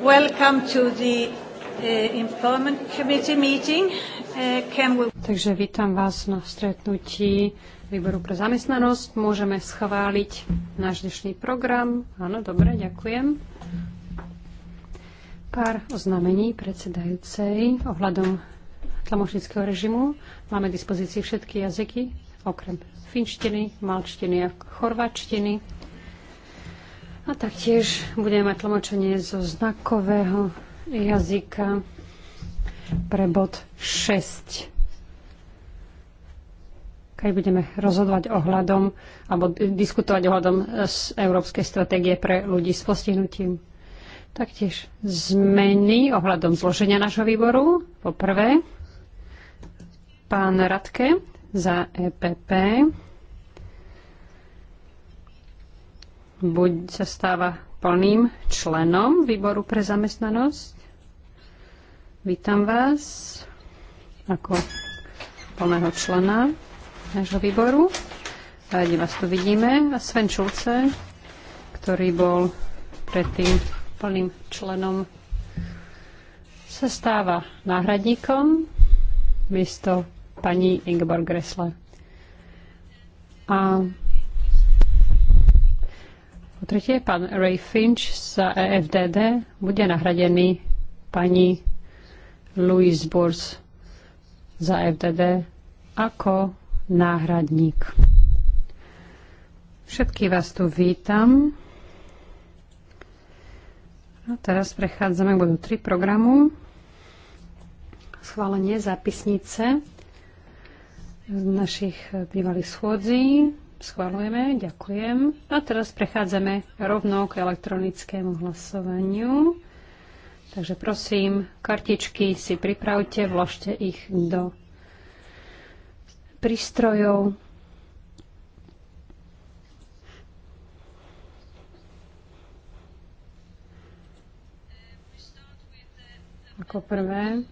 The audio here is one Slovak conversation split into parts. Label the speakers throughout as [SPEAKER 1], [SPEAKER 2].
[SPEAKER 1] Welcome to the Employment uh, Committee meeting.
[SPEAKER 2] Uh, can we... Takže vítam vás na stretnutí Výboru pre zamestnanosť. Môžeme schváliť náš dnešný program. Áno, dobre, ďakujem. Pár oznamení predsedajúcej ohľadom tlmočníckého režimu. Máme dispozícii všetky jazyky, okrem finštiny, malčtiny a chorvačtiny. A taktiež budeme mať tlmočenie zo znakového jazyka pre bod 6 keď budeme rozhodovať ohľadom alebo diskutovať ohľadom z európskej stratégie pre ľudí s postihnutím. Taktiež zmeny ohľadom zloženia nášho výboru. Poprvé. pán Radke za EPP. Buď sa stáva plným členom výboru pre zamestnanosť. Vítam vás ako plného člena nášho výboru. Rádi vás tu vidíme. A Sven Čulce, ktorý bol predtým plným členom, sa stáva náhradníkom miesto pani Ingeborg Gressle. A po tretie, pán Ray Finch z EFDD bude nahradený pani Louise Burs za e FDD ako náhradník. Všetky vás tu vítam. A teraz prechádzame k bodu 3 programu. Schválenie zápisnice z našich bývalých schôdzí. Schválujeme, ďakujem. A teraz prechádzame rovno k elektronickému hlasovaniu. Takže prosím, kartičky si pripravte, vložte ich do prístrojov. Ako prvé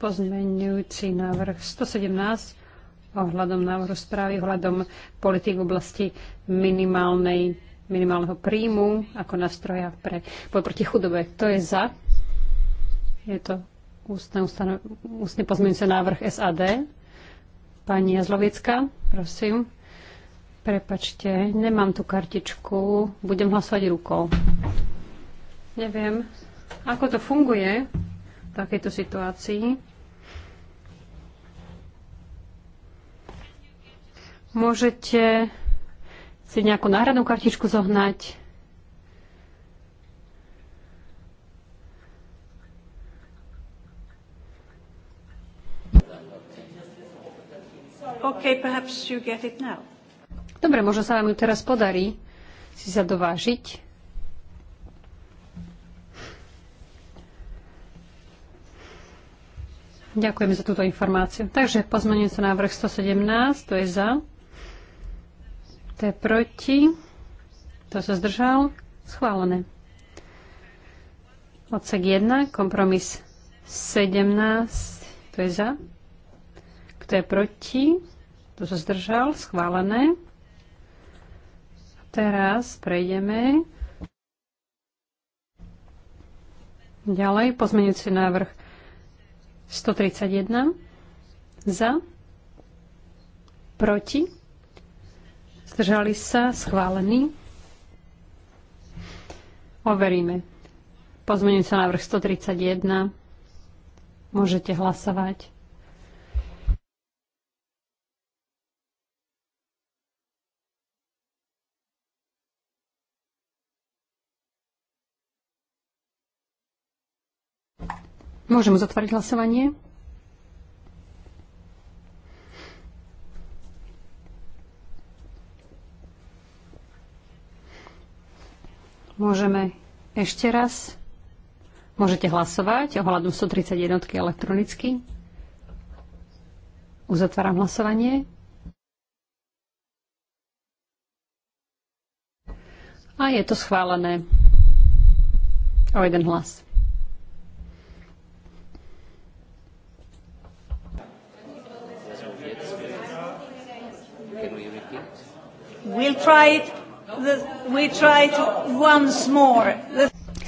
[SPEAKER 2] pozmeňujúci návrh 117 ohľadom návrhu správy, ohľadom politik v oblasti minimálnej, minimálneho príjmu ako nástroja pre boj proti chudobe. To je za. Je to ústne, ústane, ústne návrh SAD. Pani Jazlovická, prosím. Prepačte, nemám tu kartičku. Budem hlasovať rukou. Neviem, ako to funguje takejto situácii. Môžete si nejakú náhradnú kartičku zohnať.
[SPEAKER 3] Okay, perhaps you
[SPEAKER 1] get
[SPEAKER 2] it now. Dobre, možno sa vám ju teraz podarí si sa dovážiť. Ďakujem za túto informáciu. Takže sa návrh 117, to je za. To je proti. To sa zdržal. Schválené. Odsek 1, kompromis 17, to je za. Kto je proti? To sa zdržal. Schválené. Teraz prejdeme Ďalej pozmeňujúci návrh 131 za, proti, zdržali sa, schválený. Overíme. Pozmením sa návrh 131. Môžete hlasovať. Môžem zatvoriť hlasovanie. Môžeme ešte raz. Môžete hlasovať ohľadom 131 elektronicky. Uzatváram hlasovanie. A je to schválené o jeden hlas.
[SPEAKER 1] We'll try it, we try it once more.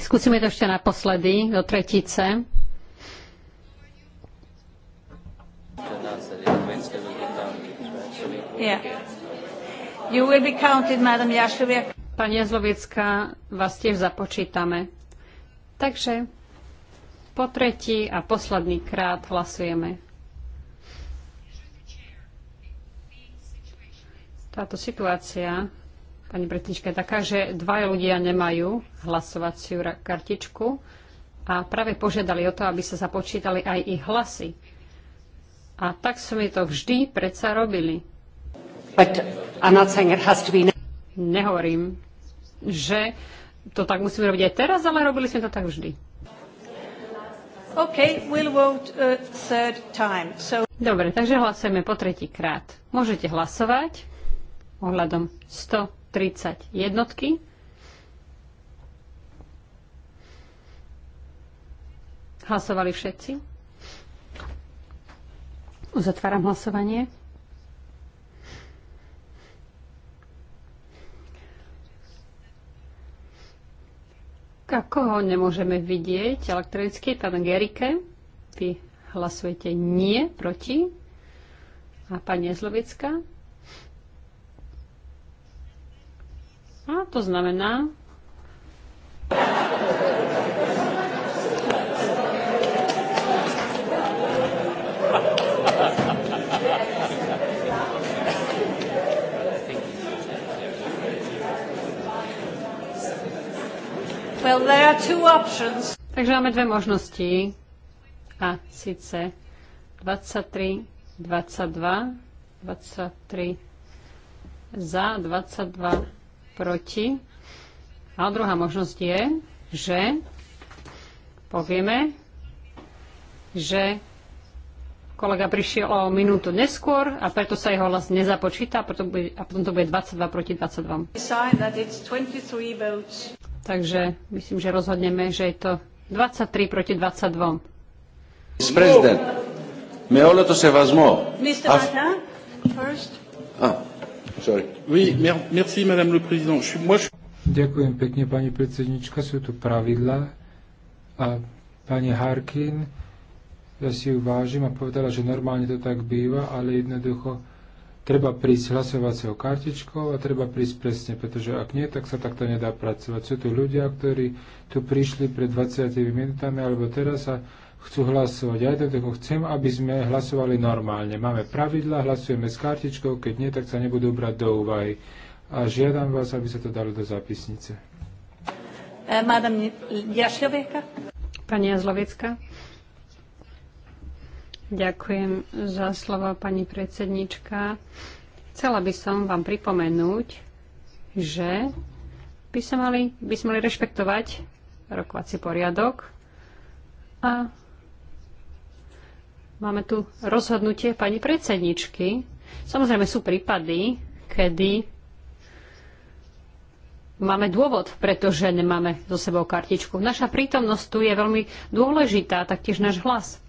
[SPEAKER 2] Skúsime to ešte naposledy, do tretice. Yeah. You will be counted, Madam Pani Jazlovická, vás tiež započítame. Takže po tretí a posledný krát hlasujeme. Táto situácia, pani Bretnička, je taká, že dva ľudia nemajú hlasovaciu kartičku a práve požiadali o to, aby sa započítali aj ich hlasy. A tak sme to vždy predsa robili. But I'm not saying it has to be... Nehovorím, že to tak musíme robiť aj teraz, ale robili sme to tak vždy. Okay, we'll vote a uh, third time. So... Dobre, takže hlasujeme po tretí krát. Môžete hlasovať ohľadom 130 jednotky. Hlasovali všetci? Uzatváram hlasovanie. Ako nemôžeme vidieť elektronicky, pán Gerike, vy hlasujete nie proti. A pani Zlovická, A to znamená... Well, there are two options. Takže máme dve možnosti. A síce 23, 22, 23 za, 22 proti. A druhá možnosť je, že povieme, že kolega prišiel o minútu neskôr a preto sa jeho hlas nezapočíta bude, a potom to bude 22 proti 22. Takže myslím, že rozhodneme, že je to 23 proti 22.
[SPEAKER 3] President, με όλο το σεβασμό. Mr.
[SPEAKER 2] Martin,
[SPEAKER 1] first.
[SPEAKER 3] Ah. Ďakujem pekne, pani predsednička. Sú tu pravidla. A pani Harkin, ja si ju vážim a povedala, že normálne to tak býva, ale jednoducho treba prísť hlasovacou kartičkou a treba prísť presne, pretože ak nie, tak sa takto nedá pracovať. Sú tu ľudia, ktorí tu prišli pred 20 minútami alebo teraz a chcú hlasovať. Ja ako chcem, aby sme hlasovali normálne. Máme pravidla, hlasujeme s kartičkou, keď nie, tak sa nebudú brať do úvahy. A žiadam vás, aby sa to dalo do zápisnice.
[SPEAKER 2] E, pani Jazloviecka. Ďakujem za slovo, pani predsednička. Chcela by som vám pripomenúť, že by, sme mali, sme mali rešpektovať rokovací poriadok a Máme tu rozhodnutie pani predsedničky. Samozrejme sú prípady, kedy máme dôvod, pretože nemáme so sebou kartičku. Naša prítomnosť tu je veľmi dôležitá, taktiež náš hlas.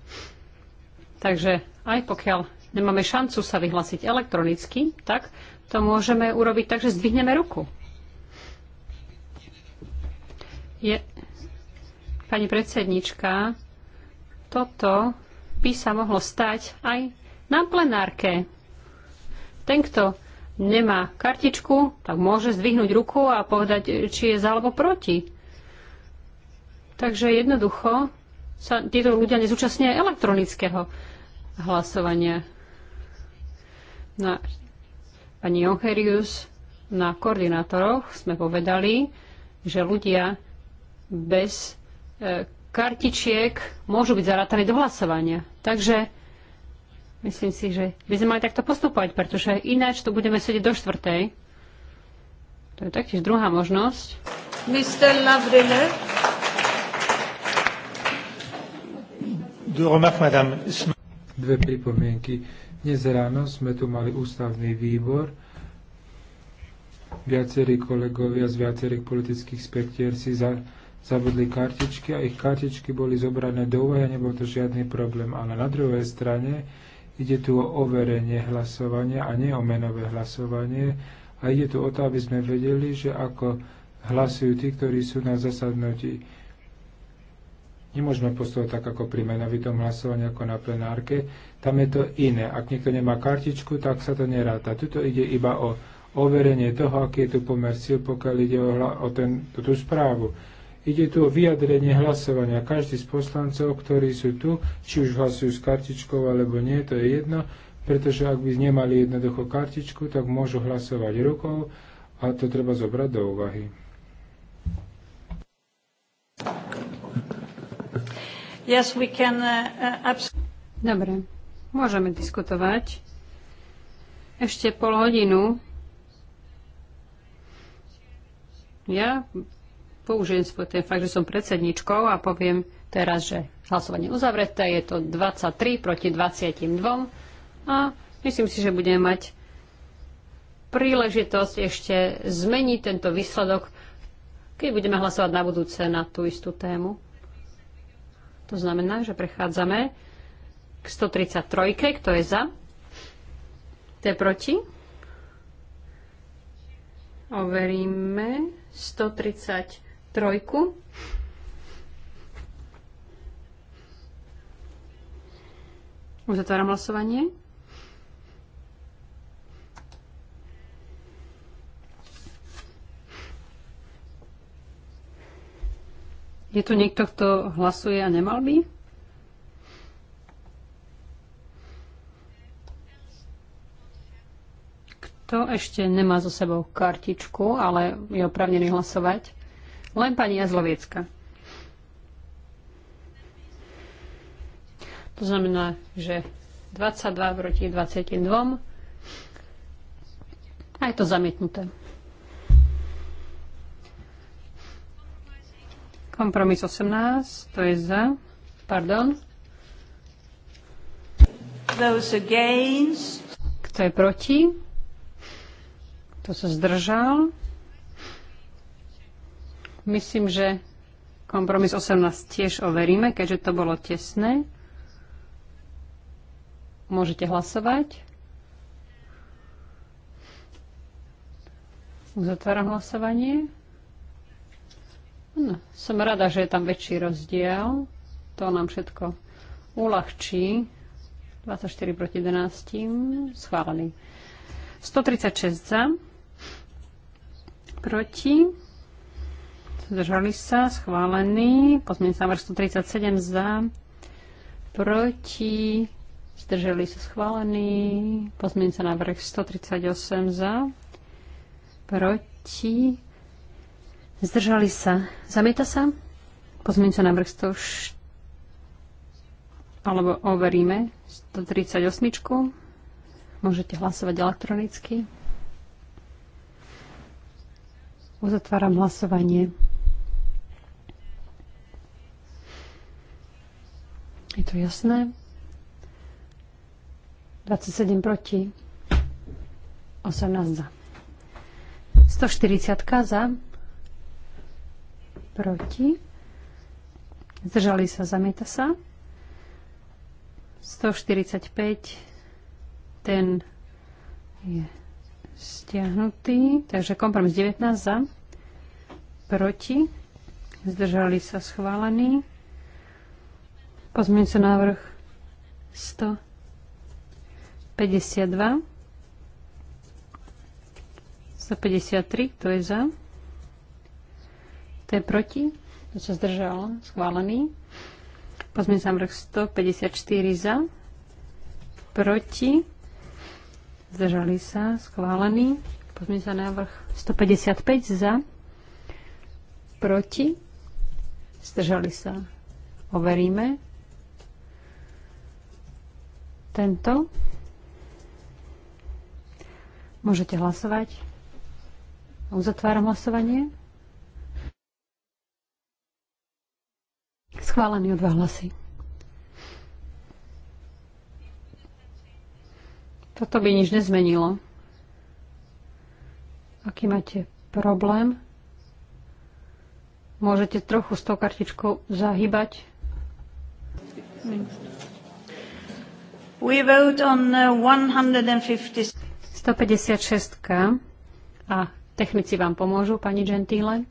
[SPEAKER 2] Takže aj pokiaľ nemáme šancu sa vyhlásiť elektronicky, tak to môžeme urobiť tak, že zdvihneme ruku. Je... Pani predsednička, toto by sa mohlo stať aj na plenárke. Ten, kto nemá kartičku, tak môže zdvihnúť ruku a povedať, či je za alebo proti. Takže jednoducho sa títo ľudia nezúčastnia elektronického hlasovania. Na pani Jonkerius na koordinátoroch sme povedali, že ľudia bez e, kartičiek môžu byť zarátané do hlasovania. Takže myslím si, že by sme mali takto postupovať, pretože ináč tu budeme sedieť do štvrtej. To je taktiež druhá možnosť. Mr. Lavrine.
[SPEAKER 3] Dve pripomienky. Dnes ráno sme tu mali ústavný výbor, viacerí kolegovia z viacerých politických spektier si za, zabudli kartičky a ich kartičky boli zobrané do úvahy, nebol to žiadny problém. Ale na druhej strane ide tu o overenie hlasovania a nie o menové hlasovanie. A ide tu o to, aby sme vedeli, že ako hlasujú tí, ktorí sú na zasadnutí. Nemôžeme postupovať tak, ako pri menovitom hlasovaní, ako na plenárke. Tam je to iné. Ak niekto nemá kartičku, tak sa to neráta. Tuto ide iba o overenie toho, aký je tu pomer síl, pokiaľ ide o, o ten, tú správu. Ide tu o vyjadrenie hlasovania. Každý z poslancov, ktorí sú tu, či už hlasujú s kartičkou alebo nie, to je jedno, pretože ak by nemali jednoducho kartičku, tak môžu hlasovať rukou a to treba zobrať do úvahy.
[SPEAKER 2] Yes, we can, uh, uh Dobre, môžeme diskutovať. Ešte pol hodinu. Ja použijem svoj ten fakt, že som predsedničkou a poviem teraz, že hlasovanie uzavreté, je to 23 proti 22 a myslím si, že budeme mať príležitosť ešte zmeniť tento výsledok, keď budeme hlasovať na budúce na tú istú tému. To znamená, že prechádzame k 133, kto je za, kto je proti. Overíme 133 trojku. Uzatváram hlasovanie. Je tu niekto, kto hlasuje a nemal by? Kto ešte nemá so sebou kartičku, ale je opravnený hlasovať? Len pani Jazloviecka. To znamená, že 22 proti 22. A je to zamietnuté. Kompromis 18, to je za. Pardon. Those against. Kto je proti? Kto sa zdržal? Myslím, že kompromis 18 tiež overíme, keďže to bolo tesné. Môžete hlasovať. Uzatváram hlasovanie. No, som rada, že je tam väčší rozdiel. To nám všetko uľahčí. 24 proti 11, schválený. 136 za, proti, Zdržali sa. Schválený. sa návrh 137 za. Proti. Zdržali sa. Schválený. Pozmeňujúci návrh 138 za. Proti. Zdržali sa. Zamieta sa. Pozmeňujúci návrh 104 alebo overíme 138. Môžete hlasovať elektronicky. Uzatváram hlasovanie. Je to jasné? 27 proti. 18 za. 140 za. Proti. Zdržali sa, zamieta sa. 145. Ten je stiahnutý. Takže kompromis 19 za. Proti. Zdržali sa schválení. Pozmeňujúci návrh 152. 153, to je za? To je proti? To sa zdržalo. Schválený. Pozmeňujúci návrh 154 za. Proti. Zdržali sa. Schválený. Pozmeňujúci návrh 155 za. Proti. Zdržali sa. Overíme tento. Môžete hlasovať. Uzatváram hlasovanie. Schválený o dva hlasy. Toto by nič nezmenilo. Aký máte problém? Môžete trochu s tou kartičkou zahybať. We vote on 156. Uh, A technici vám pomôžu, pani Gentile.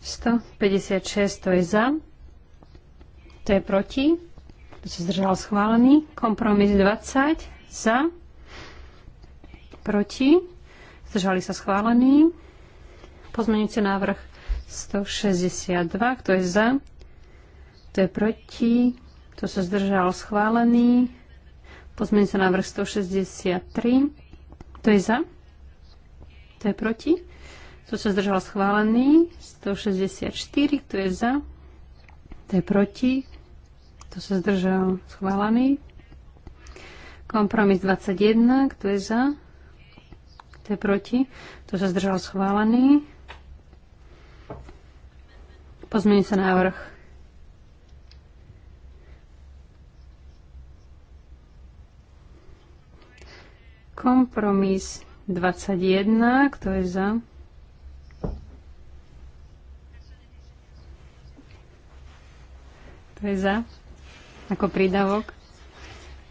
[SPEAKER 2] 156 to je za, to je proti, to sa zdržal schválený. Kompromis 20 za, proti, zdržali sa schválený. Pozmenujúci návrh 162, kto je za, kto je proti? Kto sa zdržal? Schválený. Pozmeňujúci návrh 163. Kto je za? Kto je proti? Kto sa zdržal? Schválený. 164. Kto je za? Kto je proti? Kto sa zdržal? Schválený. Kompromis 21. Kto je za? Kto je proti? Kto sa zdržal? Schválený. Pozmeňujúci návrh Kompromis 21, kto je za? Kto je za? Ako prídavok.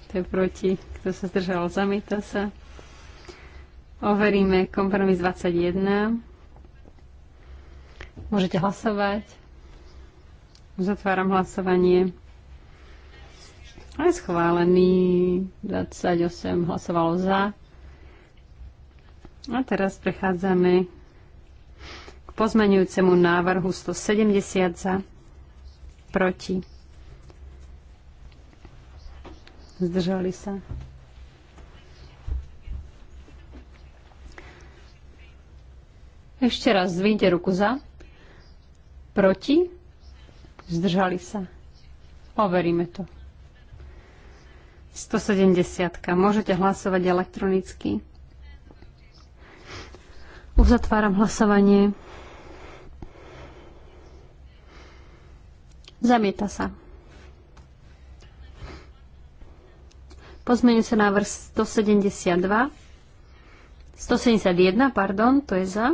[SPEAKER 2] Kto je proti? Kto sa zdržal? zamýta sa. Overíme kompromis 21. Môžete hlasovať. Zatváram hlasovanie. Aj schválený. 28 hlasovalo za. A teraz prechádzame k pozmenujúcemu návrhu 170 za, proti. Zdržali sa. Ešte raz zvíjte ruku za, proti, zdržali sa. Overíme to. 170. Môžete hlasovať elektronicky. Uzatváram hlasovanie. Zamieta sa. Pozmeniu sa návrh 172. 171, pardon, to je za.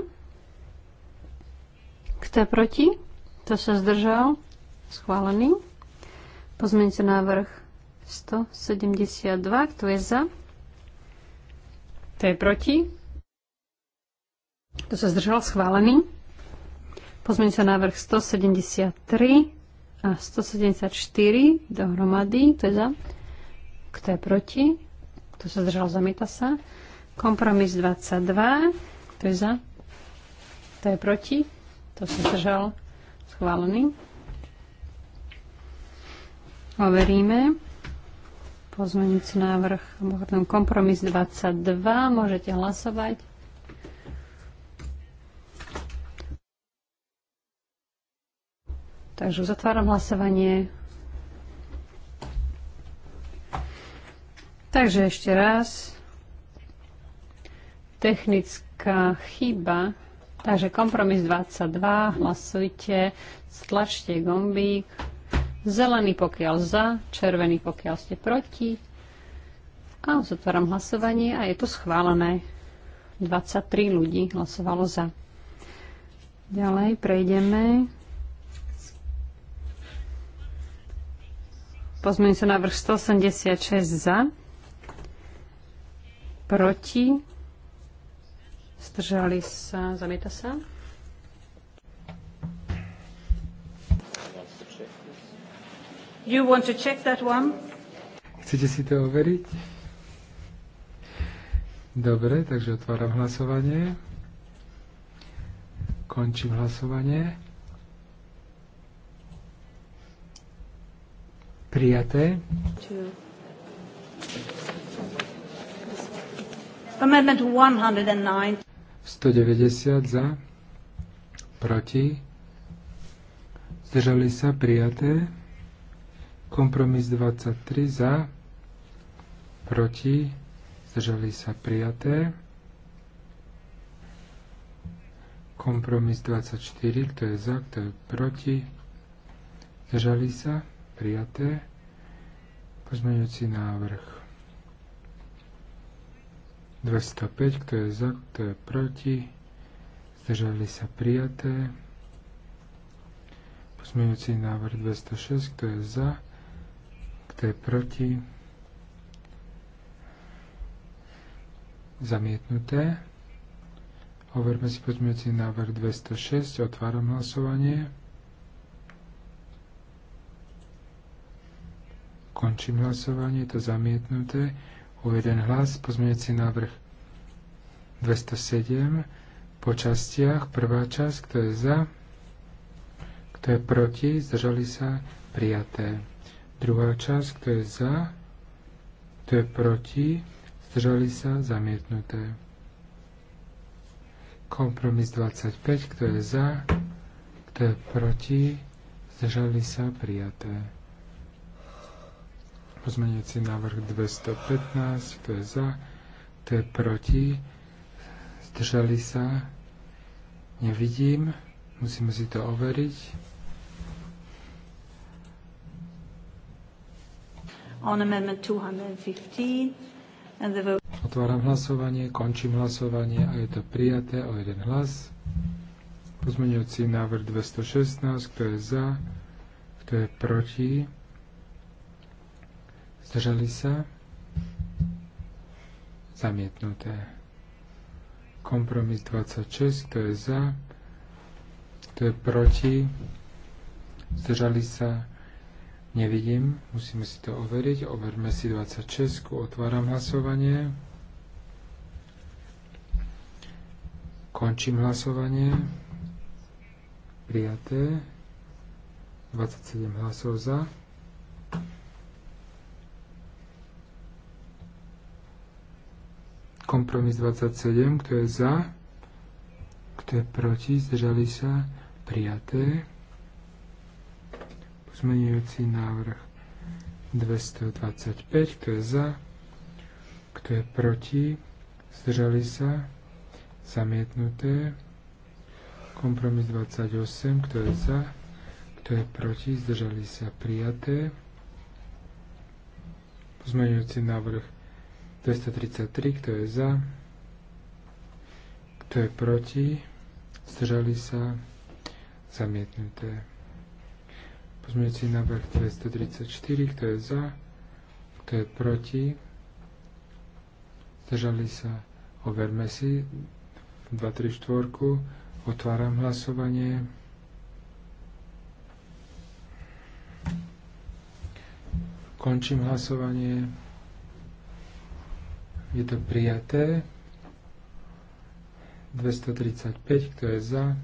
[SPEAKER 2] Kto je proti? Kto sa zdržal? Schválený. sa návrh 172. Kto je za? Kto je proti? Kto sa zdržal? Schválený. Pozmeň sa návrh 173 a 174 dohromady. Kto je za? Kto je proti? Kto sa zdržal? Zamieta sa. Kompromis 22. Kto je za? Kto je proti? Kto sa zdržal? Schválený. Overíme. Pozmeňujúci návrh, kompromis 22. Môžete hlasovať. Takže zatváram hlasovanie. Takže ešte raz. Technická chyba. Takže kompromis 22. Hlasujte. Stlačte gombík. Zelený pokiaľ za, červený pokiaľ ste proti. A zatváram hlasovanie a je to schválené. 23 ľudí hlasovalo za. Ďalej prejdeme Pozmeňujúci návrh 186 za. Proti. Zdržali sa. Zamieta sa. You
[SPEAKER 1] want to check that one?
[SPEAKER 3] Chcete si to overiť? Dobre, takže otváram hlasovanie. Končím hlasovanie. Prijaté.
[SPEAKER 1] Amendment 109.
[SPEAKER 3] 190 za, proti, zdržali sa, prijaté. Kompromis 23 za, proti, zdržali sa, prijaté. Kompromis 24, kto je za, kto je proti, zdržali sa, prijaté. Pozmeňujúci návrh 205, kto je za, kto je proti, zdržali sa prijaté. Pozmeňujúci návrh 206, kto je za, kto je proti, zamietnuté. Overme si pozmeňujúci návrh 206, otváram hlasovanie. Končím hlasovanie, je to zamietnuté. O jeden hlas, pozmeňujúci návrh 207 po častiach. Prvá časť, kto je za, kto je proti, zdržali sa, prijaté. Druhá časť, kto je za, kto je proti, zdržali sa, zamietnuté. Kompromis 25, kto je za, kto je proti, zdržali sa, prijaté. Pozmeniaci návrh 215, kto je za, kto je proti, zdržali sa, nevidím, musíme si to overiť.
[SPEAKER 1] On amendment 215 and the vote.
[SPEAKER 3] Otváram hlasovanie, končím hlasovanie a je to prijaté o jeden hlas. Pozmeňujúci návrh 216, kto je za, kto je proti, zdržali sa, zamietnuté. Kompromis 26, kto je za, kto je proti, zdržali sa, nevidím, musíme si to overiť, overme si 26, otváram hlasovanie. Končím hlasovanie. Prijaté. 27 hlasov za. Kompromis 27, kto je za, kto je proti, zdržali sa, prijaté. Pozmenujúci návrh 225, kto je za, kto je proti, zdržali sa, zamietnuté. Kompromis 28, kto je za, kto je proti, zdržali sa, prijaté. Pozmenujúci návrh 233, kto je za, kto je proti, zdržali sa, zamietnuté. Pozmeňujúci návrh 234, kto je za, kto je proti, zdržali sa, overme si 2, 4, otváram hlasovanie. Končím hlasovanie. Je to prijaté. 235, kto je za,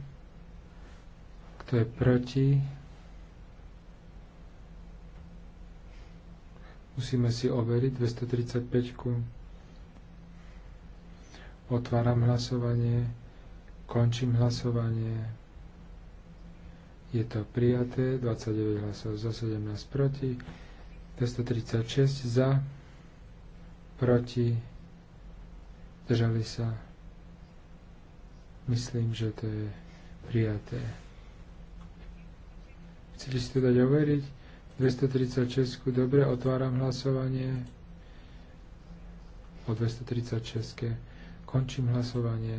[SPEAKER 3] kto je proti. Musíme si overiť 235. -ku. Otváram hlasovanie, končím hlasovanie. Je to prijaté, 29 hlasov za, 17 proti, 236 za, proti Držali sa. Myslím, že to je prijaté. Chcete si to dať overiť? 236. Dobre, otváram hlasovanie. O 236. Končím hlasovanie.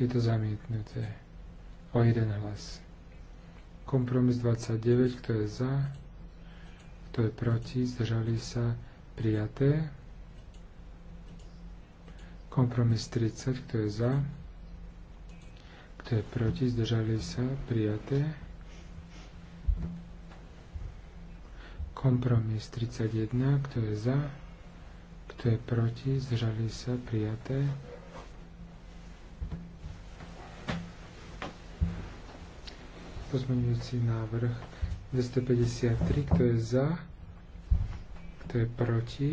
[SPEAKER 3] Je to zamietnuté. O jeden hlas. Kompromis 29. Kto je za? Kto je proti? Zdržali sa? Prijaté. Kompromis 30, kto je za? Kto je proti? Zdržali sa? Prijaté. Kompromis 31, kto je za? Kto je proti? Zdržali sa? Prijaté. Pozmeňujúci návrh 253, kto je za? Kto je proti?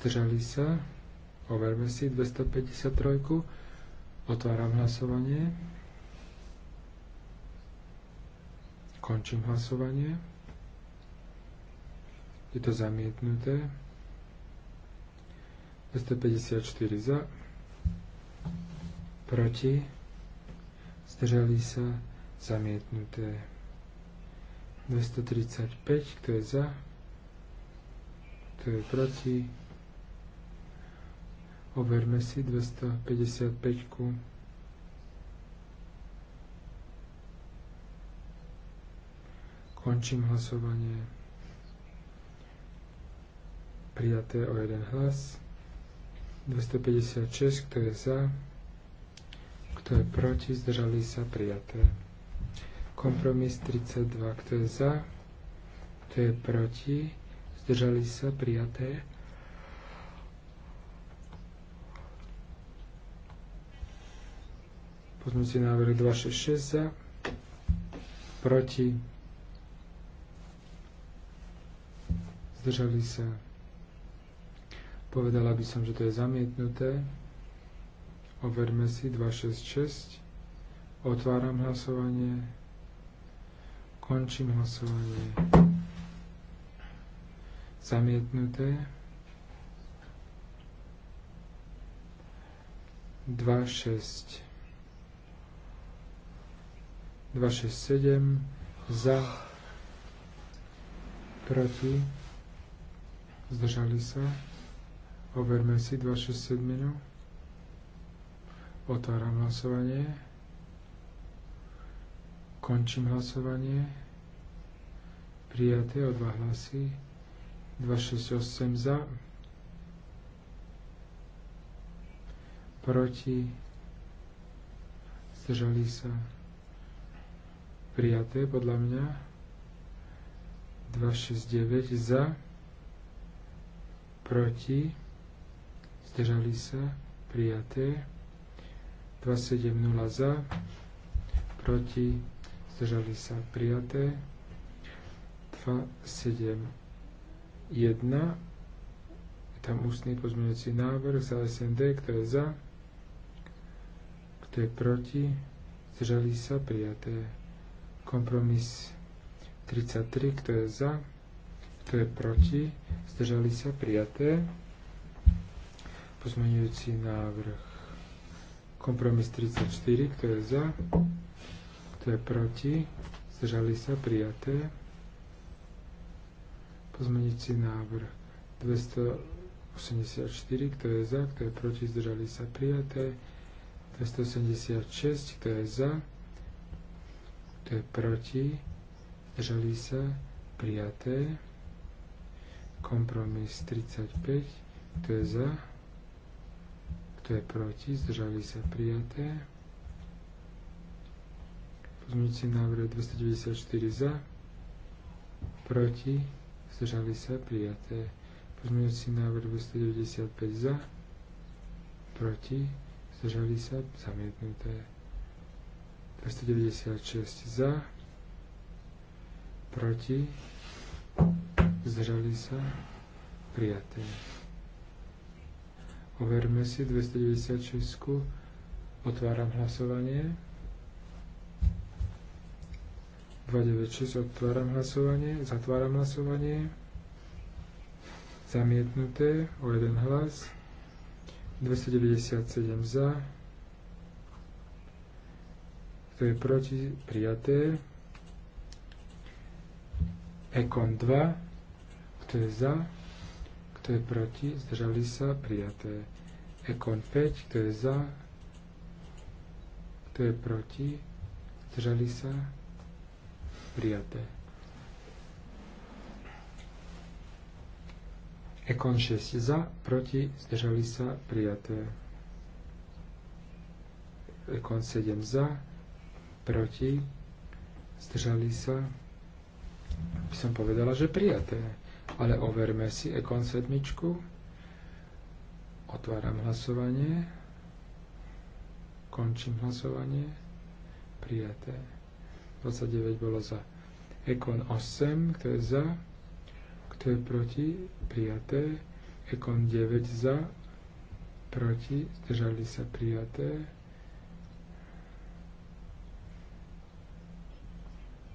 [SPEAKER 3] zdržali sa, overme si 253, otváram hlasovanie, končím hlasovanie, je to zamietnuté, 254 za, proti, zdržali sa, zamietnuté. 235, kto je za, kto je proti, Overme si 255. -ku. Končím hlasovanie. Prijaté o jeden hlas. 256, kto je za, kto je proti, zdržali sa, prijaté. Kompromis 32, kto je za, kto je proti, zdržali sa, prijaté. Pozmeňujúci návrh 266 za, proti, zdržali sa. Povedala by som, že to je zamietnuté. Overme si 266. Otváram hlasovanie. Končím hlasovanie. Zamietnuté. 2, 6. 267 za, proti, zdržali sa. Overme si 267. Otváram hlasovanie. Končím hlasovanie. Prijaté o dva hlasy. 268 za. Proti. Zdržali sa prijaté podľa mňa. 269 za, proti, zdržali sa, prijaté. 270 za, proti, zdržali sa, prijaté. 271, je tam ústny pozmeňujúci návrh za SND, kto je za, kto je proti, zdržali sa, prijaté. Kompromis 33, kto je za, kto je proti, zdržali sa prijaté. Pozmeňujúci návrh. Kompromis 34, kto je za, kto je proti, zdržali sa prijaté. Pozmeňujúci návrh 284, kto je za, kto je proti, zdržali sa prijaté. 286, kto je za, to je proti, zdržali sa, prijaté. Kompromis 35, to je za, kto je proti, zdržali sa, prijaté. Pozmite návrh 294 za, proti, zdržali sa, prijaté. Pozmeňujúci návrh 295 za, proti, zdržali sa, zamietnuté. 296 za, proti, zdržali sa, prijaté. Overme si 296. -ku. Otváram hlasovanie. 296. Otváram hlasovanie. Zatváram hlasovanie. Zamietnuté o jeden hlas. 297 za kto je proti, prijaté. Ekon 2, kto je za, kto je proti, zdržali sa, prijaté. Ekon 5, kto je za, kto je proti, zdržali sa, prijaté. Ekon 6 za, proti, zdržali sa, prijaté. Ekon 7 za, proti, zdržali sa, by som povedala, že prijaté. Ale overme si ekon sedmičku. Otváram hlasovanie. Končím hlasovanie. Prijaté. 29 bolo za. Ekon 8, kto je za, kto je proti, prijaté. Ekon 9 za, proti, zdržali sa prijaté.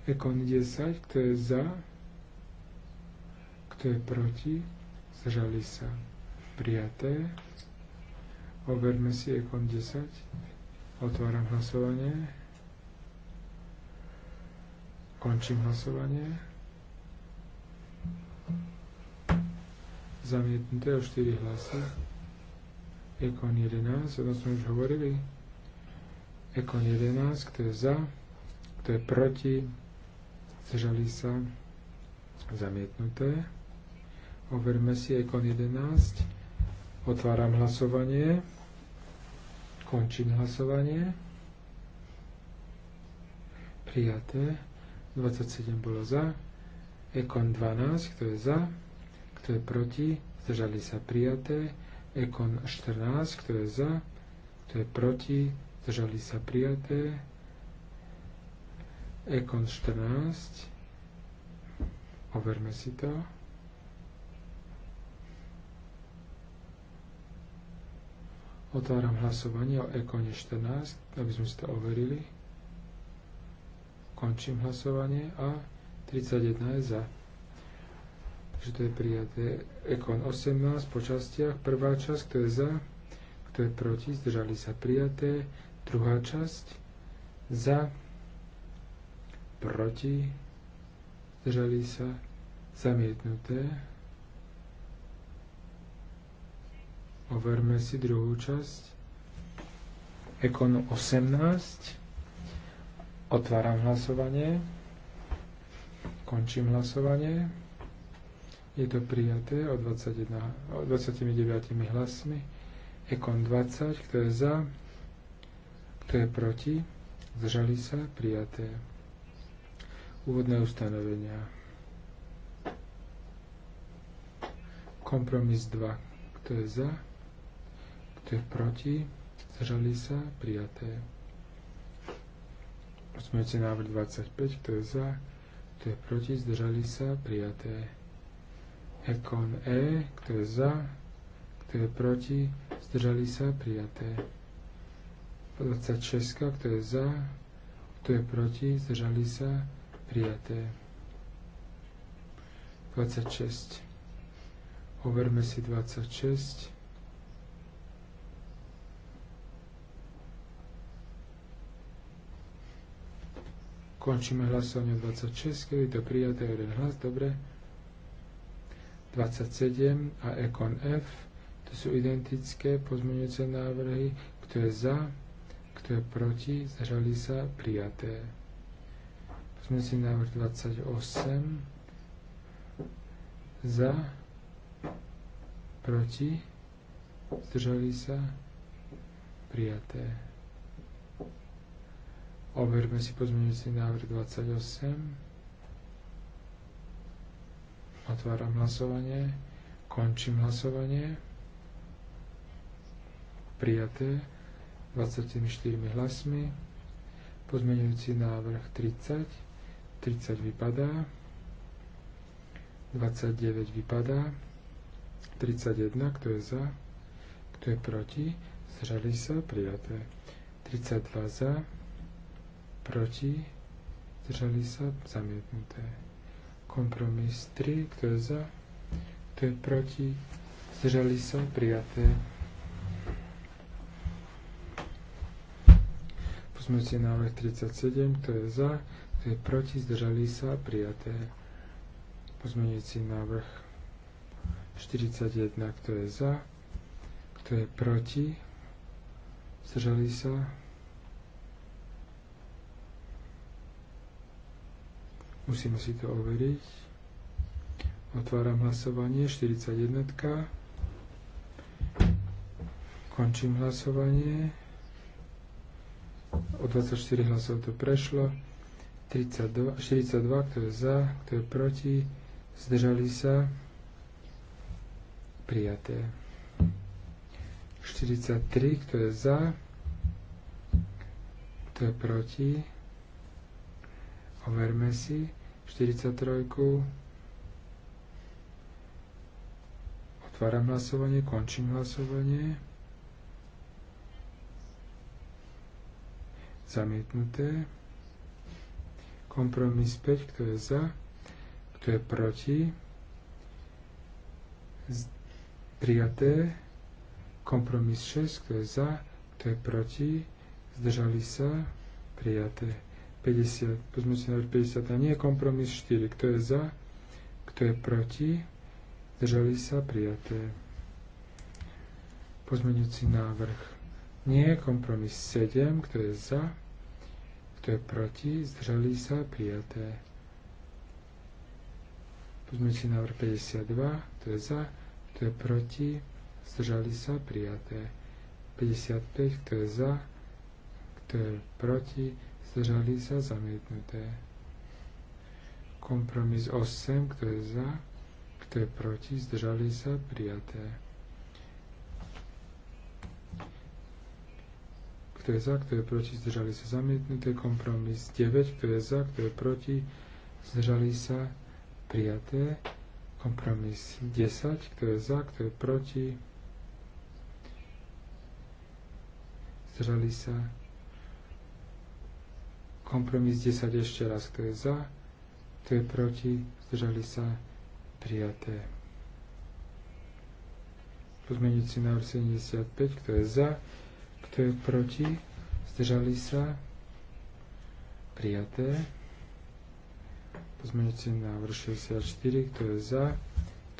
[SPEAKER 3] Ekon 10, kto je za, kto je proti, zdržali sa prijaté. Overme si Ekon 10. Otváram hlasovanie. Končím hlasovanie. Zamietnuté o 4 hlasy. Ekon 11, o tom sme už hovorili. Ekon 11, kto je za, kto je proti, zdržali sa, zamietnuté. Overme si ekon 11. Otváram hlasovanie. Končím hlasovanie. Prijaté. 27 bolo za. Ekon 12, kto je za, kto je proti, zdržali sa prijaté. Ekon 14, kto je za, kto je proti, zdržali sa prijaté. Ekon 14. Overme si to. Otváram hlasovanie o Ekone 14, aby sme si to overili. Končím hlasovanie a 31 je za. Takže to je prijaté. Ekon 18 po častiach. Prvá časť, kto je za, kto je proti, zdržali sa prijaté. Druhá časť, za, proti, zdržali sa, zamietnuté. Overme si druhú časť. Ekonu 18. Otváram hlasovanie. Končím hlasovanie. Je to prijaté o, 21, o 29 hlasmi. Ekon 20, kto je za, kto je proti, zdržali sa, prijaté. Úvodné ustanovenia. Kompromis 2. Kto je za? Kto je proti? Zdržali sa? Prijaté. Pozmeňujúci návrh 25. Kto je za? Kto je proti? Zdržali sa? Prijaté. Ekon E. Kto je za? Kto je proti? Zdržali sa? Prijaté. 26. Kto je za? Kto je proti? Zdržali sa? Prijaté prijaté. 26. Overme si 26. Končíme hlasovanie 26, keď je to prijaté jeden hlas, dobre. 27 a Ekon F, to sú identické pozmeňujúce návrhy, kto je za, kto je proti, zhrali sa, prijaté. Sme si návrh 28 za, proti, zdržali sa, prijaté. Overme si pozmeňujúci návrh 28. Otváram hlasovanie. Končím hlasovanie. Prijaté 24 hlasmi. Pozmeňujúci návrh 30. 30 vypadá, 29 vypadá, 31, kto je za, kto je proti, zdržali sa, prijaté. 32 za, proti, zdržali sa, zamietnuté. Kompromis 3, kto je za, kto je proti, zdržali sa, prijaté. Pozmite návrh 37, kto je za, kto je proti? Zdržali sa? Prijaté. Pozmeňujúci návrh 41. Kto je za? Kto je proti? Zdržali sa? Musíme si to overiť. Otváram hlasovanie 41. Končím hlasovanie. O 24 hlasov to prešlo. 32, 42, kto je za, kto je proti, zdržali sa, prijaté. 43, kto je za, kto je proti, overme si, 43, otváram hlasovanie, končím hlasovanie, zamietnuté, Kompromis 5, kto je za, kto je proti. Prijaté. Kompromis 6, kto je za, kto je proti. Zdržali sa. Prijaté. 50, si návrh 50 a nie kompromis 4, kto je za, kto je proti. Zdržali sa. Prijaté pozmeňujúci návrh. Nie, kompromis 7, kto je za, kto je proti? Zdržali sa? Prijaté. si návrh 52. Kto je za? Kto je proti? Zdržali sa? Prijaté. 55. Kto je za? Kto je proti? Zdržali sa? Zamietnuté. Kompromis 8. Kto je za? Kto je proti? Zdržali sa? Prijaté. kto je za, kto je proti, zdržali sa zamietnuté, kompromis 9, kto je za, kto je proti, zdržali sa prijaté, kompromis 10, kto je za, kto je proti, zdržali sa kompromis 10 ešte raz, kto je za, kto je proti, zdržali sa prijaté. Pozmeňujúci návrh 75, kto je za, kto je proti? Zdržali sa? Prijaté. Pozmeňujúci návrh 64. Kto je za?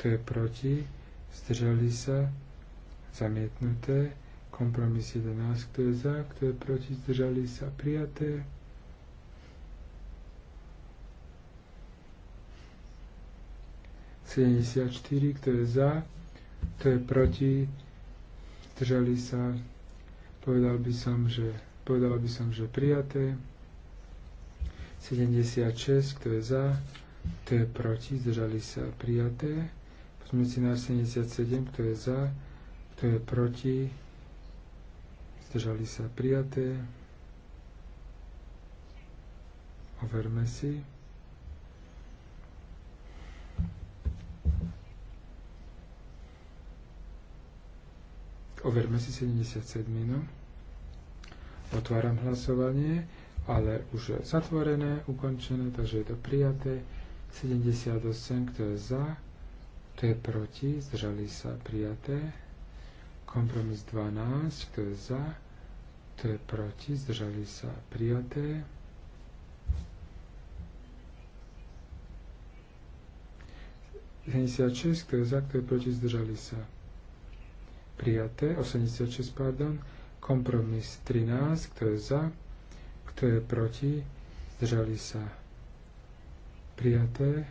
[SPEAKER 3] Kto je proti? Zdržali sa? Zamietnuté. Kompromis 11. Kto je za? Kto je proti? Zdržali sa? Prijaté. Sedemdesiat štyri, kto je za, kto je proti, zdržali sa Povedal by som, že, povedal by som, že prijaté. 76, kto je za, kto je proti, zdržali sa prijaté. Poďme si na 77, kto je za, kto je proti, zdržali sa prijaté. Overme si. Overme si 77. No? Otváram hlasovanie, ale už je zatvorené, ukončené, takže je to prijaté. 78, kto je za, kto je proti, zdržali sa prijaté. Kompromis 12, kto je za, kto je proti, zdržali sa prijaté. kto je za, kto je proti, zdržali sa prijaté. 86, pardon. Kompromis 13, kto je za, kto je proti, zdržali sa prijaté.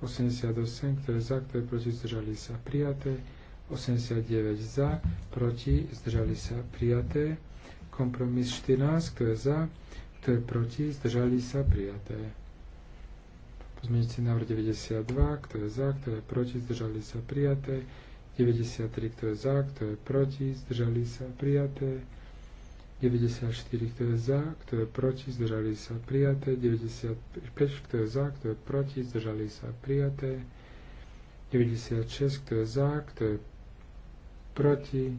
[SPEAKER 3] 88, kto je za, kto je proti, zdržali sa prijaté. 89 za, proti, zdržali sa prijaté. Kompromis 14, kto je za, kto je proti, zdržali sa prijaté. Pozmeňujúci návrh 92, kto je za, kto je proti, zdržali sa prijaté. 93, kto je za, kto je proti, zdržali sa prijaté. 94, kto je za, kto je proti, zdržali sa prijaté. 95, kto je za, kto je proti, zdržali sa prijaté. 96, kto je za, kto je proti,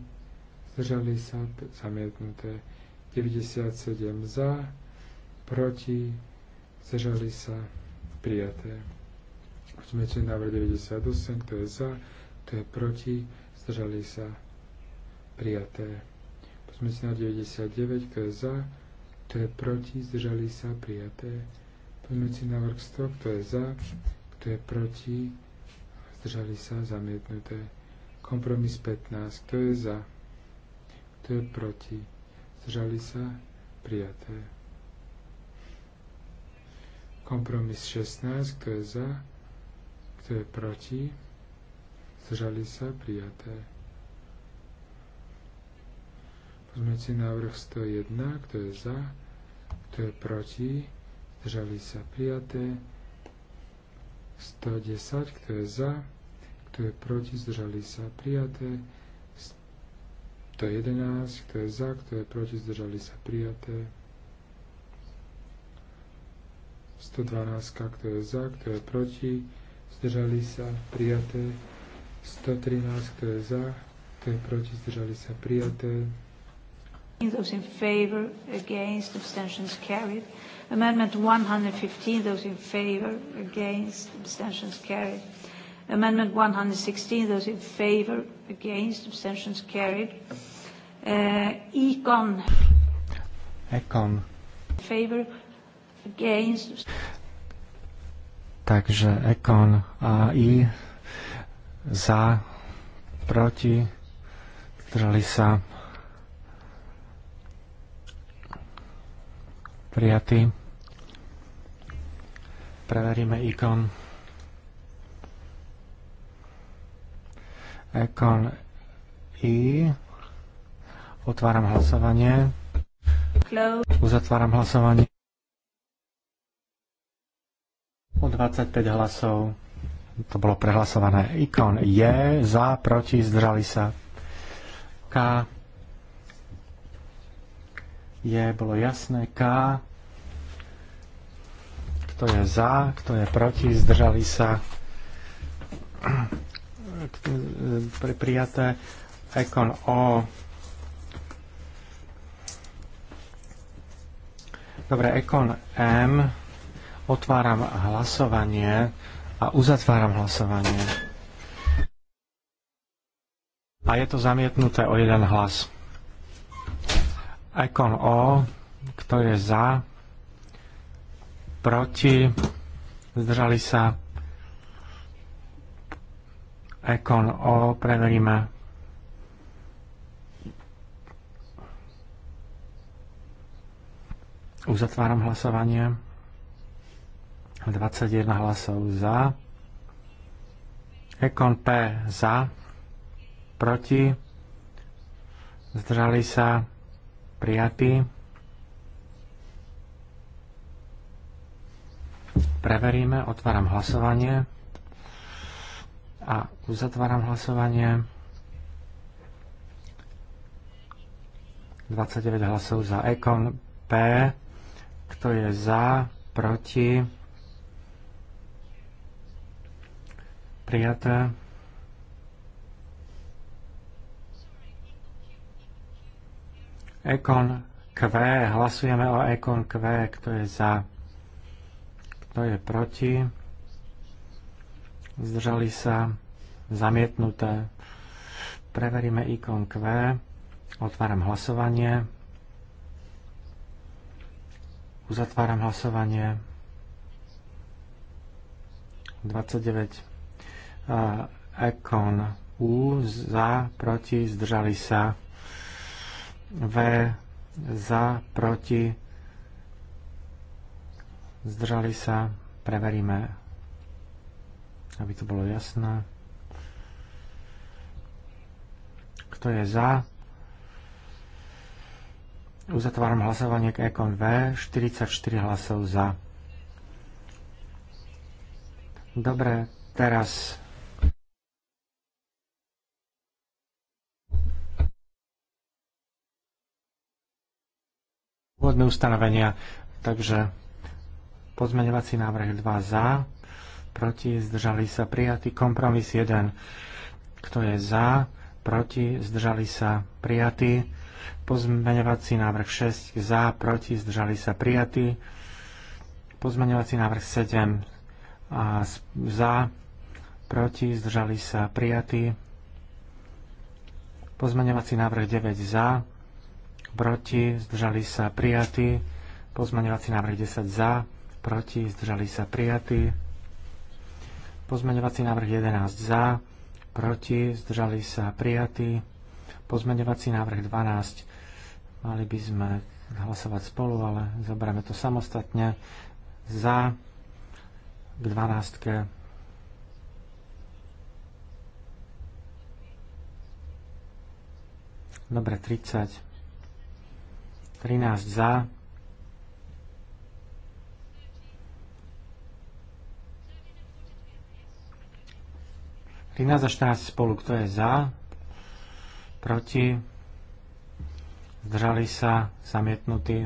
[SPEAKER 3] zdržali sa zamietnuté. 97 za, proti, zdržali sa prijaté. Pozmeňujúci návrh 98, kto je za, kto je proti, zdržali sa prijaté. Pozmeňujúci návrh 99, kto je za, kto je proti, zdržali sa, prijaté. Poďme na vrch 100, kto je za, kto je proti, zdržali sa, zamietnuté. Kompromis 15, kto je za, kto je proti, zdržali sa, prijaté. Kompromis 16, kto je za, kto je proti, zdržali sa, prijaté si návrh 101, kto je za, kto je proti, zdržali sa prijaté. 110, kto je za, kto je proti, zdržali sa prijaté. 111, kto je za, kto je proti, zdržali sa prijaté. 112, kto je za, kto je proti, zdržali sa prijaté. 113, kto je za, kto je proti, zdržali sa prijaté.
[SPEAKER 1] Those in favor, against, abstentions carried. Amendment 115, those in favor, against, abstentions carried. Amendment 116, those in favor, against, abstentions carried. Uh, Econ. Econ. In favor, against.
[SPEAKER 4] Takže Econ a I za, proti, zdržali sa prijatý. Preveríme ikon. Ekon I. Otváram hlasovanie. Uzatváram hlasovanie. O 25 hlasov to bolo prehlasované. Ikon je za, proti, zdržali sa. K je, bolo jasné, K, kto je za, kto je proti, zdržali sa e, prijaté ekon O. Dobre, ekon M. Otváram hlasovanie a uzatváram hlasovanie. A je to zamietnuté o jeden hlas. Ekon O, kto je za, proti, zdržali sa. Ekon O, preveríme. Uzatváram hlasovanie. 21 hlasov za. Ekon P za. Proti. Zdržali sa prijatý. Preveríme, otváram hlasovanie a uzatváram hlasovanie. 29 hlasov za Ekon P. Kto je za, proti? Prijaté. Ekon Q. Hlasujeme o Ekon Q. Kto je za? Kto je proti? Zdržali sa? Zamietnuté. Preveríme ikon Q. Otváram hlasovanie. Uzatváram hlasovanie. 29. Ekon U za, proti, zdržali sa v za, proti, zdržali sa, preveríme, aby to bolo jasné. Kto je za? Uzatváram hlasovanie k Ekon V. 44 hlasov za. Dobre, teraz úvodné ustanovenia. Takže pozmeňovací návrh 2 za, proti, zdržali sa prijatý. Kompromis 1, kto je za, proti, zdržali sa prijatý. Pozmeňovací návrh 6 za, proti, zdržali sa prijatý. Pozmeňovací návrh 7 a za, proti, zdržali sa prijatý. Pozmeňovací návrh 9 za, proti, zdržali sa prijatí. Pozmeňovací návrh 10 za, proti, zdržali sa prijatí. Pozmeňovací návrh 11 za, proti, zdržali sa prijatí. Pozmeňovací návrh 12 mali by sme hlasovať spolu, ale zoberieme to samostatne. Za k 12. Dobre, 30. 13 za, Rina za 14 spolu, kto je za, proti, zdržali sa, zamietnutí.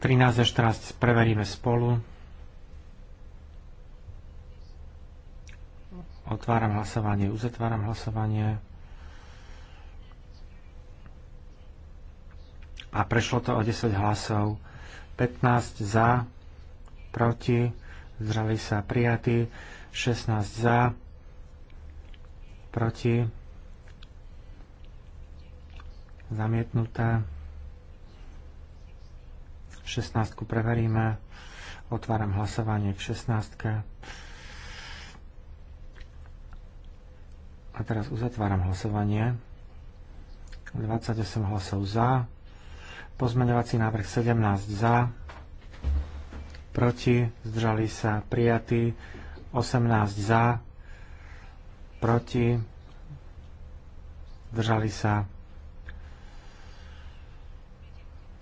[SPEAKER 4] 13 za 14 preveríme spolu. Otváram hlasovanie, uzatváram hlasovanie. a prešlo to o 10 hlasov. 15 za, proti, zdrali sa prijatí, 16 za, proti, zamietnuté. 16 preveríme. Otváram hlasovanie k 16. A teraz uzatváram hlasovanie. 28 hlasov za, Pozmeňovací návrh 17 za, proti, zdržali sa prijatí, 18 za, proti, zdržali sa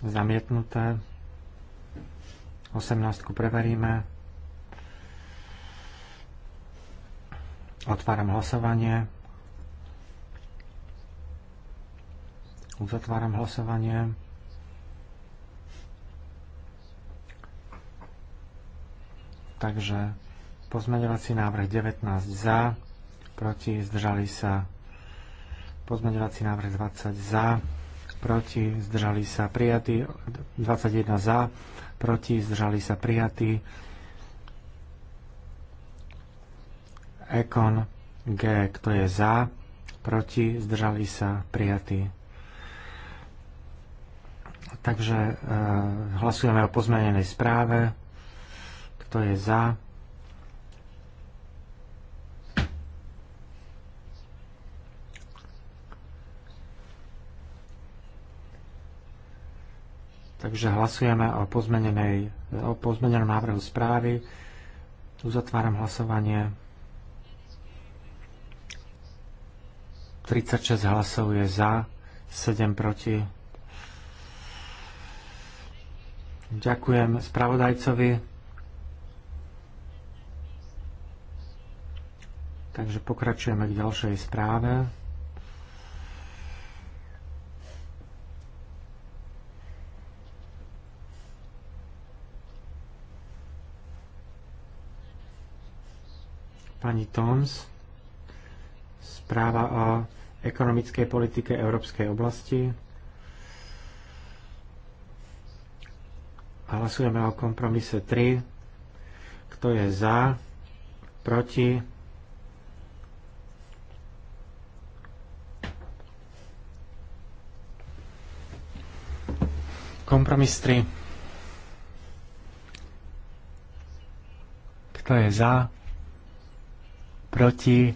[SPEAKER 4] zamietnuté, 18 preveríme, otváram hlasovanie, uzatváram hlasovanie, Takže pozmeňovací návrh 19 za, proti, zdržali sa. Pozmeňovací návrh 20 za, proti, zdržali sa prijatí. 21 za, proti, zdržali sa prijatí. Ekon G, kto je za, proti, zdržali sa prijatí. Takže e, hlasujeme o pozmenenej správe. Kto je za? Takže hlasujeme o, o pozmenenom návrhu správy. Uzatváram hlasovanie. 36 hlasov je za, 7 proti. Ďakujem spravodajcovi. Takže pokračujeme k ďalšej správe. Pani Toms, správa o ekonomickej politike Európskej oblasti. Hlasujeme o kompromise 3. Kto je za? Proti? Kompromis 3. Kto je za? Proti?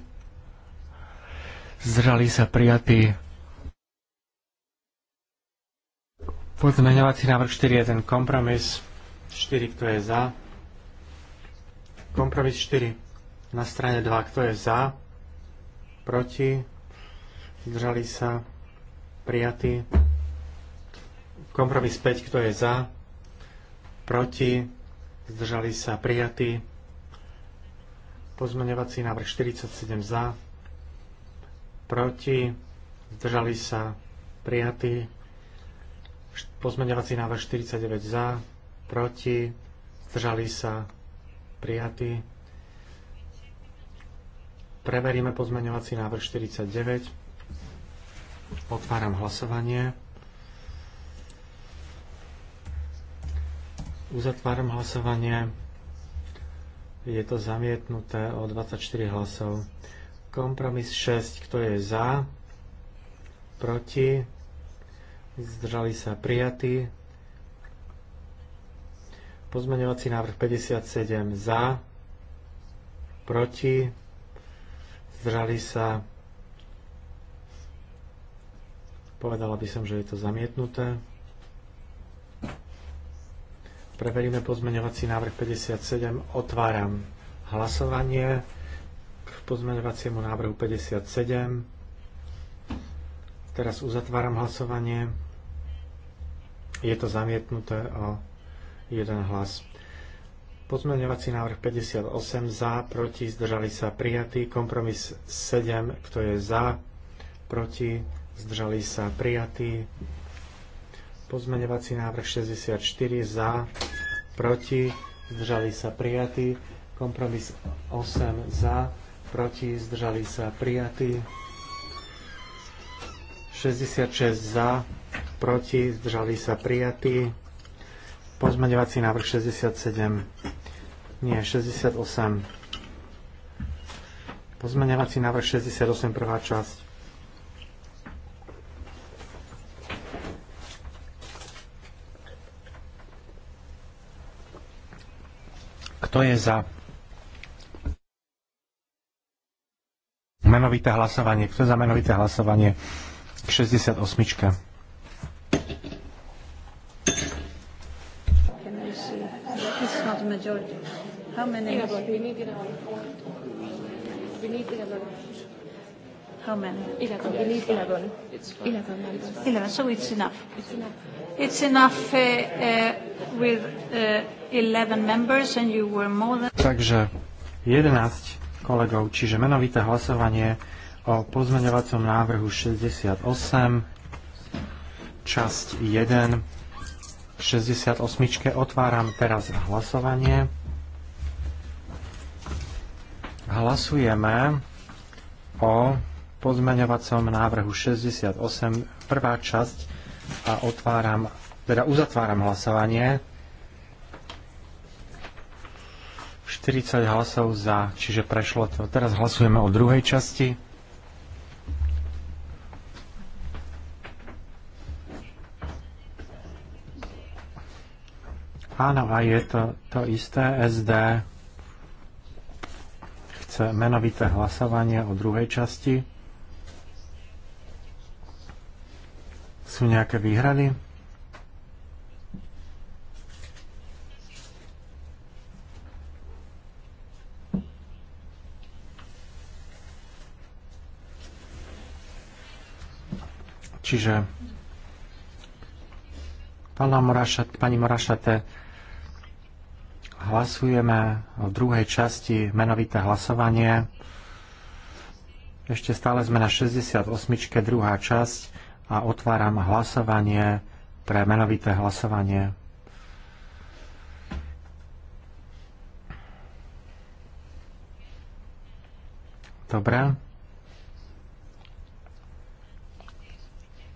[SPEAKER 4] Zdrali sa prijatí. Pozmeňovací návrh 4 je ten kompromis. 4, kto je za? Kompromis 4. Na strane 2, kto je za? Proti? Zdrali sa? Prijatí? Kompromis 5, kto je za? Proti? Zdržali sa prijatí. Pozmeňovací návrh 47 za. Proti? Zdržali sa prijatí. Pozmeňovací návrh 49 za. Proti? Zdržali sa prijatí. Preveríme pozmeňovací návrh 49. Otváram hlasovanie. Uzatváram hlasovanie. Je to zamietnuté o 24 hlasov. Kompromis 6. Kto je za? Proti? Zdržali sa prijatí. Pozmeňovací návrh 57 za, proti, zdržali sa. Povedala by som, že je to zamietnuté. Preveríme pozmeňovací návrh 57. Otváram hlasovanie k pozmeňovaciemu návrhu 57. Teraz uzatváram hlasovanie. Je to zamietnuté o jeden hlas. Pozmeňovací návrh 58 za, proti, zdržali sa prijatý. Kompromis 7, kto je za, proti, zdržali sa prijatý. Pozmeňovací návrh 64 za, proti, zdržali sa prijatí. Kompromis 8 za, proti, zdržali sa prijatí. 66 za, proti, zdržali sa prijatí. Pozmeňovací návrh 67, nie, 68. Pozmeňovací návrh 68, prvá časť Kto je za? Menovité hlasovanie. Kto je za menovité hlasovanie? K 68.
[SPEAKER 1] How many? Yeah, but we
[SPEAKER 2] needed a, we needed a
[SPEAKER 1] How many? Eleven. We need eleven. Eleven members. Eleven. So it's enough. It's enough. It's enough uh, uh, with uh, 11 members, and you were more
[SPEAKER 3] than.
[SPEAKER 4] Takže 11 kolegov, čiže menovité hlasovanie o pozmeňovacom návrhu 68, časť 1, 68. Otváram teraz hlasovanie. Hlasujeme o pozmeňovacom návrhu 68, prvá časť a otváram, teda uzatváram hlasovanie. 40 hlasov za, čiže prešlo to. Teraz hlasujeme o druhej časti. Áno, a je to to isté. SD chce menovité hlasovanie o druhej časti. Sú nejaké výhrady? Čiže Morašat, pani Morašate, hlasujeme o druhej časti menovité hlasovanie. Ešte stále sme na 68. druhá časť a otváram hlasovanie pre menovité hlasovanie. Dobre.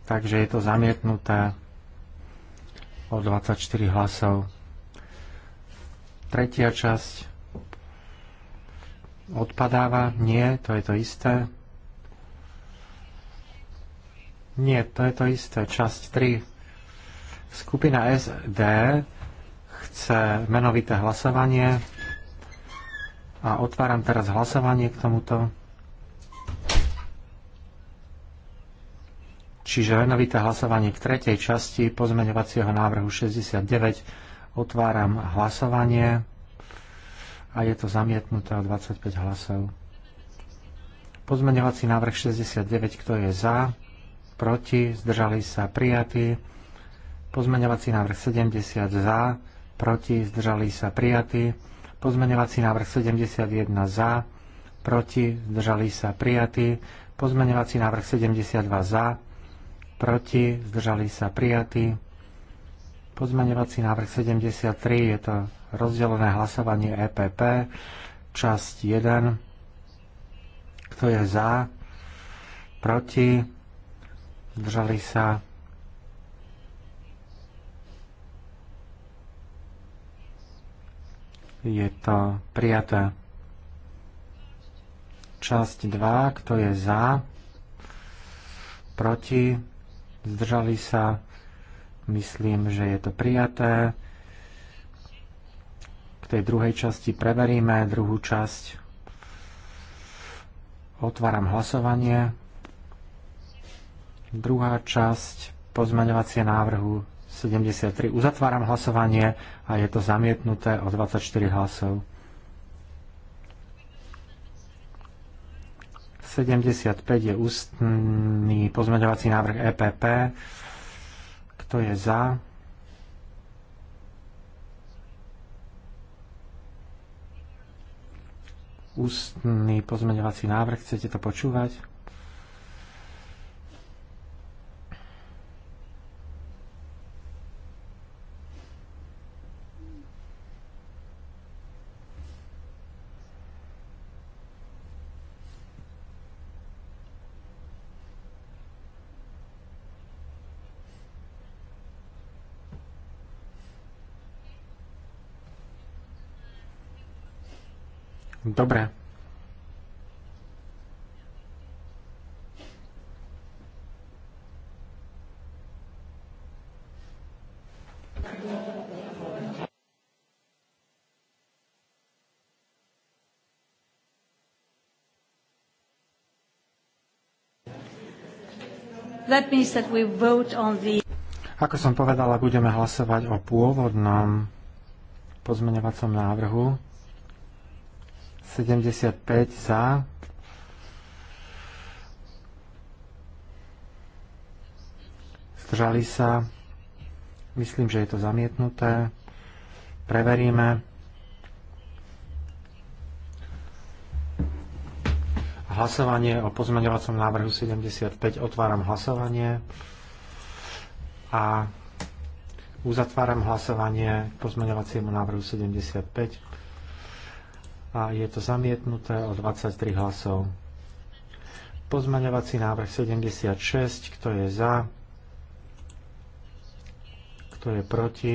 [SPEAKER 4] Takže je to zamietnuté o 24 hlasov. Tretia časť odpadáva. Nie, to je to isté. Nie, to je to isté. Časť 3. Skupina SD chce menovité hlasovanie a otváram teraz hlasovanie k tomuto. Čiže menovité hlasovanie k tretej časti pozmeňovacieho návrhu 69. Otváram hlasovanie a je to zamietnuté o 25 hlasov. Pozmeňovací návrh 69, kto je za? proti, zdržali sa prijatí. Pozmeňovací návrh 70 za, proti, zdržali sa prijatí. Pozmeňovací návrh 71 za, proti, zdržali sa prijatí. Pozmeňovací návrh 72 za, proti, zdržali sa prijatí. Pozmeňovací návrh 73 je to rozdelené hlasovanie EPP, časť 1. Kto je za, proti, Zdržali sa. Je to prijaté. Časť 2, kto je za, proti, zdržali sa. Myslím, že je to prijaté. K tej druhej časti preveríme druhú časť. Otváram hlasovanie. Druhá časť pozmeňovacie návrhu 73. Uzatváram hlasovanie a je to zamietnuté o 24 hlasov. 75 je ústný pozmeňovací návrh EPP. Kto je za? Ústný pozmeňovací návrh, chcete to počúvať? Dobre.
[SPEAKER 1] That means that we vote on the...
[SPEAKER 4] Ako som povedala, budeme hlasovať o pôvodnom pozmeňovacom návrhu 75 za. Zdržali sa. Myslím, že je to zamietnuté. Preveríme. Hlasovanie o pozmeňovacom návrhu 75. Otváram hlasovanie a uzatváram hlasovanie k pozmeňovaciemu návrhu 75 a je to zamietnuté o 23 hlasov. Pozmaňovací návrh 76, kto je za, kto je proti,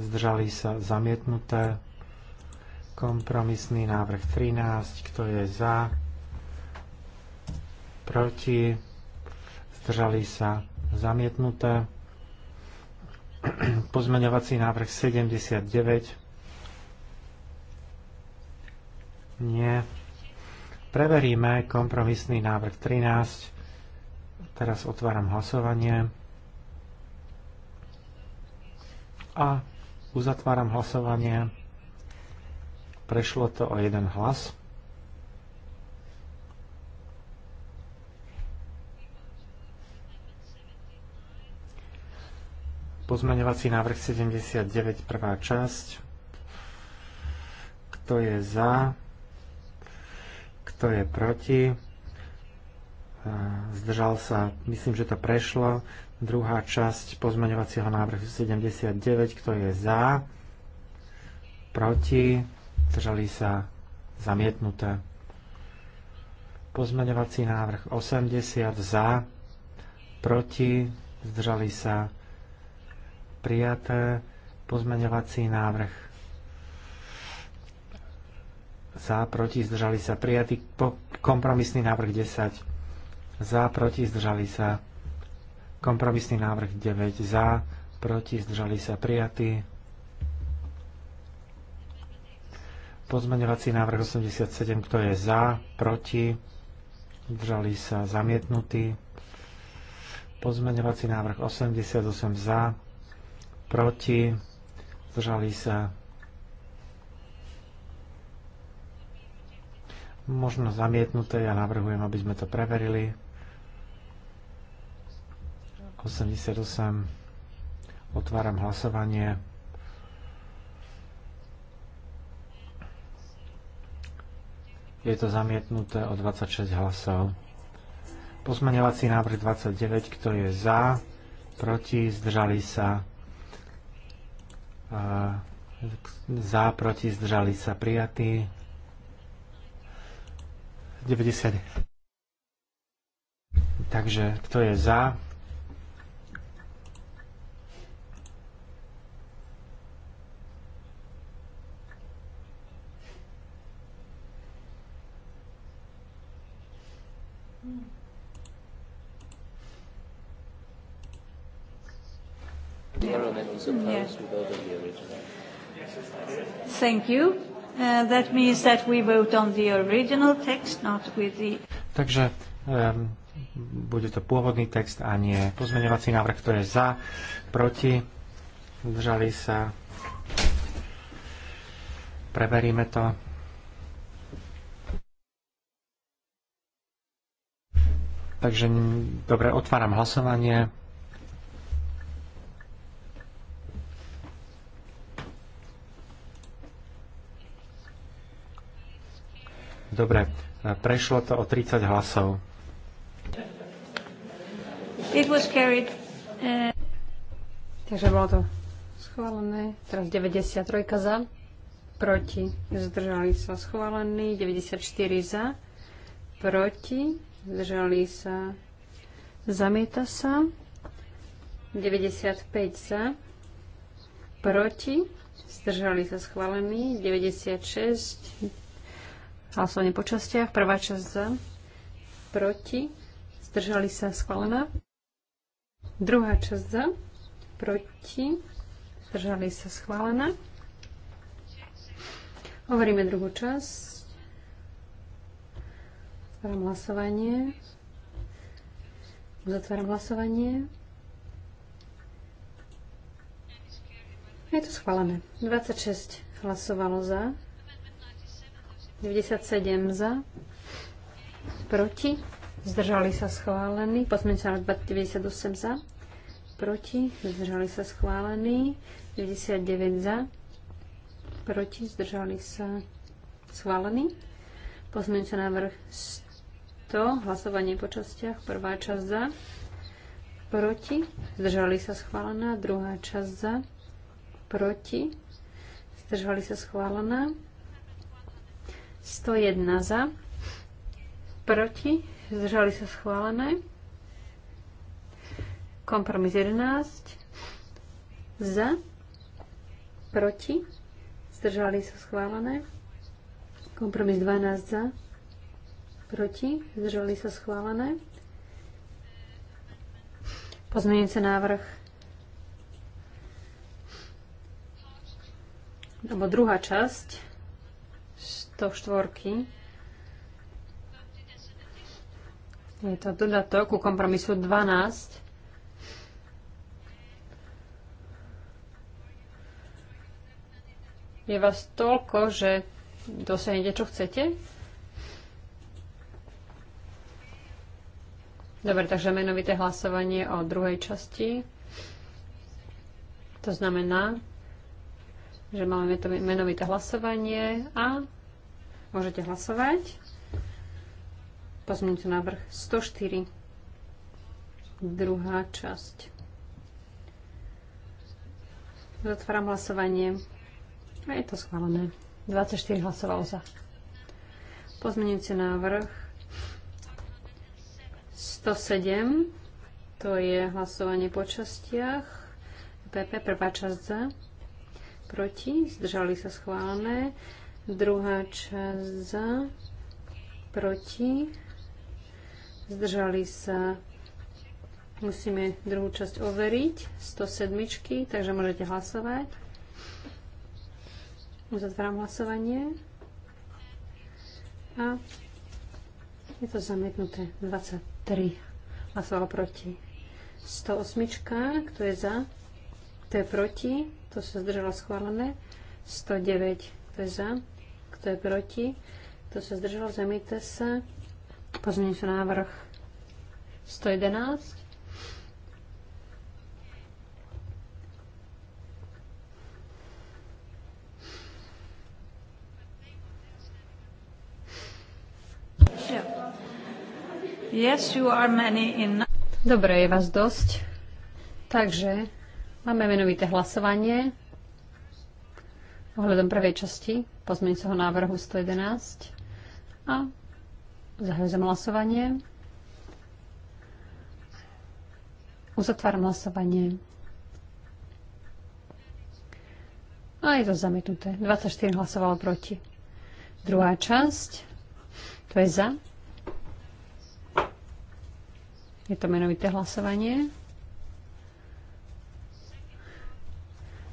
[SPEAKER 4] zdržali sa zamietnuté. Kompromisný návrh 13, kto je za, proti, zdržali sa zamietnuté. Pozmeňovací návrh 79, Nie. Preveríme kompromisný návrh 13. Teraz otváram hlasovanie. A uzatváram hlasovanie. Prešlo to o jeden hlas. Pozmeňovací návrh 79, prvá časť. Kto je za? kto je proti, zdržal sa, myslím, že to prešlo. Druhá časť pozmeňovacieho návrhu 79, kto je za, proti, zdržali sa, zamietnuté. Pozmeňovací návrh 80 za, proti, zdržali sa, prijaté. Pozmeňovací návrh za, proti, zdržali sa prijatý kompromisný návrh 10, za, proti, zdržali sa kompromisný návrh 9, za, proti, zdržali sa prijatý pozmeňovací návrh 87, kto je za, proti, zdržali sa zamietnutý pozmeňovací návrh 88 za, proti, zdržali sa možno zamietnuté. Ja navrhujem, aby sme to preverili. 88. Otváram hlasovanie. Je to zamietnuté o 26 hlasov. Pozmeňovací návrh 29, kto je za, proti, zdržali sa. za, proti, zdržali sa prijatí. 90. Takže kto je za?
[SPEAKER 1] Thank you. Uh, that means that we vote on the original text, not with the...
[SPEAKER 4] Takže um, bude to pôvodný text a nie pozmeňovací návrh, ktorý je za, proti, držali sa. Preveríme to. Takže dobre, otváram hlasovanie. Dobre, e, prešlo to o 30 hlasov.
[SPEAKER 1] It was carried.
[SPEAKER 2] Uh... Takže bolo to schválené. Teraz 93 za, proti, zdržali sa schválení, 94 za, proti, zdržali sa, zamieta sa, 95 za, proti, zdržali sa schválení, 96 Hlasovanie po častiach. Prvá časť za, proti, zdržali sa schválená. Druhá časť za, proti, zdržali sa schválená. Hovoríme druhú časť. Zatváram hlasovanie. Zatváram hlasovanie. Je to schválené. 26 hlasovalo za, 97 za, proti, zdržali sa schválení. sa na 98 za, proti, zdržali sa schválení. 99 za, proti, zdržali sa schválení. na návrh 100, hlasovanie po častiach, prvá časť za, proti, zdržali sa schválená, druhá časť za, proti, zdržali sa schválená. 101 za, proti, zdržali sa schválené. Kompromis 11 za, proti, zdržali sa schválené. Kompromis 12 za, proti, zdržali sa schválené. Pozmeňujúci návrh alebo druhá časť štvorky. Je to dodatok ku kompromisu 12. Je vás toľko, že dosiahnete, čo chcete? Dobre, takže menovité hlasovanie o druhej časti. To znamená, že máme to menovité hlasovanie a Môžete hlasovať. Pozmeňujúci návrh 104. Druhá časť. Zatváram hlasovanie. A je to schválené. 24 hlasovalo za. Pozmeňujúci návrh 107. To je hlasovanie po častiach. PP, prvá časť za. Proti. Zdržali sa schválené. Druhá časť za, proti, zdržali sa. Musíme druhú časť overiť, 107, takže môžete hlasovať. Uzatváram hlasovanie. A je to zamietnuté. 23 hlasovalo proti. 108, kto je za, to je proti, to sa zdržalo schválené. 109, kto je za, kto je proti, kto sa zdržal, zemíte sa. Pozmeňujúci návrh 111. Yes, you are many in... Dobre, je vás dosť. Takže máme menovité hlasovanie ohľadom prvej časti pozmeňujúceho návrhu 111 a zahajujem hlasovanie. Uzatváram hlasovanie. A je to zamietnuté. 24 hlasovalo proti. Druhá časť. To je za. Je to menovité hlasovanie.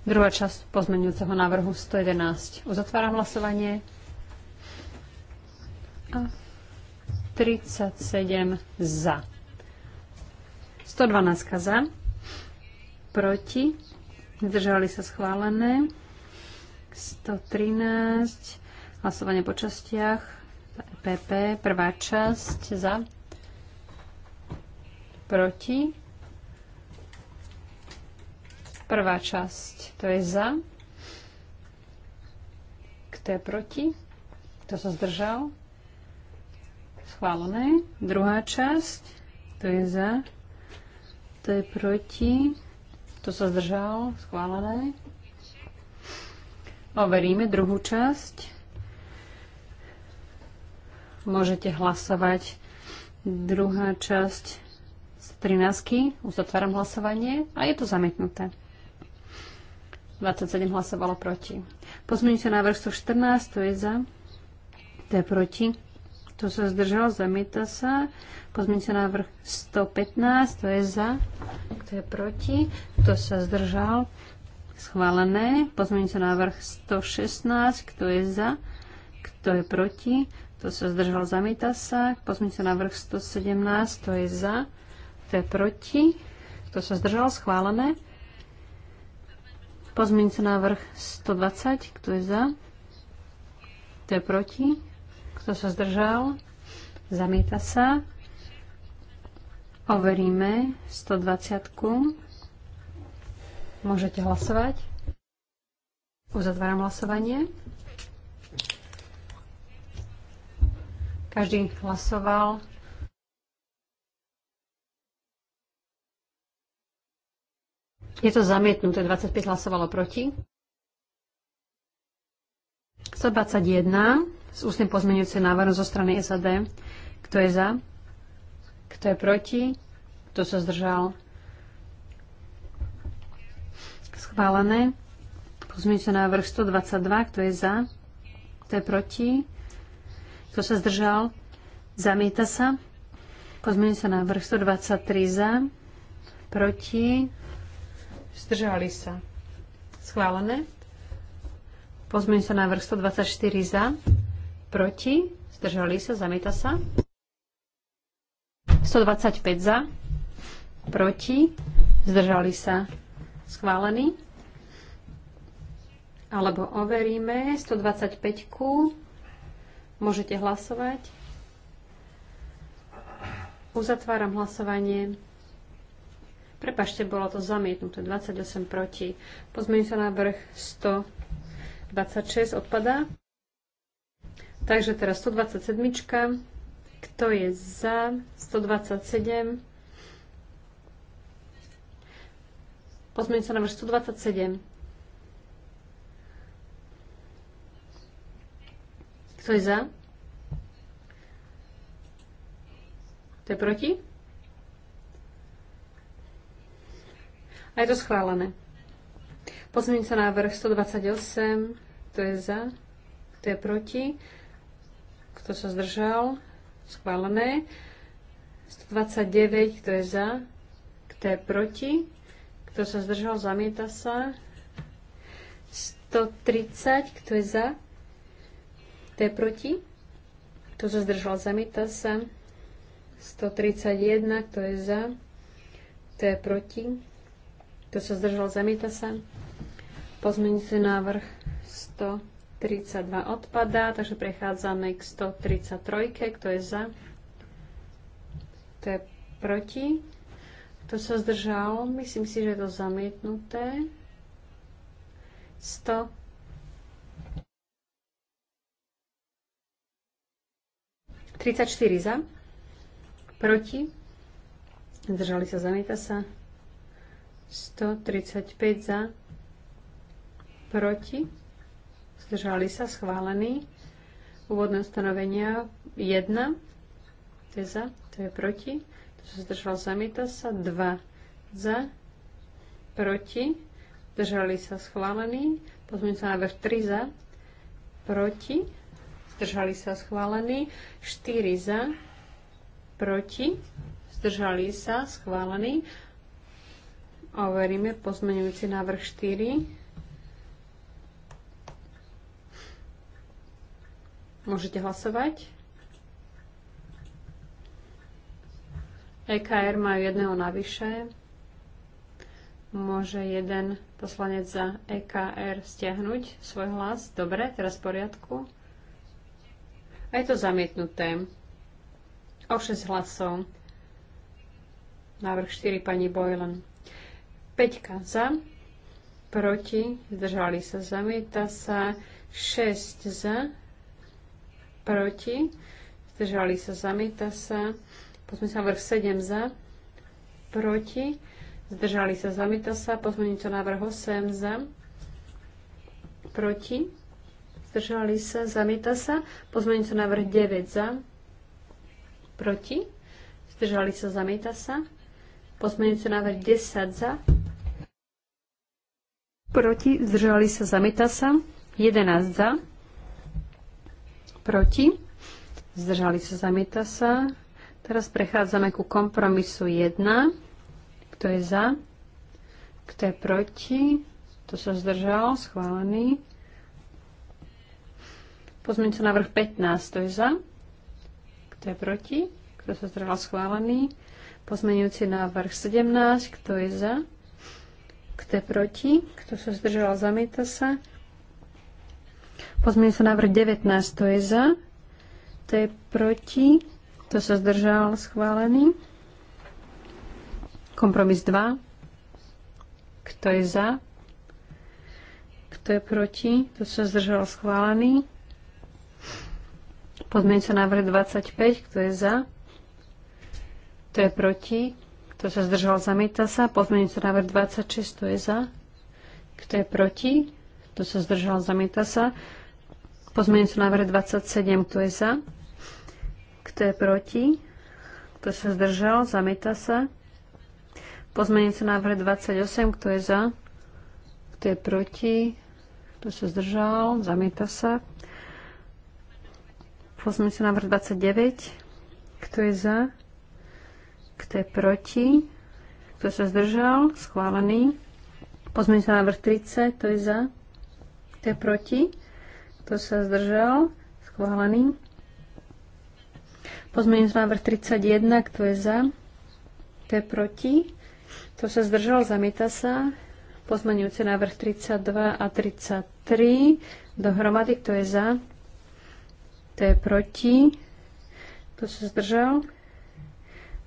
[SPEAKER 2] Druhá časť pozmeňujúceho návrhu 111. Uzatváram hlasovanie. A 37 za. 112 za. Proti. Zdržali sa schválené. 113. Hlasovanie po častiach. PP. Prvá časť za. Proti. Prvá časť, to je za. Kto je proti? Kto sa zdržal? Schválené. Druhá časť, to je za. Kto je proti? Kto sa zdržal? Schválené. Overíme druhú časť. Môžete hlasovať druhá časť z 13. Uzatváram hlasovanie a je to zamietnuté. 27 hlasovalo proti. Pozmeňujúci návrh 114, to je za, to je proti, to sa zdržalo, zamieta sa. Pozmeňujúci návrh 115, to je za, to je proti, to sa zdržal, schválené. Pozmeňujúci návrh 116, kto je za, kto je proti, to sa zdržal, zamieta sa. Pozmeňujúci návrh 117, to je za, to je proti, kto sa zdržal, schválené. Pozmeňujúci návrh 120, kto je za? Kto je proti? Kto sa zdržal? Zamieta sa. Overíme 120. Môžete hlasovať. Uzatváram hlasovanie. Každý hlasoval Je to zamietnuté. 25 hlasovalo proti. 121 s ústnym pozmeňujúcim návrhom zo strany SAD. Kto je za? Kto je proti? Kto sa zdržal? Schválené. Pozmeňujúci návrh 122. Kto je za? Kto je proti? Kto sa zdržal? Zamieta sa. Pozmeňujúci návrh 123 za. Proti. Zdržali sa. Schválené. Pozmeň sa návrh 124 za. Proti. Zdržali sa. Zamieta sa. 125 za. Proti. Zdržali sa. Schválený. Alebo overíme 125. -ku. Môžete hlasovať. Uzatváram hlasovanie. Prepašte, bolo to zamietnuté. 28 proti. Pozmením sa návrh 126 odpadá. Takže teraz 127. Kto je za? 127. Pozmením sa návrh 127. Kto je za? Kto je proti? A je to schválené. sa návrh 128, kto je za, kto je proti, kto sa zdržal, schválené. 129, kto je za, kto je proti, kto sa zdržal, zamieta sa. 130, kto je za, kto je proti, kto sa zdržal, zamieta sa. 131, kto je za, kto je proti, kto sa zdržal, zamieta sa. Pozmeňujúci návrh 132 odpadá, takže prechádzame k 133. Kto je za? Kto je proti? Kto sa zdržal? Myslím si, že je to zamietnuté. 100. Tridsaťštyri za, proti, zdržali sa, zamieta sa, 135 za, proti, zdržali sa, schválený. Úvodné ustanovenia 1, to je za, to je proti, to sa zdržal, zamieta sa, 2 za, proti, zdržali sa, schválený. Pozmeň sa návrh 3 za, proti, zdržali sa, schválený. 4 za, proti, zdržali sa, schválený overíme pozmenujúci návrh 4. Môžete hlasovať. EKR majú jedného navyše. Môže jeden poslanec za EKR stiahnuť svoj hlas. Dobre, teraz v poriadku. A je to zamietnuté. O 6 hlasov. Návrh 4 pani Boylan. 5 za, proti, zdržali sa, zamieta sa, 6 za, proti, zdržali sa, zamieta sa, pozme sa vrch 7 za, proti, zdržali sa, zamieta sa, pozmeňujúci návrh 8 za, proti, zdržali sa, zamieta sa, pozmeňujúci návrh 9 za, proti, zdržali sa, zamieta sa, pozmeňujúci návrh 10 za, proti, zdržali sa, zamieta sa. 11 za, proti, zdržali sa, zamieta sa. Teraz prechádzame ku kompromisu 1. Kto je za? Kto je proti? Kto sa zdržal? Schválený. Pozmeňte sa návrh 15. Kto je za? Kto je proti? Kto sa zdržal? Schválený. Pozmeňujúci návrh 17. Kto je za? Kto je proti? Kto sa zdržal? Zamieta sa. Pozmiem sa návrh 19. To je za. To je proti. Kto sa zdržal? Schválený. Kompromis 2. Kto je za? Kto je proti? Kto sa zdržal? Schválený. Pozmiem sa návrh 25. Kto je za? Kto je proti? Kto sa zdržal, zamieta sa. Pozmeňujúci návrh 26, to je za. Kto je proti? Kto sa zdržal, zamieta sa. Pozmeňujúci návrh 27, kto je za? Kto je proti? Kto sa zdržal, zamieta sa. Pozmeňujúci návrh 28, kto je za? Kto je proti? Kto sa zdržal, zamieta sa. Pozmeňujúci návrh 29, kto je za? Kto je proti? Kto sa zdržal? Schválený. Pozmeňujúci návrh 30. To je za. Kto je proti? Kto sa zdržal? Schválený. Pozmeňujúci návrh 31. Kto je za? Kto je proti? Kto sa zdržal? Zamieta sa. Pozmeňujúci návrh 32 a 33. Dohromady. Kto je za? Kto je proti? Kto sa zdržal?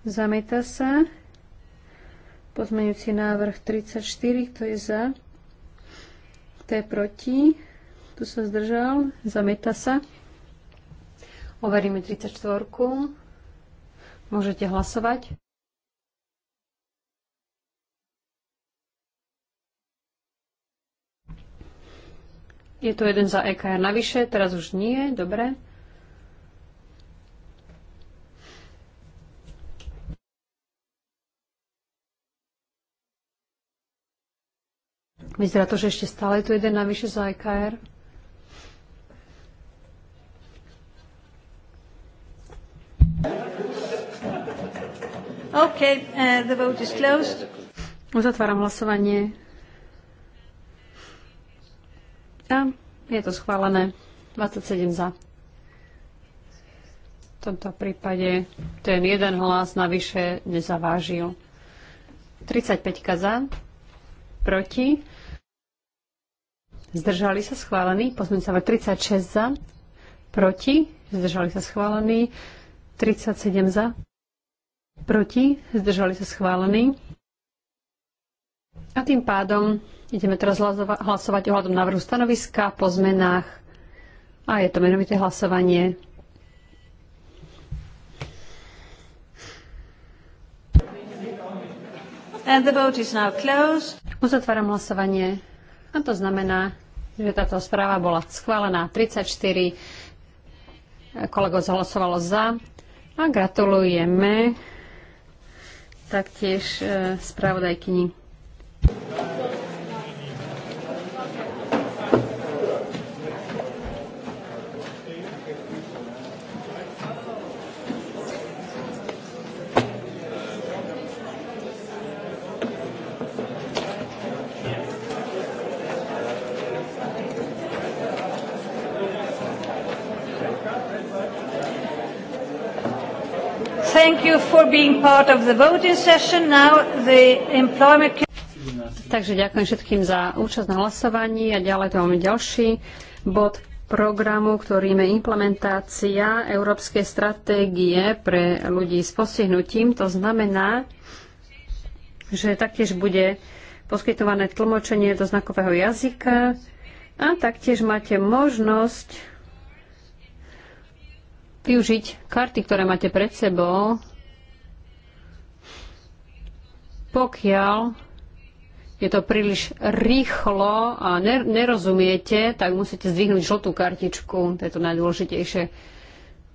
[SPEAKER 2] zameta sa. Pozmeňujúci návrh 34, kto je za? Kto je proti? Tu sa zdržal. zameta sa. Overíme 34. Môžete hlasovať. Je tu jeden za EKR navyše, teraz už nie, dobre. Vyzerá to, že ešte stále je tu jeden navyše za EKR. OK, uh, the vote is closed. Uzatváram hlasovanie. A je to schválené. 27 za. V tomto prípade ten jeden hlas navyše nezavážil. 35 za, proti zdržali sa schválený. pozmeň sa 36 za, proti, zdržali sa schválený. 37 za, proti, zdržali sa schválení. A tým pádom ideme teraz hlasovať ohľadom návrhu stanoviska po zmenách. A je to menovité hlasovanie. And the vote is now closed. Uzatváram hlasovanie. A to znamená, že táto správa bola schválená. 34 kolegov zhlasovalo za a gratulujeme taktiež e, spravodajkyni.
[SPEAKER 1] Thank you for being part of
[SPEAKER 2] the voting session. Now the employment... Takže ďakujem všetkým za účasť na hlasovaní a ďalej to máme ďalší bod programu, ktorým je implementácia Európskej stratégie pre ľudí s postihnutím. To znamená, že taktiež bude poskytované tlmočenie do znakového jazyka a taktiež máte možnosť využiť karty, ktoré máte pred sebou, pokiaľ je to príliš rýchlo a nerozumiete, tak musíte zdvihnúť žltú kartičku, to je to najdôležitejšie.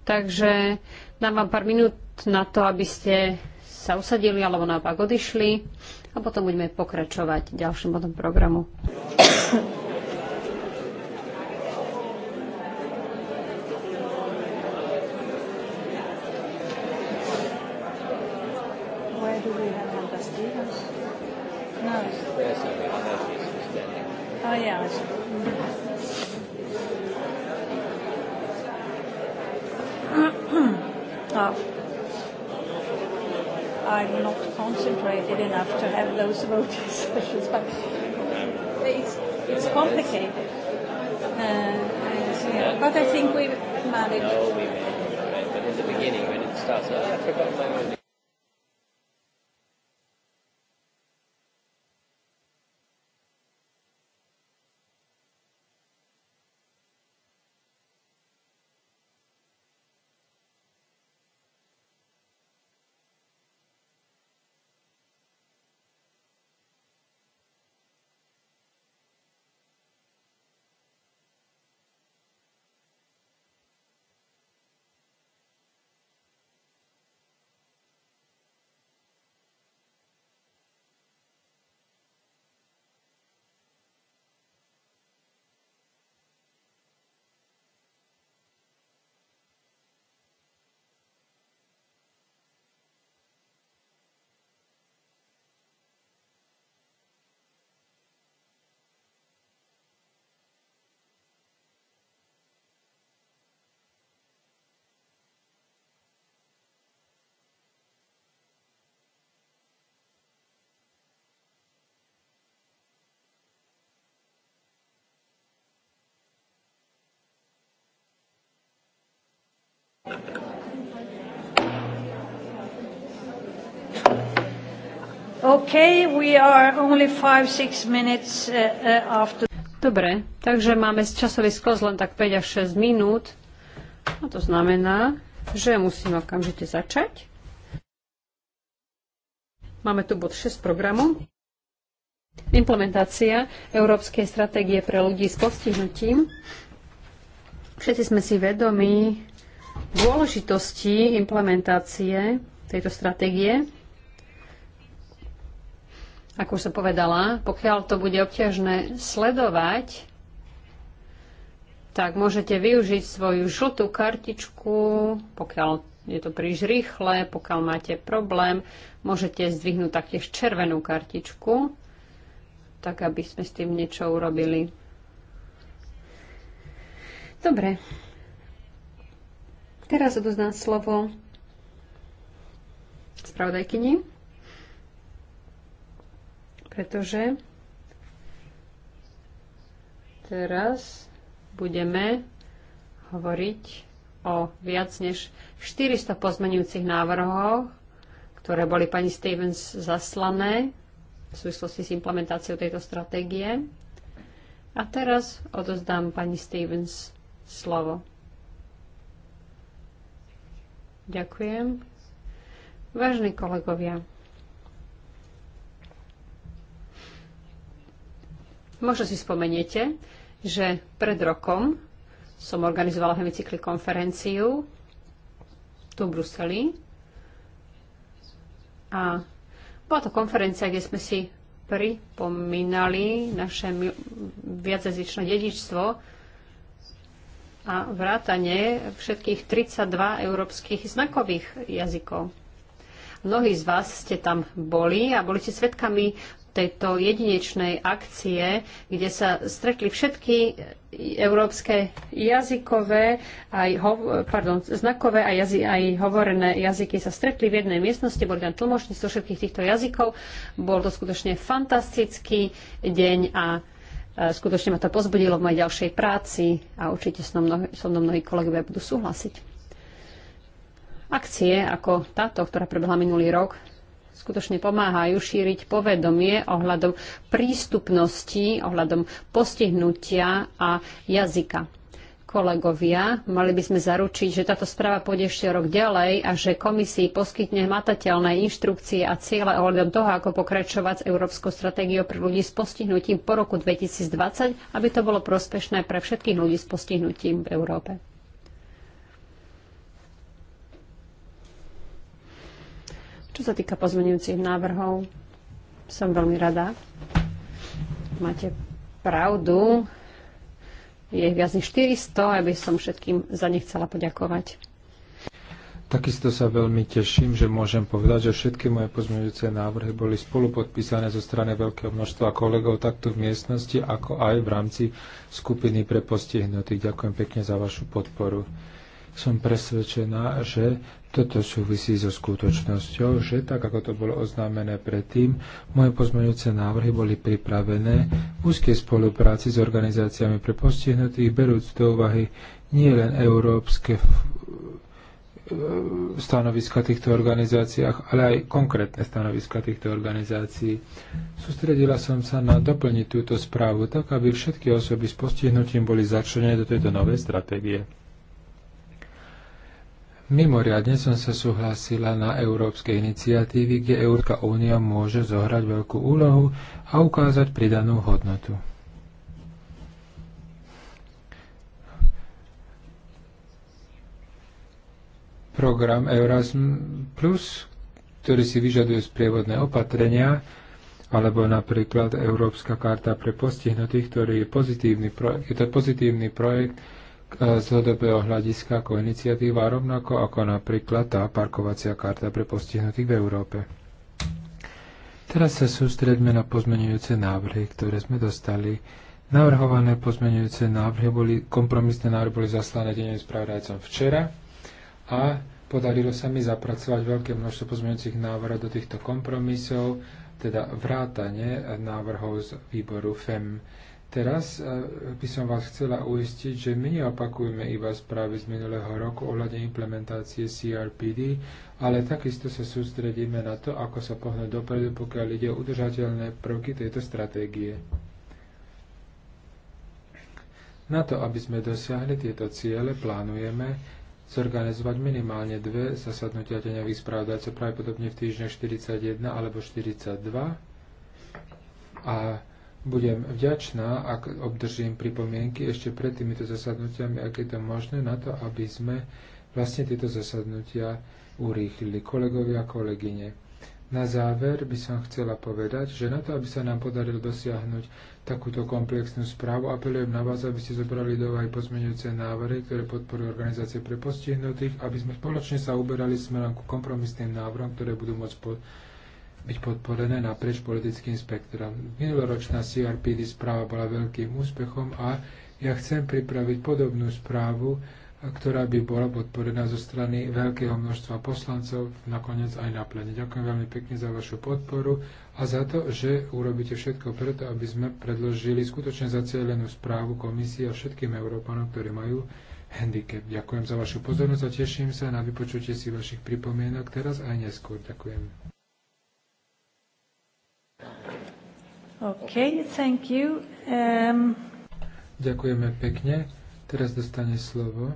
[SPEAKER 2] Takže dám vám pár minút na to, aby ste sa usadili alebo naopak odišli a potom budeme pokračovať ďalším bodom programu.
[SPEAKER 1] those voting sessions, but it's, it's complicated. Uh, and, you know, but I think we managed. No, we
[SPEAKER 2] managed, right? But in the beginning, when it starts, oh, I forgot my voting. Okay, we are only five, six minutes uh, uh, after. Dobre, takže máme časový skos len tak 5 až 6 minút. A to znamená, že musíme okamžite začať. Máme tu bod 6 programu. Implementácia Európskej stratégie pre ľudí s postihnutím. Všetci sme si vedomi dôležitosti implementácie tejto stratégie. Ako už som povedala, pokiaľ to bude obťažné sledovať, tak môžete využiť svoju žltú kartičku, pokiaľ je to príliš rýchle, pokiaľ máte problém, môžete zdvihnúť taktiež červenú kartičku, tak aby sme s tým niečo urobili. Dobre, Teraz odoznám slovo spravodajkyni, pretože teraz budeme hovoriť o viac než 400 pozmenujúcich návrhoch, ktoré boli pani Stevens zaslané v súvislosti s implementáciou tejto stratégie. A teraz odozdám pani Stevens slovo. Ďakujem. Vážení kolegovia, možno si spomeniete, že pred rokom som organizovala hemicykli konferenciu tu v Bruseli a bola to konferencia, kde sme si pripomínali naše viacezičné dedičstvo a vrátane všetkých 32 európskych znakových jazykov. Mnohí z vás ste tam boli a boli ste svedkami tejto jedinečnej akcie, kde sa stretli všetky európske jazykové, aj ho, pardon, znakové a jazy, aj hovorené jazyky sa stretli v jednej miestnosti, boli tam tlmočníci zo všetkých týchto jazykov. Bol to skutočne fantastický deň a E, skutočne ma to pozbudilo v mojej ďalšej práci a určite so mnohí, so mnou mnohí kolegovia budú súhlasiť. Akcie ako táto, ktorá prebehla minulý rok, skutočne pomáhajú šíriť povedomie ohľadom prístupnosti, ohľadom postihnutia a jazyka kolegovia, mali by sme zaručiť, že táto správa pôjde ešte rok ďalej a že komisii poskytne hmatateľné inštrukcie a ciele ohľadom toho, ako pokračovať s Európskou stratégiou pre ľudí s postihnutím po roku 2020, aby to bolo prospešné pre všetkých ľudí s postihnutím v Európe. Čo sa týka pozmenujúcich návrhov, som veľmi rada. Máte pravdu je viac než 400, aby som všetkým za ne chcela poďakovať.
[SPEAKER 3] Takisto sa veľmi teším, že môžem povedať, že všetky moje pozmeňujúce návrhy boli spolupodpísané zo strany veľkého množstva kolegov takto v miestnosti, ako aj v rámci skupiny pre postihnutých. Ďakujem pekne za vašu podporu som presvedčená, že toto súvisí so skutočnosťou, že tak ako to bolo oznámené predtým, moje pozmeňujúce návrhy boli pripravené v úzkej spolupráci s organizáciami pre postihnutých, berúc do úvahy len európske stanoviska týchto organizáciách, ale aj konkrétne stanoviska týchto organizácií. Sústredila som sa na doplniť túto správu tak, aby všetky osoby s postihnutím boli začlenené do tejto novej stratégie. Mimoriadne som sa súhlasila na európske iniciatívy, kde Európska únia môže zohrať veľkú úlohu a ukázať pridanú hodnotu. Program Erasmus Plus, ktorý si vyžaduje sprievodné opatrenia, alebo napríklad Európska karta pre postihnutých, ktorý je pozitívny projekt, je to pozitívny projekt, Eh, z dlhodobého hľadiska ako iniciatíva, rovnako ako napríklad tá parkovacia karta pre postihnutých v Európe. Teraz sa sústredme na pozmenujúce návrhy, ktoré sme dostali. Navrhované pozmenujúce návrhy boli, kompromisné návrhy boli zaslané deňovým spravodajcom včera a podarilo sa mi zapracovať veľké množstvo pozmenujúcich návrhov do týchto kompromisov, teda vrátanie návrhov z výboru FEM. Teraz e, by som vás chcela uistiť, že my neopakujeme iba správy z minulého roku ohľadne implementácie CRPD, ale takisto sa sústredíme na to, ako sa pohnúť dopredu, pokiaľ ide o udržateľné prvky tejto stratégie. Na to, aby sme dosiahli tieto ciele, plánujeme zorganizovať minimálne dve zasadnutia teňových sa pravdepodobne v týždňoch 41 alebo 42 a budem vďačná, ak obdržím pripomienky ešte pred týmito zasadnutiami, ak je to možné, na to, aby sme vlastne tieto zasadnutia urýchlili. Kolegovia a kolegyne, na záver by som chcela povedať, že na to, aby sa nám podarilo dosiahnuť takúto komplexnú správu, apelujem na vás, aby ste zobrali do aj pozmeňujúce návrhy, ktoré podporujú organizácie pre postihnutých, aby sme spoločne sa uberali smerom ku kompromisným návrhom, ktoré budú môcť pod byť podporené naprieč politickým spektrom. Minuloročná CRPD správa bola veľkým úspechom a ja chcem pripraviť podobnú správu, ktorá by bola podporená zo strany veľkého množstva poslancov, nakoniec aj na plene. Ďakujem veľmi pekne za vašu podporu a za to, že urobíte všetko preto, aby sme predložili skutočne zacielenú správu komisie a všetkým Európanom, ktorí majú handicap. Ďakujem za vašu pozornosť a teším sa na vypočutie si vašich pripomienok teraz aj neskôr. Ďakujem.
[SPEAKER 1] Okay, thank you.
[SPEAKER 3] Um... Ďakujeme pekne. Teraz dostane slovo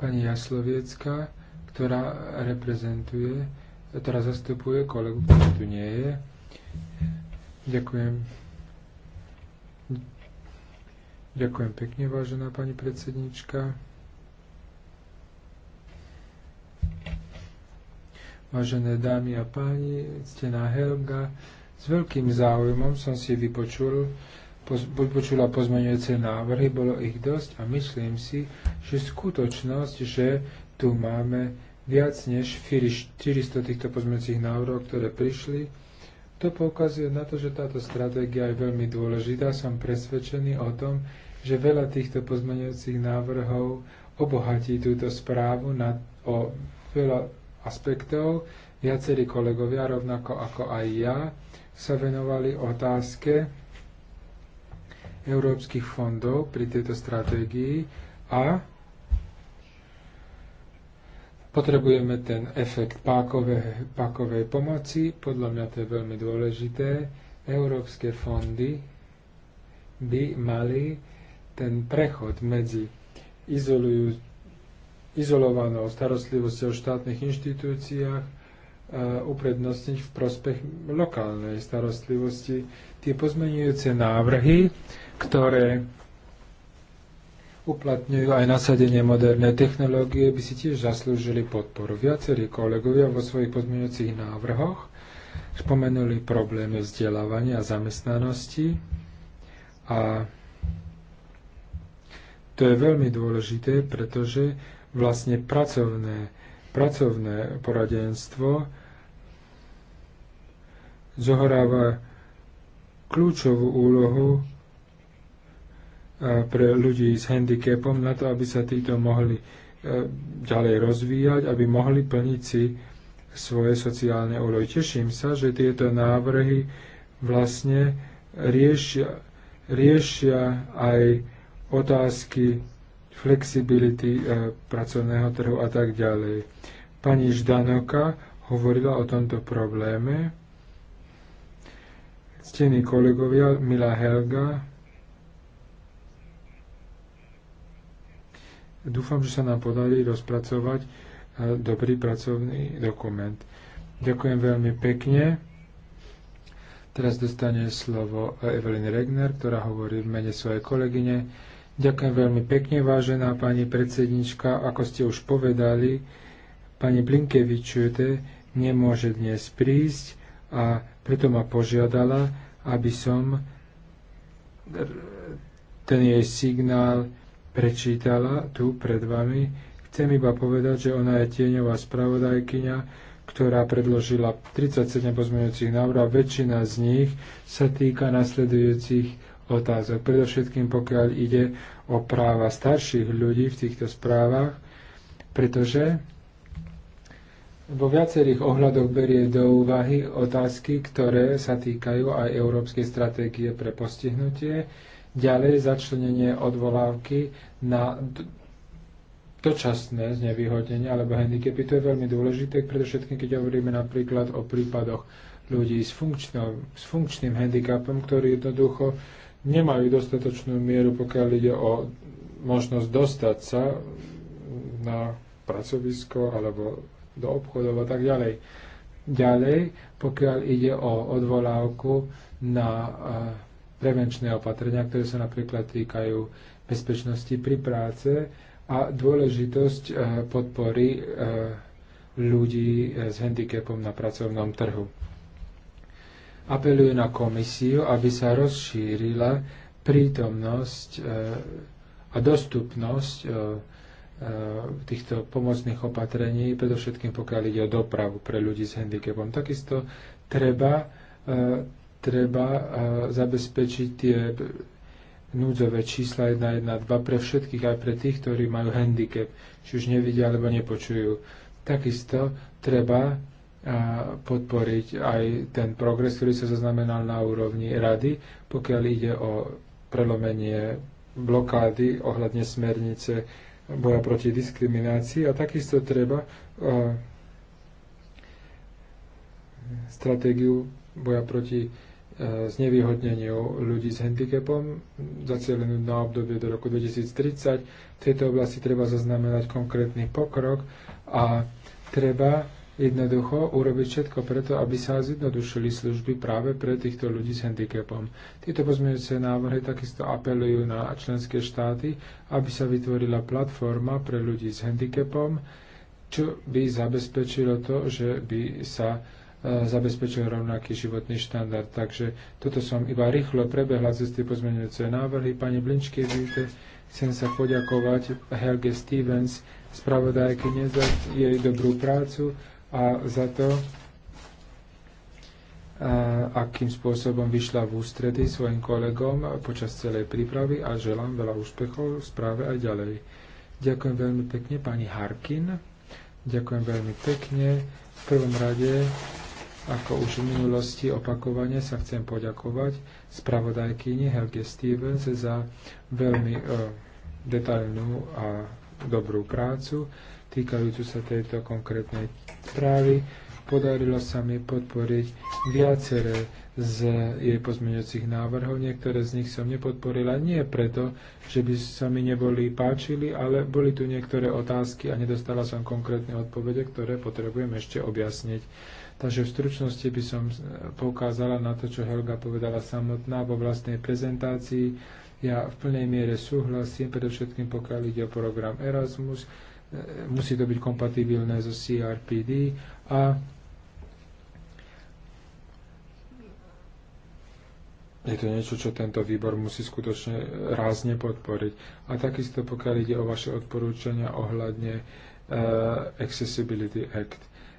[SPEAKER 3] pani Jasloviecka, ktorá reprezentuje, ktorá zastupuje kolegu, ktorý tu nie je. Ďakujem. Ďakujem pekne, vážená pani predsednička. Vážené dámy a páni, ctená Helga, s veľkým záujmom som si vypočul, poz, počula pozmeňujúce návrhy, bolo ich dosť a myslím si, že skutočnosť, že tu máme viac než 400 týchto pozmeňujúcich návrhov, ktoré prišli, to poukazuje na to, že táto stratégia je veľmi dôležitá. Som presvedčený o tom, že veľa týchto pozmeňujúcich návrhov obohatí túto správu na, o veľa aspektov. Viacerí kolegovia, rovnako ako aj ja, sa venovali otázke európskych fondov pri tejto stratégii a potrebujeme ten efekt pákovej, pákovej pomoci. Podľa mňa to je veľmi dôležité. Európske fondy by mali ten prechod medzi izolujú, izolovanou starostlivosťou o štátnych inštitúciách e, uprednostniť v prospech lokálnej starostlivosti. Tie pozmenujúce návrhy, ktoré uplatňujú aj nasadenie moderné technológie, by si tiež zaslúžili podporu. Viacerí kolegovia vo svojich pozmenujúcich návrhoch spomenuli problémy vzdelávania a zamestnanosti a to je veľmi dôležité, pretože vlastne pracovné, pracovné poradenstvo zohráva kľúčovú úlohu eh, pre ľudí s handicapom na to, aby sa títo mohli eh, ďalej rozvíjať, aby mohli plniť si svoje sociálne úlohy. Teším sa, že tieto návrhy vlastne riešia, riešia aj otázky flexibility e, pracovného trhu a tak ďalej. Pani Ždanoka hovorila o tomto probléme. Ctení kolegovia, milá Helga, dúfam, že sa nám podarí rozpracovať e, dobrý pracovný dokument. Ďakujem veľmi pekne. Teraz dostane slovo Evelyn Regner, ktorá hovorí v mene svojej kolegyne. Ďakujem veľmi pekne, vážená pani predsednička. Ako ste už povedali, pani Blinkevičujete nemôže dnes prísť a preto ma požiadala, aby som ten jej signál prečítala tu pred vami. Chcem iba povedať, že ona je tieňová spravodajkyňa, ktorá predložila 37 pozmeňujúcich návrhov a väčšina z nich sa týka nasledujúcich otázok. Predovšetkým pokiaľ ide o práva starších ľudí v týchto správach, pretože vo viacerých ohľadoch berie do úvahy otázky, ktoré sa týkajú aj Európskej stratégie pre postihnutie, ďalej začlenenie odvolávky na dočasné znevýhodnenie alebo handicapy. To je veľmi dôležité, predovšetkým keď hovoríme napríklad o prípadoch ľudí s, funkčnou, s funkčným handicapom, ktorí jednoducho nemajú dostatočnú mieru, pokiaľ ide o možnosť dostať sa na pracovisko alebo do obchodov a tak ďalej. Ďalej, pokiaľ ide o odvolávku na e, prevenčné opatrenia, ktoré sa napríklad týkajú bezpečnosti pri práce a dôležitosť e, podpory e, ľudí s handicapom na pracovnom trhu apeluje na komisiu, aby sa rozšírila prítomnosť e, a dostupnosť e, e, týchto pomocných opatrení, predovšetkým pokiaľ ide o dopravu pre ľudí s handicapom. Takisto treba, treba zabezpečiť tie núdzové čísla 112 pre všetkých, aj pre tých, ktorí majú handicap, či už nevidia alebo nepočujú. Takisto treba podporiť aj ten progres, ktorý sa zaznamenal na úrovni rady, pokiaľ ide o prelomenie blokády ohľadne smernice boja proti diskriminácii a takisto treba stratégiu boja proti e, znevýhodneniu ľudí s handicapom, zacielenú na obdobie do roku 2030. V tejto oblasti treba zaznamenať konkrétny pokrok a treba jednoducho urobiť všetko preto, aby sa zjednodušili služby práve pre týchto ľudí s handicapom. Tieto pozmeňujúce návrhy takisto apelujú na členské štáty, aby sa vytvorila platforma pre ľudí s handicapom, čo by zabezpečilo to, že by sa e, zabezpečil rovnaký životný štandard. Takže toto som iba rýchlo prebehla cez tie pozmeňujúce návrhy. Pani Blinčkevite, chcem sa poďakovať Helge Stevens, spravodajkyne za jej dobrú prácu a za to, akým spôsobom vyšla v ústredy svojim kolegom počas celej prípravy a želám veľa úspechov v správe aj ďalej. Ďakujem veľmi pekne pani Harkin. Ďakujem veľmi pekne. V prvom rade, ako už v minulosti opakovane, sa chcem poďakovať spravodajkyni Helge Stevens za veľmi uh, detailnú a dobrú prácu týkajúcu sa tejto konkrétnej správy. Podarilo sa mi podporiť viaceré z jej pozmeňujúcich návrhov. Niektoré z nich som nepodporila nie preto, že by sa mi neboli páčili, ale boli tu niektoré otázky a nedostala som konkrétne odpovede, ktoré potrebujem ešte objasniť. Takže v stručnosti by som poukázala na to, čo Helga povedala samotná vo vlastnej prezentácii. Ja v plnej miere súhlasím, predovšetkým pokiaľ ide o program Erasmus, E, musí to byť kompatibilné so CRPD a je to niečo, čo tento výbor musí skutočne rázne podporiť. A takisto pokiaľ ide o vaše odporúčania ohľadne uh, Accessibility Act.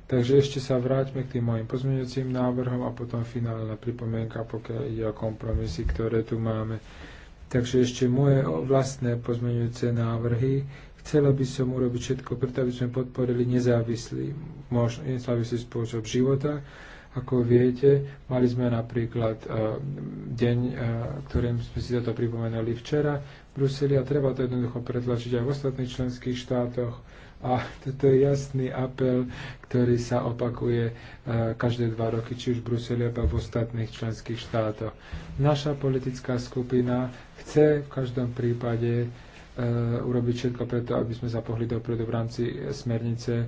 [SPEAKER 3] Takže ešte sa vráťme k tým mojim pozmeňujúcim návrhom a potom finálna pripomienka, pokiaľ ide o kompromisy, ktoré tu máme. Takže ešte moje vlastné pozmeňujúce návrhy Chcela by som urobiť všetko preto, aby sme podporili nezávislý, možno, nezávislý spôsob života. Ako viete, mali sme napríklad uh, deň, uh, ktorým sme si toto pripomenuli včera v Bruseli a treba to jednoducho pretlačiť aj v ostatných členských štátoch. A toto je jasný apel, ktorý sa opakuje uh, každé dva roky, či už v Bruseli, alebo v ostatných členských štátoch. Naša politická skupina chce v každom prípade E, urobiť všetko preto, aby sme sa pohli dopredu v rámci smernice e,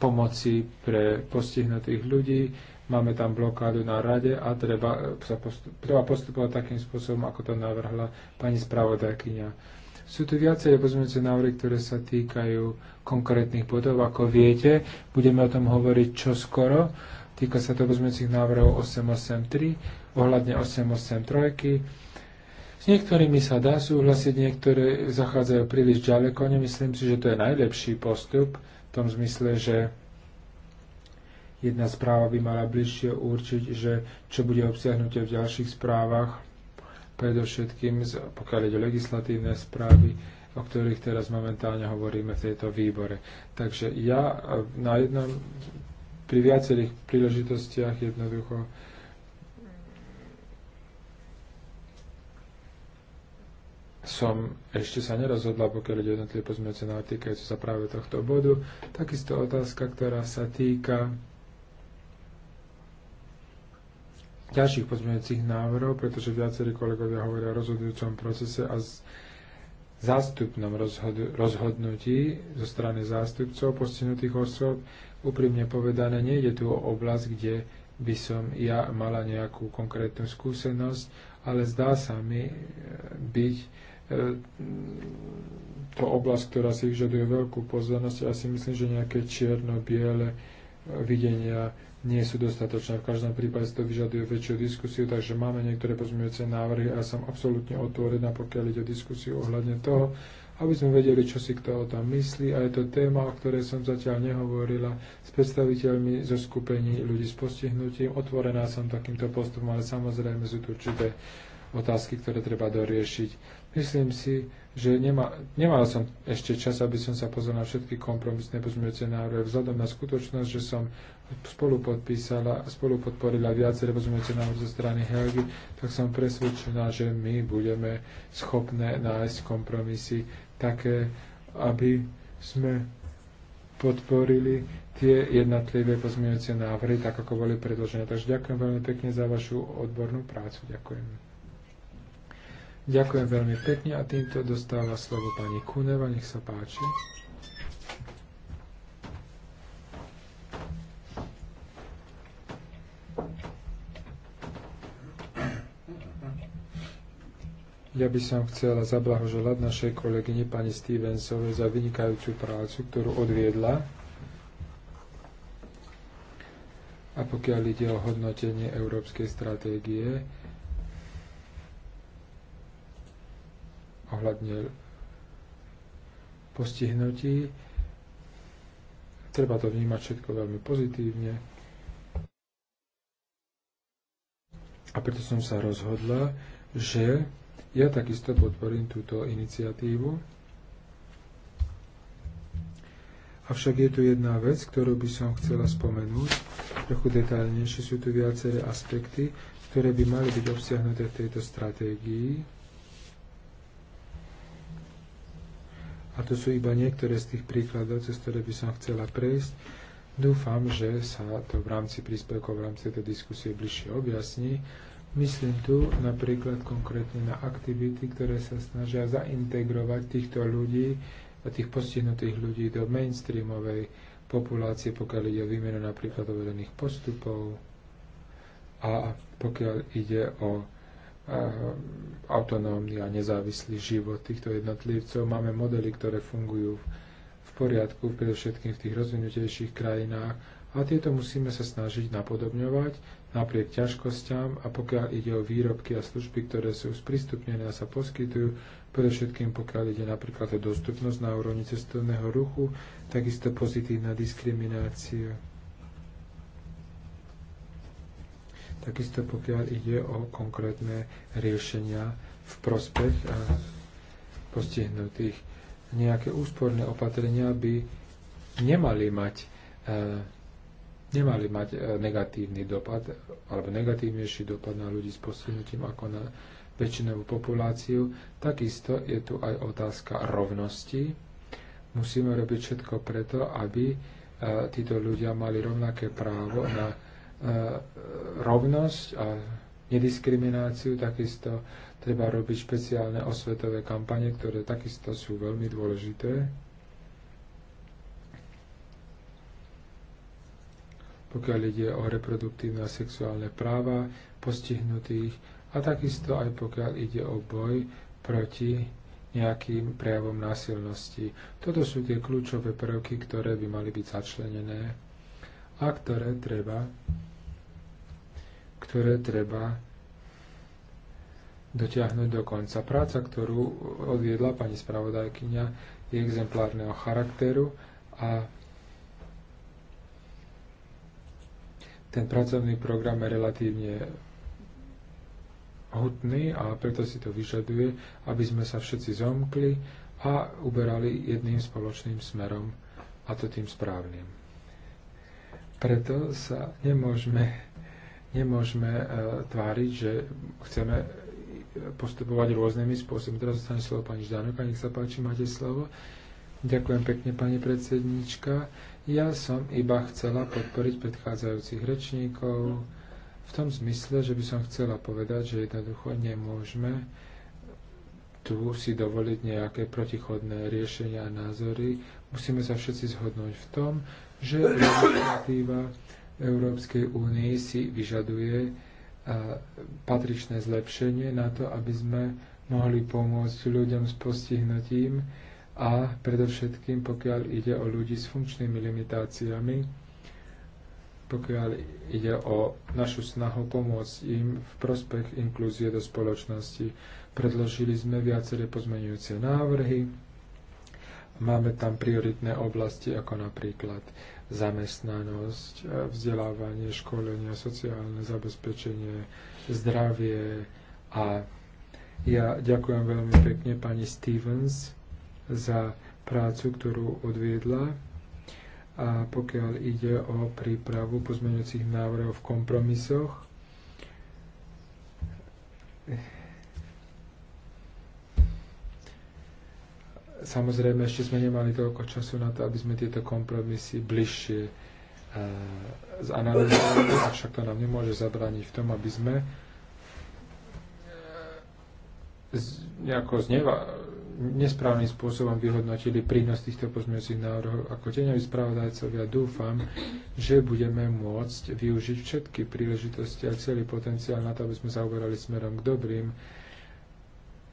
[SPEAKER 3] pomoci pre postihnutých ľudí. Máme tam blokádu na rade a treba, sa postup, treba postupovať takým spôsobom, ako to navrhla pani spravodajkynia. Sú tu viacej pozmeňujúce návrhy, ktoré sa týkajú konkrétnych bodov. Ako viete, budeme o tom hovoriť čoskoro. Týka sa to pozmeňujúcich návrhov 883, ohľadne 883 s niektorými sa dá súhlasiť, niektoré zachádzajú príliš ďaleko. Nemyslím si, že to je najlepší postup v tom zmysle, že jedna správa by mala bližšie určiť, že čo bude obsiahnuté v ďalších správach, predovšetkým pokiaľ ide o legislatívne správy, o ktorých teraz momentálne hovoríme v tejto výbore. Takže ja eh, na jednom, pri viacerých príležitostiach jednoducho som ešte sa nerozhodla, pokiaľ ide jednotlivé pozmeňujúce na týkajúce sa práve tohto bodu. Takisto otázka, ktorá sa týka ďalších pozmeňujúcich návrhov, pretože viacerí kolegovia hovoria o rozhodujúcom procese a zástupnom rozhod- rozhodnutí zo strany zástupcov postihnutých osôb. Úprimne povedané, nejde tu o oblasť, kde by som ja mala nejakú konkrétnu skúsenosť, ale zdá sa mi eh, byť E, to oblasť, ktorá si vyžaduje veľkú pozornosť. Ja si myslím, že nejaké čierno-biele e, videnia nie sú dostatočné. V každom prípade to vyžaduje väčšiu diskusiu, takže máme niektoré pozmeňujúce návrhy a ja som absolútne otvorená, pokiaľ ide o diskusiu ohľadne toho, aby sme vedeli, čo si kto o tom myslí. A je to téma, o ktorej som zatiaľ nehovorila s predstaviteľmi zo skupení ľudí s postihnutím. Otvorená som takýmto postupom, ale samozrejme sú tu určité otázky, ktoré treba doriešiť. Myslím si, že nema, nemal som ešte čas, aby som sa pozrel na všetky kompromisné pozmeňujúce návrhy, vzhľadom na skutočnosť, že som spolu a spolupodporila podporila viaceré pozmeňujúce návrhy zo strany Helgy, tak som presvedčená, že my budeme schopné nájsť kompromisy také, aby sme podporili tie jednotlivé pozmeňujúce návrhy, tak ako boli predložené. Takže ďakujem veľmi pekne za vašu odbornú prácu. Ďakujem. Ďakujem veľmi pekne a týmto dostáva slovo pani Kuneva, nech sa páči. Ja by som chcela zablahoželať našej kolegyne pani Stevensovej za vynikajúcu prácu, ktorú odviedla. A pokiaľ ide o hodnotenie európskej stratégie ohľadne postihnutí. Treba to vnímať všetko veľmi pozitívne. A preto som sa rozhodla, že ja takisto podporím túto iniciatívu. Avšak je tu jedna vec, ktorú by som chcela spomenúť. Trochu detaľnejšie sú tu viaceré aspekty, ktoré by mali byť obsiahnuté v tejto stratégii. A to sú iba niektoré z tých príkladov, cez ktoré by som chcela prejsť. Dúfam, že sa to v rámci príspevkov, v rámci tej diskusie bližšie objasní. Myslím tu napríklad konkrétne na aktivity, ktoré sa snažia zaintegrovať týchto ľudí a tých postihnutých ľudí do mainstreamovej populácie, pokiaľ ide o výmenu napríklad overených postupov a pokiaľ ide o autonómny a nezávislý život týchto jednotlivcov. Máme modely, ktoré fungujú v poriadku, predovšetkým v tých rozvinutejších krajinách a tieto musíme sa snažiť napodobňovať napriek ťažkosťam a pokiaľ ide o výrobky a služby, ktoré sú sprístupnené a sa poskytujú, predovšetkým pokiaľ ide napríklad o dostupnosť na úrovni cestovného ruchu, takisto pozitívna diskriminácia takisto pokiaľ ide o konkrétne riešenia v prospech postihnutých. Nejaké úsporné opatrenia by nemali mať, e, nemali mať e, negatívny dopad alebo negatívnejší dopad na ľudí s postihnutím ako na väčšinovú populáciu. Takisto je tu aj otázka rovnosti. Musíme robiť všetko preto, aby e, títo ľudia mali rovnaké právo na E, rovnosť a nediskrimináciu, takisto treba robiť špeciálne osvetové kampane, ktoré takisto sú veľmi dôležité. Pokiaľ ide o reproduktívne a sexuálne práva postihnutých a takisto aj pokiaľ ide o boj proti nejakým prejavom násilnosti. Toto sú tie kľúčové prvky, ktoré by mali byť začlenené a ktoré treba, ktoré treba dotiahnuť do konca. Práca, ktorú odviedla pani spravodajkyňa, je exemplárneho charakteru a ten pracovný program je relatívne hutný a preto si to vyžaduje, aby sme sa všetci zomkli a uberali jedným spoločným smerom, a to tým správnym. Preto sa nemôžeme, nemôžeme uh, tváriť, že chceme postupovať rôznymi spôsobmi. Teraz zostane slovo pani Ždanoka, nech sa páči, máte slovo. Ďakujem pekne, pani predsednička. Ja som iba chcela podporiť predchádzajúcich rečníkov v tom zmysle, že by som chcela povedať, že jednoducho nemôžeme tu si dovoliť nejaké protichodné riešenia a názory. Musíme sa všetci zhodnúť v tom, že legislatíva Európskej únie si vyžaduje patričné zlepšenie na to, aby sme mohli pomôcť ľuďom s postihnutím a predovšetkým, pokiaľ ide o ľudí s funkčnými limitáciami, pokiaľ ide o našu snahu pomôcť im v prospech inklúzie do spoločnosti. Predložili sme viaceré pozmenujúce návrhy. Máme tam prioritné oblasti ako napríklad zamestnanosť, vzdelávanie, školenie, sociálne zabezpečenie, zdravie a ja ďakujem veľmi pekne pani Stevens za prácu, ktorú odviedla a pokiaľ ide o prípravu pozmeňujúcich návrhov v kompromisoch. Samozrejme, ešte sme nemali toľko času na to, aby sme tieto kompromisy bližšie e, zanalizovali, avšak to nám nemôže zabrániť v tom, aby sme e, nejako zneva, nesprávnym spôsobom vyhodnotili prínos týchto pozmeňujúcich návrhov. Ako teňoví spravodajcovia dúfam, že budeme môcť využiť všetky príležitosti a celý potenciál na to, aby sme zaoberali smerom k dobrým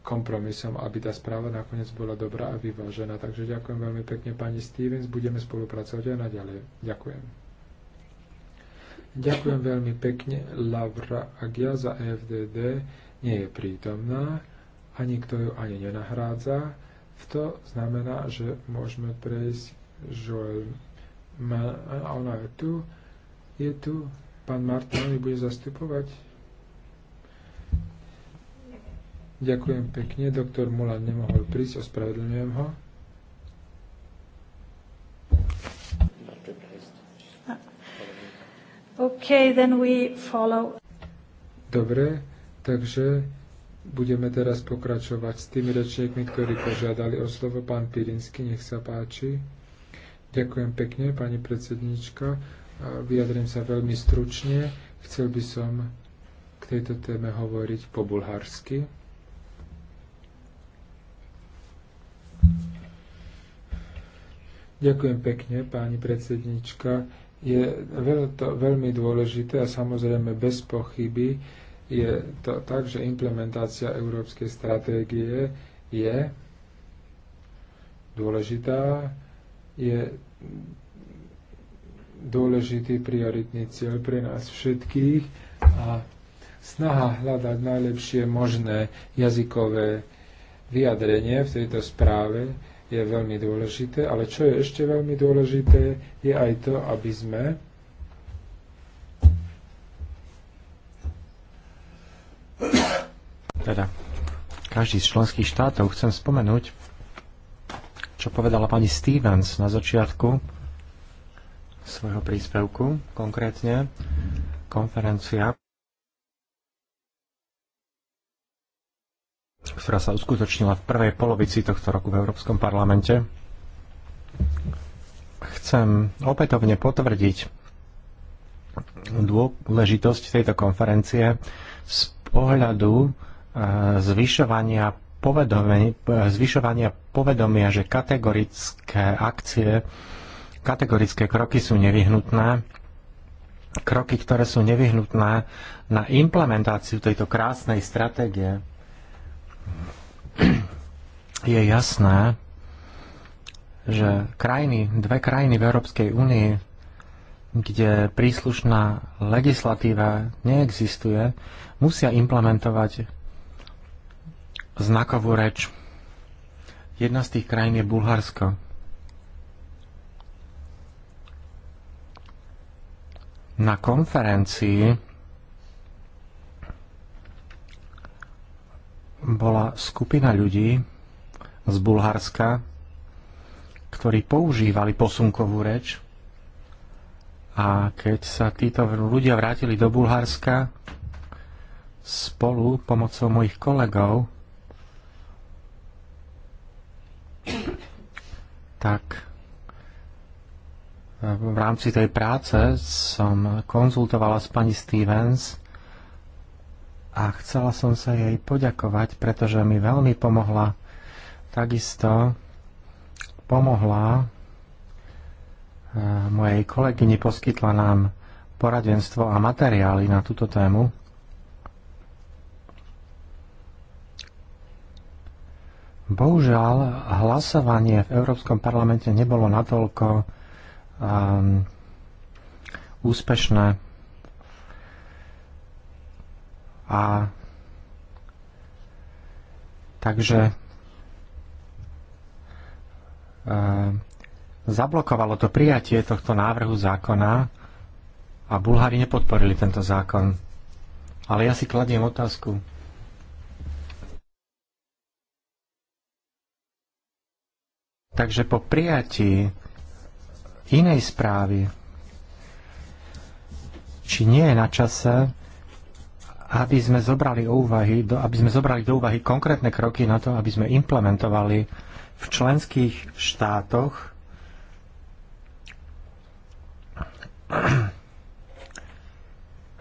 [SPEAKER 3] kompromisom, aby tá správa nakoniec bola dobrá a vyvážená. Takže ďakujem veľmi pekne pani Stevens, budeme spolupracovať aj naďalej. Ďakujem. Ďakujem veľmi pekne Lavra Agia za e FDD, nie je prítomná a nikto ju ani nenahrádza. V to znamená, že môžeme prejsť že ona je tu, je tu, pán Martin ju bude zastupovať. Ďakujem pekne, doktor Mulan nemohol prísť, ospravedlňujem ho.
[SPEAKER 1] Okay, then we follow.
[SPEAKER 3] Dobre, takže Budeme teraz pokračovať s tými rečníkmi, ktorí požiadali o slovo. Pán Pirinsky, nech sa páči. Ďakujem pekne, pani predsednička. Vyjadrím sa veľmi stručne. Chcel by som k tejto téme hovoriť po bulharsky. Ďakujem pekne, pani predsednička. Je to veľmi dôležité a samozrejme bez pochyby, je to tak, že implementácia európskej stratégie je dôležitá, je dôležitý prioritný cieľ pre nás všetkých a snaha hľadať najlepšie možné jazykové vyjadrenie v tejto správe je veľmi dôležité, ale čo je ešte veľmi dôležité, je aj to, aby sme
[SPEAKER 4] teda každý z členských štátov, chcem spomenúť, čo povedala pani Stevens na začiatku svojho príspevku, konkrétne konferencia, ktorá sa uskutočnila v prvej polovici tohto roku v Európskom parlamente. Chcem opätovne potvrdiť dôležitosť tejto konferencie z pohľadu zvyšovania povedomia, zvyšovania povedomia, že kategorické akcie, kategorické kroky sú nevyhnutné, kroky, ktoré sú nevyhnutné na implementáciu tejto krásnej stratégie. Je jasné, že krajiny, dve krajiny v Európskej únii, kde príslušná legislatíva neexistuje, musia implementovať znakovú reč. Jedna z tých krajín je Bulharsko. Na konferencii bola skupina ľudí z Bulharska, ktorí používali posunkovú reč a keď sa títo ľudia vrátili do Bulharska, spolu pomocou mojich kolegov tak eh, v rámci tej práce som konzultovala s pani Stevens a chcela som sa jej poďakovať, pretože mi veľmi pomohla. Takisto pomohla eh, mojej kolegyni, poskytla nám poradenstvo a materiály na túto tému. Bohužiaľ, hlasovanie v Európskom parlamente nebolo natoľko um, úspešné a takže um, zablokovalo to prijatie tohto návrhu zákona a Bulhári nepodporili tento zákon. Ale ja si kladiem otázku, Takže po prijatí inej správy, či nie je na čase, aby sme zobrali, úvahy, aby sme zobrali do úvahy konkrétne kroky na to, aby sme implementovali v členských štátoch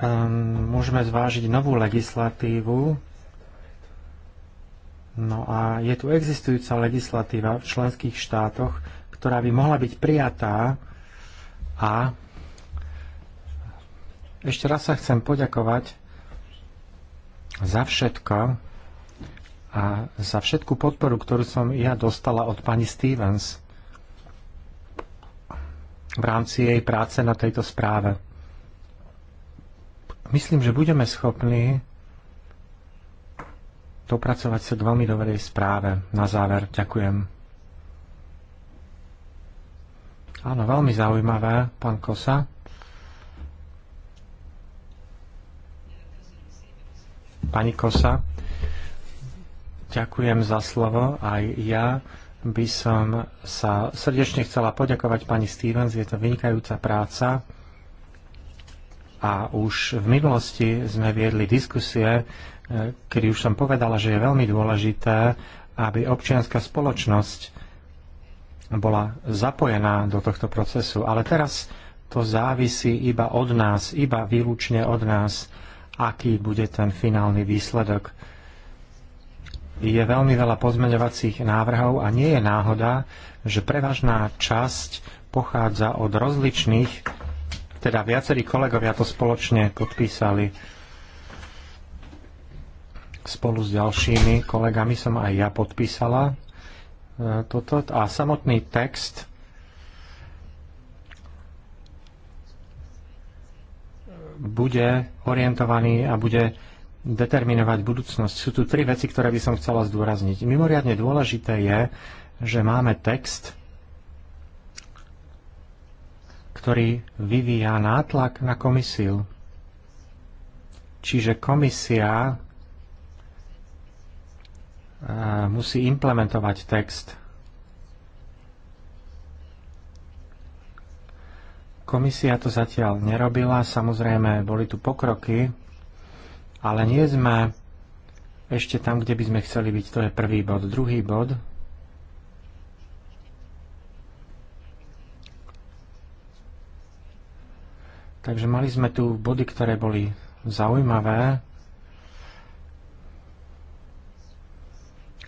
[SPEAKER 4] um, môžeme zvážiť novú legislatívu, No a je tu existujúca legislatíva v členských štátoch, ktorá by mohla byť prijatá a ešte raz sa chcem poďakovať za všetko a za všetku podporu, ktorú som ja dostala od pani Stevens v rámci jej práce na tejto správe. Myslím, že budeme schopní dopracovať sa k veľmi dobrej správe. Na záver ďakujem. Áno, veľmi zaujímavé, pán Kosa. Pani Kosa, ďakujem za slovo. Aj ja by som sa srdečne chcela poďakovať pani Stevens, je to vynikajúca práca. A už v minulosti sme viedli diskusie kedy už som povedala, že je veľmi dôležité, aby občianská spoločnosť bola zapojená do tohto procesu. Ale teraz to závisí iba od nás, iba výlučne od nás, aký bude ten finálny výsledok. Je veľmi veľa pozmeňovacích návrhov a nie je náhoda, že prevažná časť pochádza od rozličných, teda viacerí kolegovia to spoločne podpísali Spolu s ďalšími kolegami som aj ja podpísala e, toto a samotný text e, bude orientovaný a bude determinovať budúcnosť. Sú tu tri veci, ktoré by som chcela zdôrazniť. Mimoriadne dôležité je, že máme text, ktorý vyvíja nátlak na komisiu. Čiže komisia Eh, musí implementovať text. Komisia to zatiaľ nerobila, samozrejme boli tu pokroky, ale nie sme ešte tam, kde by sme chceli byť. To je prvý bod. Druhý bod. Takže mali sme tu body, ktoré boli zaujímavé.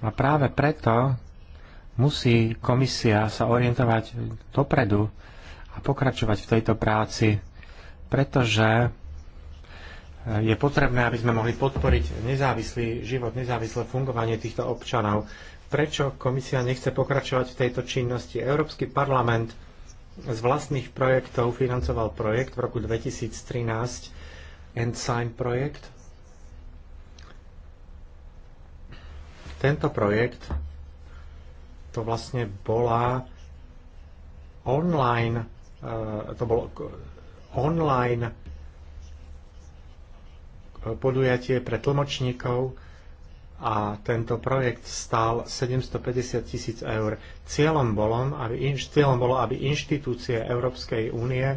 [SPEAKER 4] A práve preto musí komisia sa orientovať dopredu a pokračovať v tejto práci, pretože e, je potrebné, aby sme mohli podporiť nezávislý život, nezávislé fungovanie týchto občanov. Prečo komisia nechce pokračovať v tejto činnosti? Európsky parlament z vlastných projektov financoval projekt v roku 2013, Ensign projekt, Tento projekt to vlastne bola online, eh, to bolo online eh, podujatie pre tlmočníkov a tento projekt stál 750 tisíc eur. Cieľom bolo, aby, cieľom bolo, aby inštitúcie Európskej únie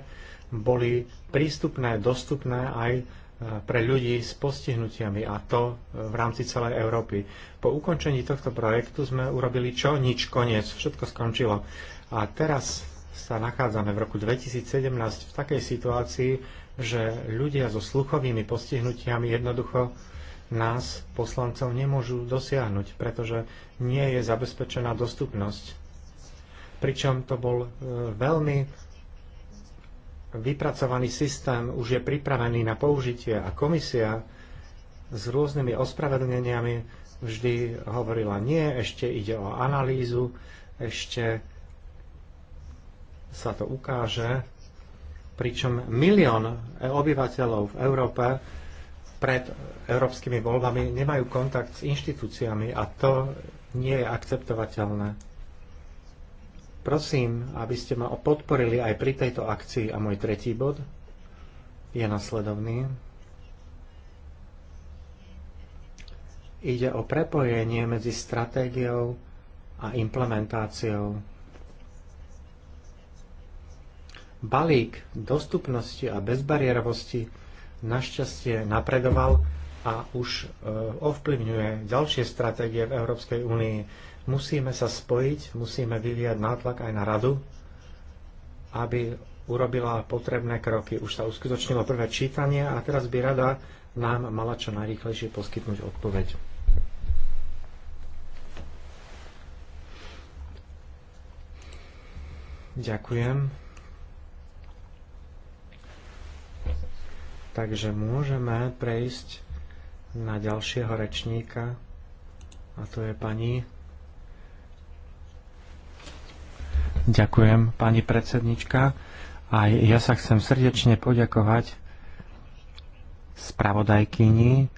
[SPEAKER 4] boli prístupné, dostupné aj pre ľudí s postihnutiami a to v rámci celej Európy. Po ukončení tohto projektu sme urobili čo? Nič, koniec, všetko skončilo. A teraz sa nachádzame v roku 2017 v takej situácii, že ľudia so sluchovými postihnutiami jednoducho nás, poslancov, nemôžu dosiahnuť, pretože nie je zabezpečená dostupnosť. Pričom to bol e, veľmi vypracovaný systém už je pripravený na použitie a komisia s rôznymi ospravedlneniami vždy hovorila nie, ešte ide o analýzu, ešte sa to ukáže, pričom milión obyvateľov v Európe pred európskymi voľbami nemajú kontakt s inštitúciami a to nie je akceptovateľné. Prosím, aby ste ma podporili aj pri tejto akcii a môj tretí bod je nasledovný. Ide o prepojenie medzi stratégiou a implementáciou. Balík dostupnosti a bezbariérovosti našťastie napredoval a už e, ovplyvňuje ďalšie stratégie v Európskej únii. Musíme sa spojiť, musíme vyvíjať nátlak aj na radu, aby urobila potrebné kroky. Už sa uskutočnilo prvé čítanie a teraz by rada nám mala čo najrýchlejšie poskytnúť odpoveď. Ďakujem. Takže môžeme prejsť na ďalšieho rečníka a to je pani Ďakujem, pani predsednička. A ja sa chcem srdečne poďakovať spravodajkyni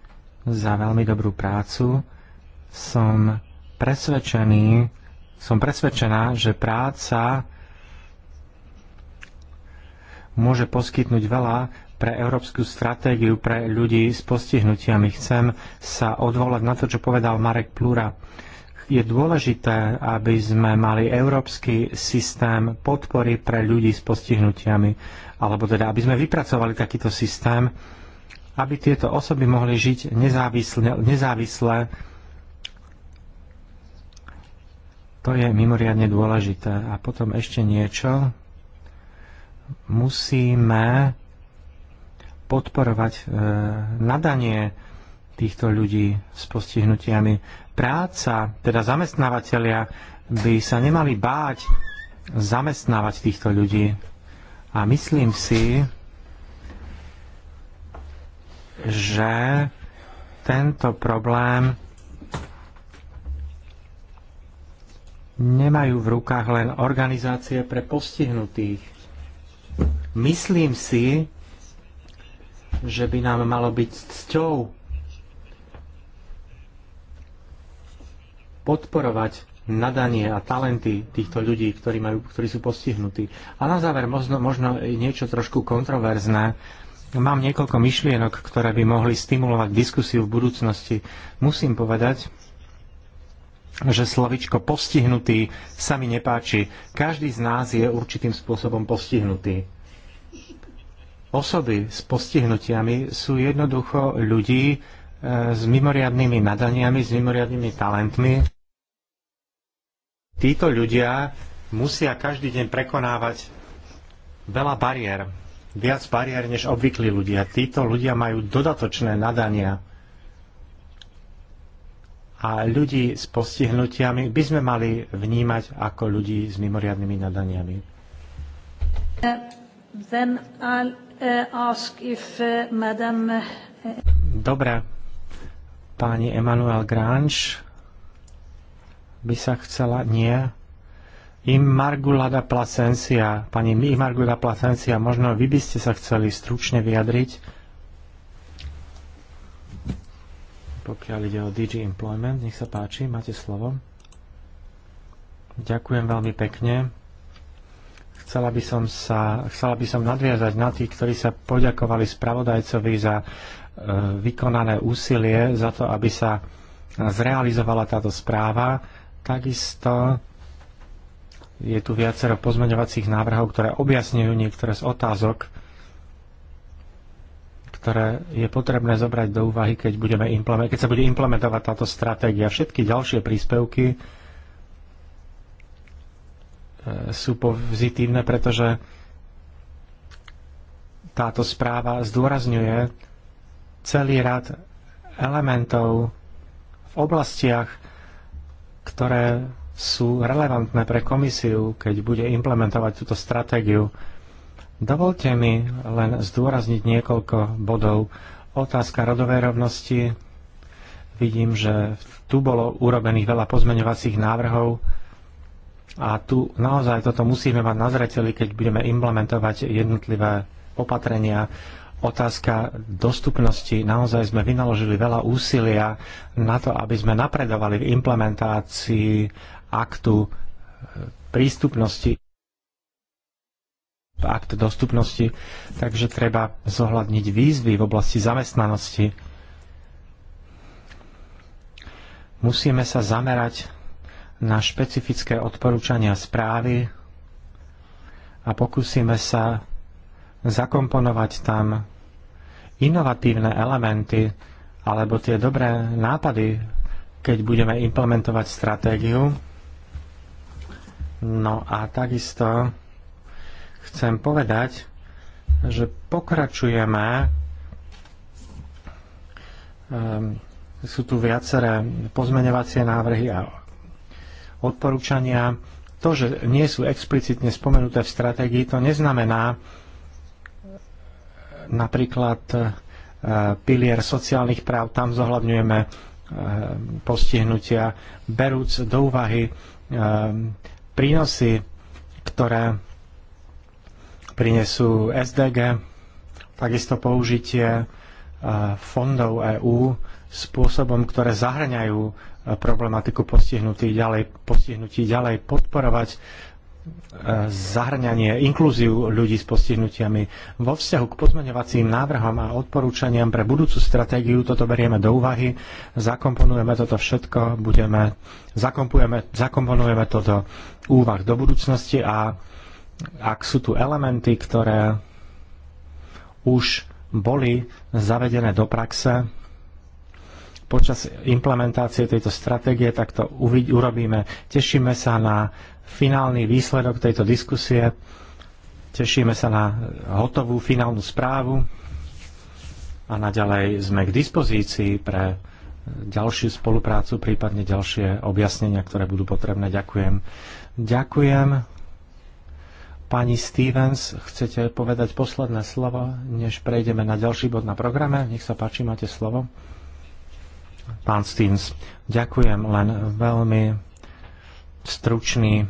[SPEAKER 4] za veľmi dobrú prácu. Som presvedčený, som presvedčená, že práca môže poskytnúť veľa pre európsku stratégiu pre ľudí s postihnutiami. Chcem sa odvolať na to, čo povedal Marek Plura je dôležité, aby sme mali európsky systém podpory pre ľudí s postihnutiami, alebo teda, aby sme vypracovali takýto systém, aby tieto osoby mohli žiť nezávisle, nezávisle to je mimoriadne dôležité. A potom ešte niečo. Musíme podporovať e, nadanie týchto ľudí s postihnutiami práca, teda zamestnávateľia by sa nemali báť zamestnávať týchto ľudí. A myslím si, že tento problém nemajú v rukách len organizácie pre postihnutých. Myslím si, že by nám malo byť cťou podporovať nadanie a talenty týchto ľudí, ktorí, majú, ktorí sú postihnutí. A na záver možno, možno niečo trošku kontroverzné. Mám niekoľko myšlienok, ktoré by mohli stimulovať diskusiu v budúcnosti. Musím povedať, že slovičko postihnutý sa mi nepáči. Každý z nás je určitým spôsobom postihnutý. Osoby s postihnutiami sú jednoducho ľudí, E, s mimoriadnými nadaniami, s mimoriadnými talentmi. Títo ľudia musia každý deň prekonávať veľa bariér, viac bariér než obvyklí ľudia. Títo ľudia majú dodatočné nadania a ľudí s postihnutiami by sme mali vnímať ako ľudí s mimoriadnými nadaniami.
[SPEAKER 1] Uh, uh, uh,
[SPEAKER 4] Dobre, Pani Emanuel Grange by sa chcela... Nie. Imargulada Plasencia. Pani Imargulada Plasencia, možno vy by ste sa chceli stručne vyjadriť. Pokiaľ ide o DG Employment, nech sa páči, máte slovo. Ďakujem veľmi pekne chcela by som, sa, chcela by som nadviazať na tých, ktorí sa poďakovali spravodajcovi za E, vykonané úsilie za to, aby sa zrealizovala táto správa. Takisto je tu viacero pozmeňovacích návrhov, ktoré objasňujú niektoré z otázok, ktoré je potrebné zobrať do úvahy, keď, budeme keď sa bude implementovať táto stratégia. Všetky ďalšie príspevky e, sú pozitívne, pretože táto správa zdôrazňuje celý rad elementov v oblastiach, ktoré sú relevantné pre komisiu, keď bude implementovať túto stratégiu. Dovolte mi len zdôrazniť niekoľko bodov. Otázka rodovej rovnosti. Vidím, že tu bolo urobených veľa pozmeňovacích návrhov a tu naozaj toto musíme mať na zreteli, keď budeme implementovať jednotlivé opatrenia otázka dostupnosti. Naozaj sme vynaložili veľa úsilia na to, aby sme napredovali v implementácii aktu e, prístupnosti akt dostupnosti, takže treba zohľadniť výzvy v oblasti zamestnanosti. Musíme sa zamerať na špecifické odporúčania správy a pokúsime sa zakomponovať tam inovatívne elementy alebo tie dobré nápady, keď budeme implementovať stratégiu. No a takisto chcem povedať, že pokračujeme. Ehm, sú tu viaceré pozmeňovacie návrhy a odporúčania. To, že nie sú explicitne spomenuté v stratégii, to neznamená, Napríklad e, pilier sociálnych práv, tam zohľadňujeme e, postihnutia, berúc do úvahy e, prínosy, ktoré prinesú SDG, takisto použitie fondov EÚ spôsobom, ktoré zahrňajú problematiku postihnutí ďalej, postihnutí ďalej podporovať zahrňanie, inklúziu ľudí s postihnutiami. Vo vzťahu k pozmeňovacím návrhom a odporúčaniam pre budúcu stratégiu toto berieme do úvahy, zakomponujeme toto všetko, budeme, zakomponujeme, zakomponujeme to do úvah do budúcnosti a ak sú tu elementy, ktoré už boli zavedené do praxe, počas implementácie tejto stratégie, tak to urobíme. Tešíme sa na finálny výsledok tejto diskusie. Tešíme sa na hotovú finálnu správu a naďalej sme k dispozícii pre ďalšiu spoluprácu, prípadne ďalšie objasnenia, ktoré budú potrebné. Ďakujem. Ďakujem. Pani Stevens, chcete povedať posledné slovo, než prejdeme na ďalší bod na programe? Nech sa páči, máte slovo. Pán Stevens, ďakujem len veľmi stručný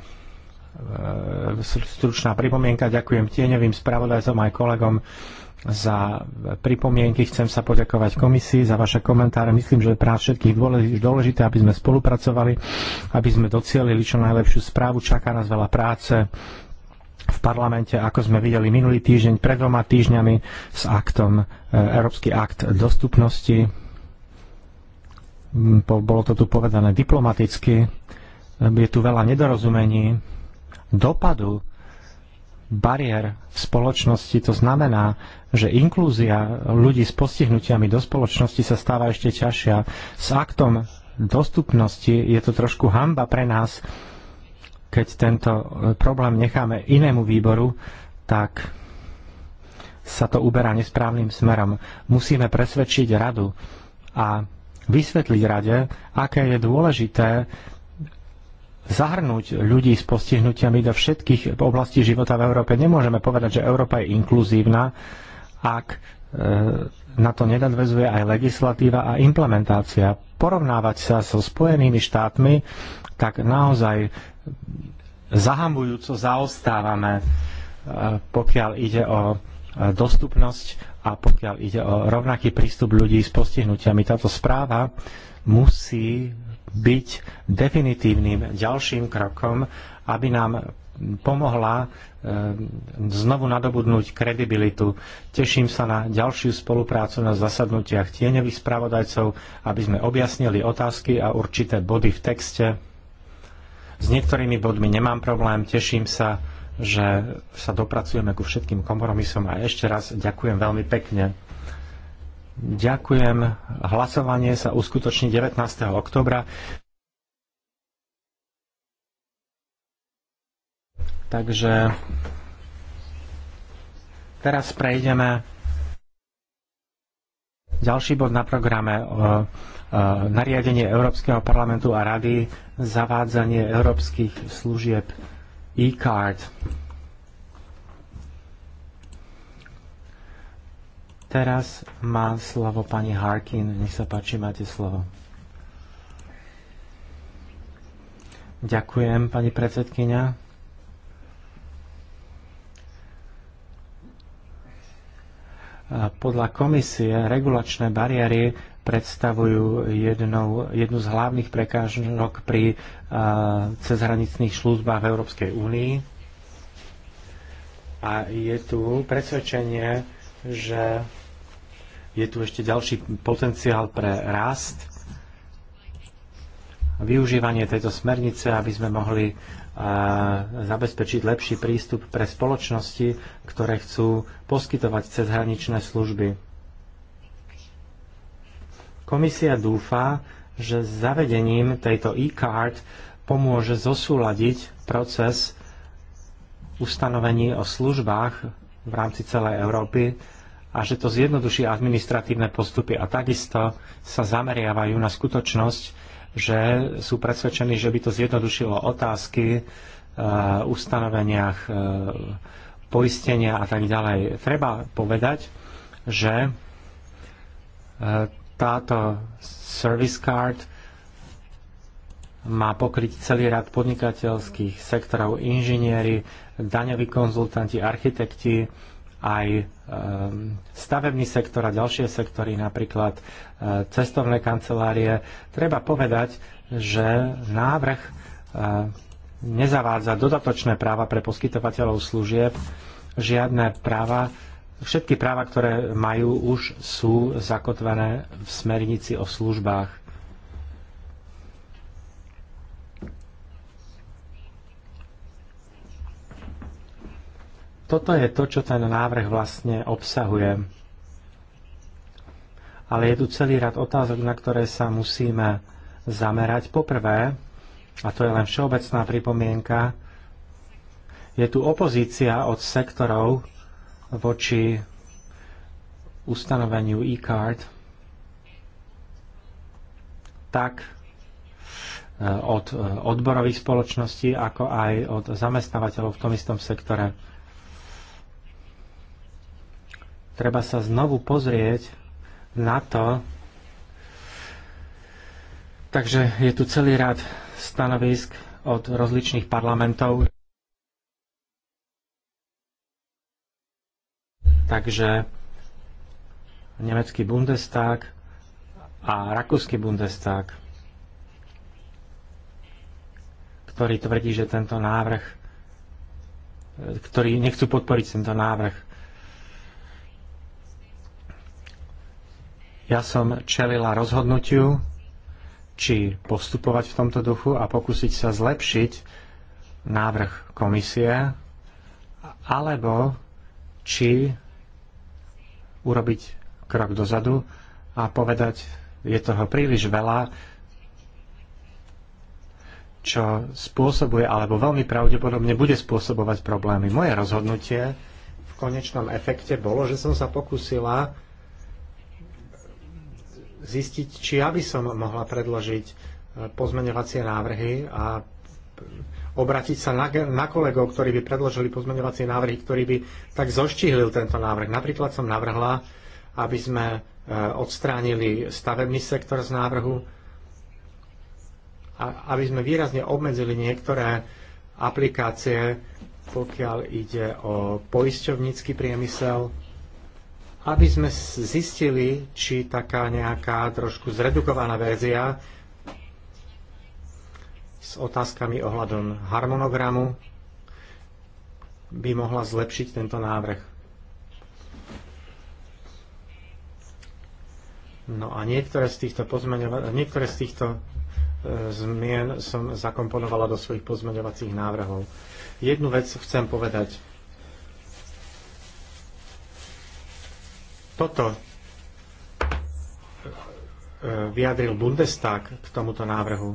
[SPEAKER 4] e, stručná pripomienka. Ďakujem tieňovým spravodajcom aj kolegom za pripomienky. Chcem sa poďakovať komisii za vaše komentáre. Myslím, že je práv všetkých dôležité, aby sme spolupracovali, aby sme docielili čo najlepšiu správu. Čaká nás veľa práce v parlamente, ako sme videli minulý týždeň, pred dvoma týždňami s aktom, e, Európsky akt dostupnosti. Bolo to tu povedané diplomaticky je tu veľa nedorozumení, dopadu bariér v spoločnosti. To znamená, že inklúzia ľudí s postihnutiami do spoločnosti sa stáva ešte ťažšia. S aktom dostupnosti je to trošku hamba pre nás, keď tento e, problém necháme inému výboru, tak sa to uberá nesprávnym smerom. Musíme presvedčiť radu a vysvetliť rade, aké je dôležité zahrnúť ľudí s postihnutiami do všetkých oblastí života v Európe. Nemôžeme povedať, že Európa je inkluzívna, ak e, na to nenadvezuje aj legislatíva a implementácia. Porovnávať sa so Spojenými štátmi, tak naozaj zahambujúco zaostávame, e, pokiaľ ide o e, dostupnosť a pokiaľ ide o rovnaký prístup ľudí s postihnutiami. Táto správa musí byť definitívnym ďalším krokom, aby nám pomohla eh, znovu nadobudnúť kredibilitu. Teším sa na ďalšiu spoluprácu na zasadnutiach tieňových spravodajcov, aby sme objasnili otázky a určité body v texte. S niektorými bodmi nemám problém, teším sa, že sa dopracujeme ku všetkým kompromisom a ešte raz ďakujem veľmi pekne. Ďakujem. Hlasovanie sa uskutoční 19. oktobra. Takže teraz prejdeme ďalší bod na programe o, o, nariadenie Európskeho parlamentu a rady zavádzanie európskych služieb e-card. Teraz má slovo pani Harkin. Nech sa páči, máte slovo. Ďakujem, pani predsedkynia. Podľa komisie regulačné bariéry predstavujú jednou, jednu z hlavných prekážok pri uh, cezhraničných službách v Európskej únii. A je tu presvedčenie, že je tu ešte ďalší potenciál pre rast využívanie tejto smernice, aby sme mohli e, zabezpečiť lepší prístup pre spoločnosti, ktoré chcú poskytovať cezhraničné služby. Komisia dúfa, že zavedením tejto e-card pomôže zosúľadiť proces ustanovení o službách v rámci celej Európy a že to zjednoduší administratívne postupy a takisto sa zameriavajú na skutočnosť, že sú presvedčení, že by to zjednodušilo otázky, eh, ustanoveniach eh, poistenia a tak ďalej. Treba povedať, že eh, táto service card má pokryť celý rad podnikateľských sektorov, inžinieri, daňoví konzultanti, architekti, aj e, stavebný sektor a ďalšie sektory, napríklad e, cestovné kancelárie. Treba povedať, že návrh e, nezavádza dodatočné práva pre poskytovateľov služieb, žiadne práva Všetky práva, ktoré majú, už sú zakotvené v smernici o službách. Toto je to, čo ten návrh vlastne obsahuje. Ale je tu celý rad otázok, na ktoré sa musíme zamerať. Poprvé, a to je len všeobecná pripomienka, je tu opozícia od sektorov voči ustanoveniu e-card, tak eh, od eh, odborových spoločností, ako aj od zamestnávateľov v tom istom sektore. Treba sa znovu pozrieť na to. Takže je tu celý rád stanovisk od rozličných parlamentov. Takže nemecký Bundestag a rakúsky Bundestag, ktorý tvrdí, že tento návrh, ktorí nechcú podporiť tento návrh. Ja som čelila rozhodnutiu, či postupovať v tomto duchu a pokúsiť sa zlepšiť návrh komisie, alebo či urobiť krok dozadu a povedať, je toho príliš veľa, čo spôsobuje alebo veľmi pravdepodobne bude spôsobovať problémy. Moje rozhodnutie v konečnom efekte bolo, že som sa pokúsila zistiť, či ja by som mohla predložiť e, pozmeňovacie návrhy a obratiť sa na, na kolegov, ktorí by predložili pozmeňovacie návrhy, ktorí by tak zoštihlil tento návrh. Napríklad som navrhla, aby sme e, odstránili stavebný sektor z návrhu, a aby sme výrazne obmedzili niektoré aplikácie, pokiaľ ide o poisťovnícky priemysel, aby sme zistili, či taká nejaká trošku zredukovaná verzia s otázkami ohľadom harmonogramu by mohla zlepšiť tento návrh. No a niektoré z týchto, niektoré z týchto e, zmien som zakomponovala do svojich pozmeňovacích návrhov. Jednu vec chcem povedať. toto e, e, vyjadril Bundestag k tomuto návrhu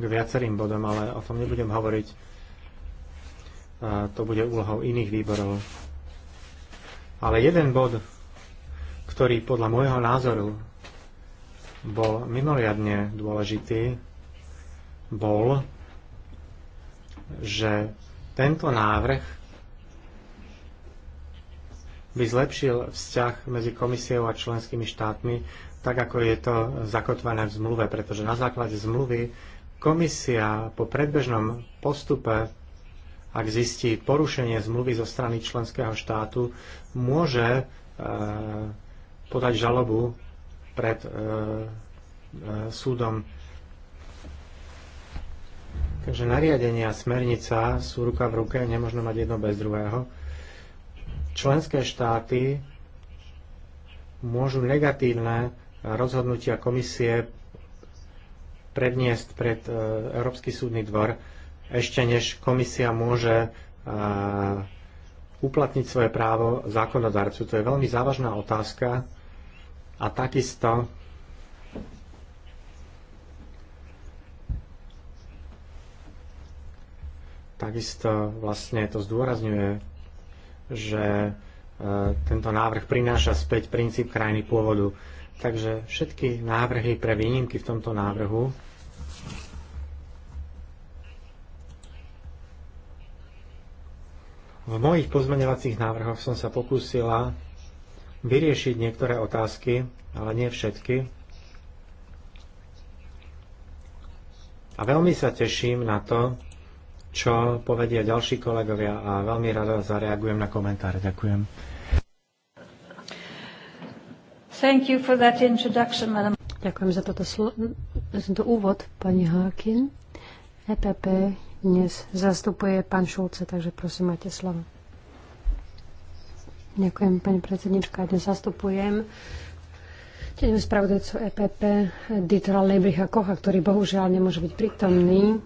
[SPEAKER 4] k viacerým bodom, ale o tom nebudem hovoriť. E, to bude úlohou iných výborov. Ale jeden bod, ktorý podľa môjho názoru bol mimoriadne dôležitý, bol, že tento návrh by zlepšil vzťah medzi komisiou a členskými štátmi, tak ako je to zakotvené v zmluve, pretože na základe zmluvy komisia po predbežnom postupe, ak zistí porušenie zmluvy zo strany členského štátu, môže e, podať žalobu pred e, e, súdom. Takže nariadenia a smernica sú ruka v ruke, nemôžno mať jedno bez druhého členské štáty môžu negatívne rozhodnutia komisie predniesť pred e, Európsky súdny dvor, ešte než komisia môže e, uplatniť svoje právo zákonodarcu. To je veľmi závažná otázka a takisto takisto vlastne to zdôrazňuje že e, tento návrh prináša späť princíp krajiny pôvodu. Takže všetky návrhy pre výnimky v tomto návrhu V mojich pozmeňovacích návrhoch som sa pokúsila vyriešiť niektoré otázky, ale nie všetky. A veľmi sa teším na to, čo povedia ďalší kolegovia a veľmi rada zareagujem na komentáre. Ďakujem.
[SPEAKER 1] Thank you
[SPEAKER 2] for that introduction, madam. Ďakujem za toto slo- za to úvod, pani Hákin. EPP dnes zastupuje pán Šulce, takže prosím, máte slovo. Ďakujem, pani predsednička. Dnes zastupujem tieňovú spravodajcu EPP Dietra Lebricha Kocha, ktorý bohužiaľ nemôže byť prítomný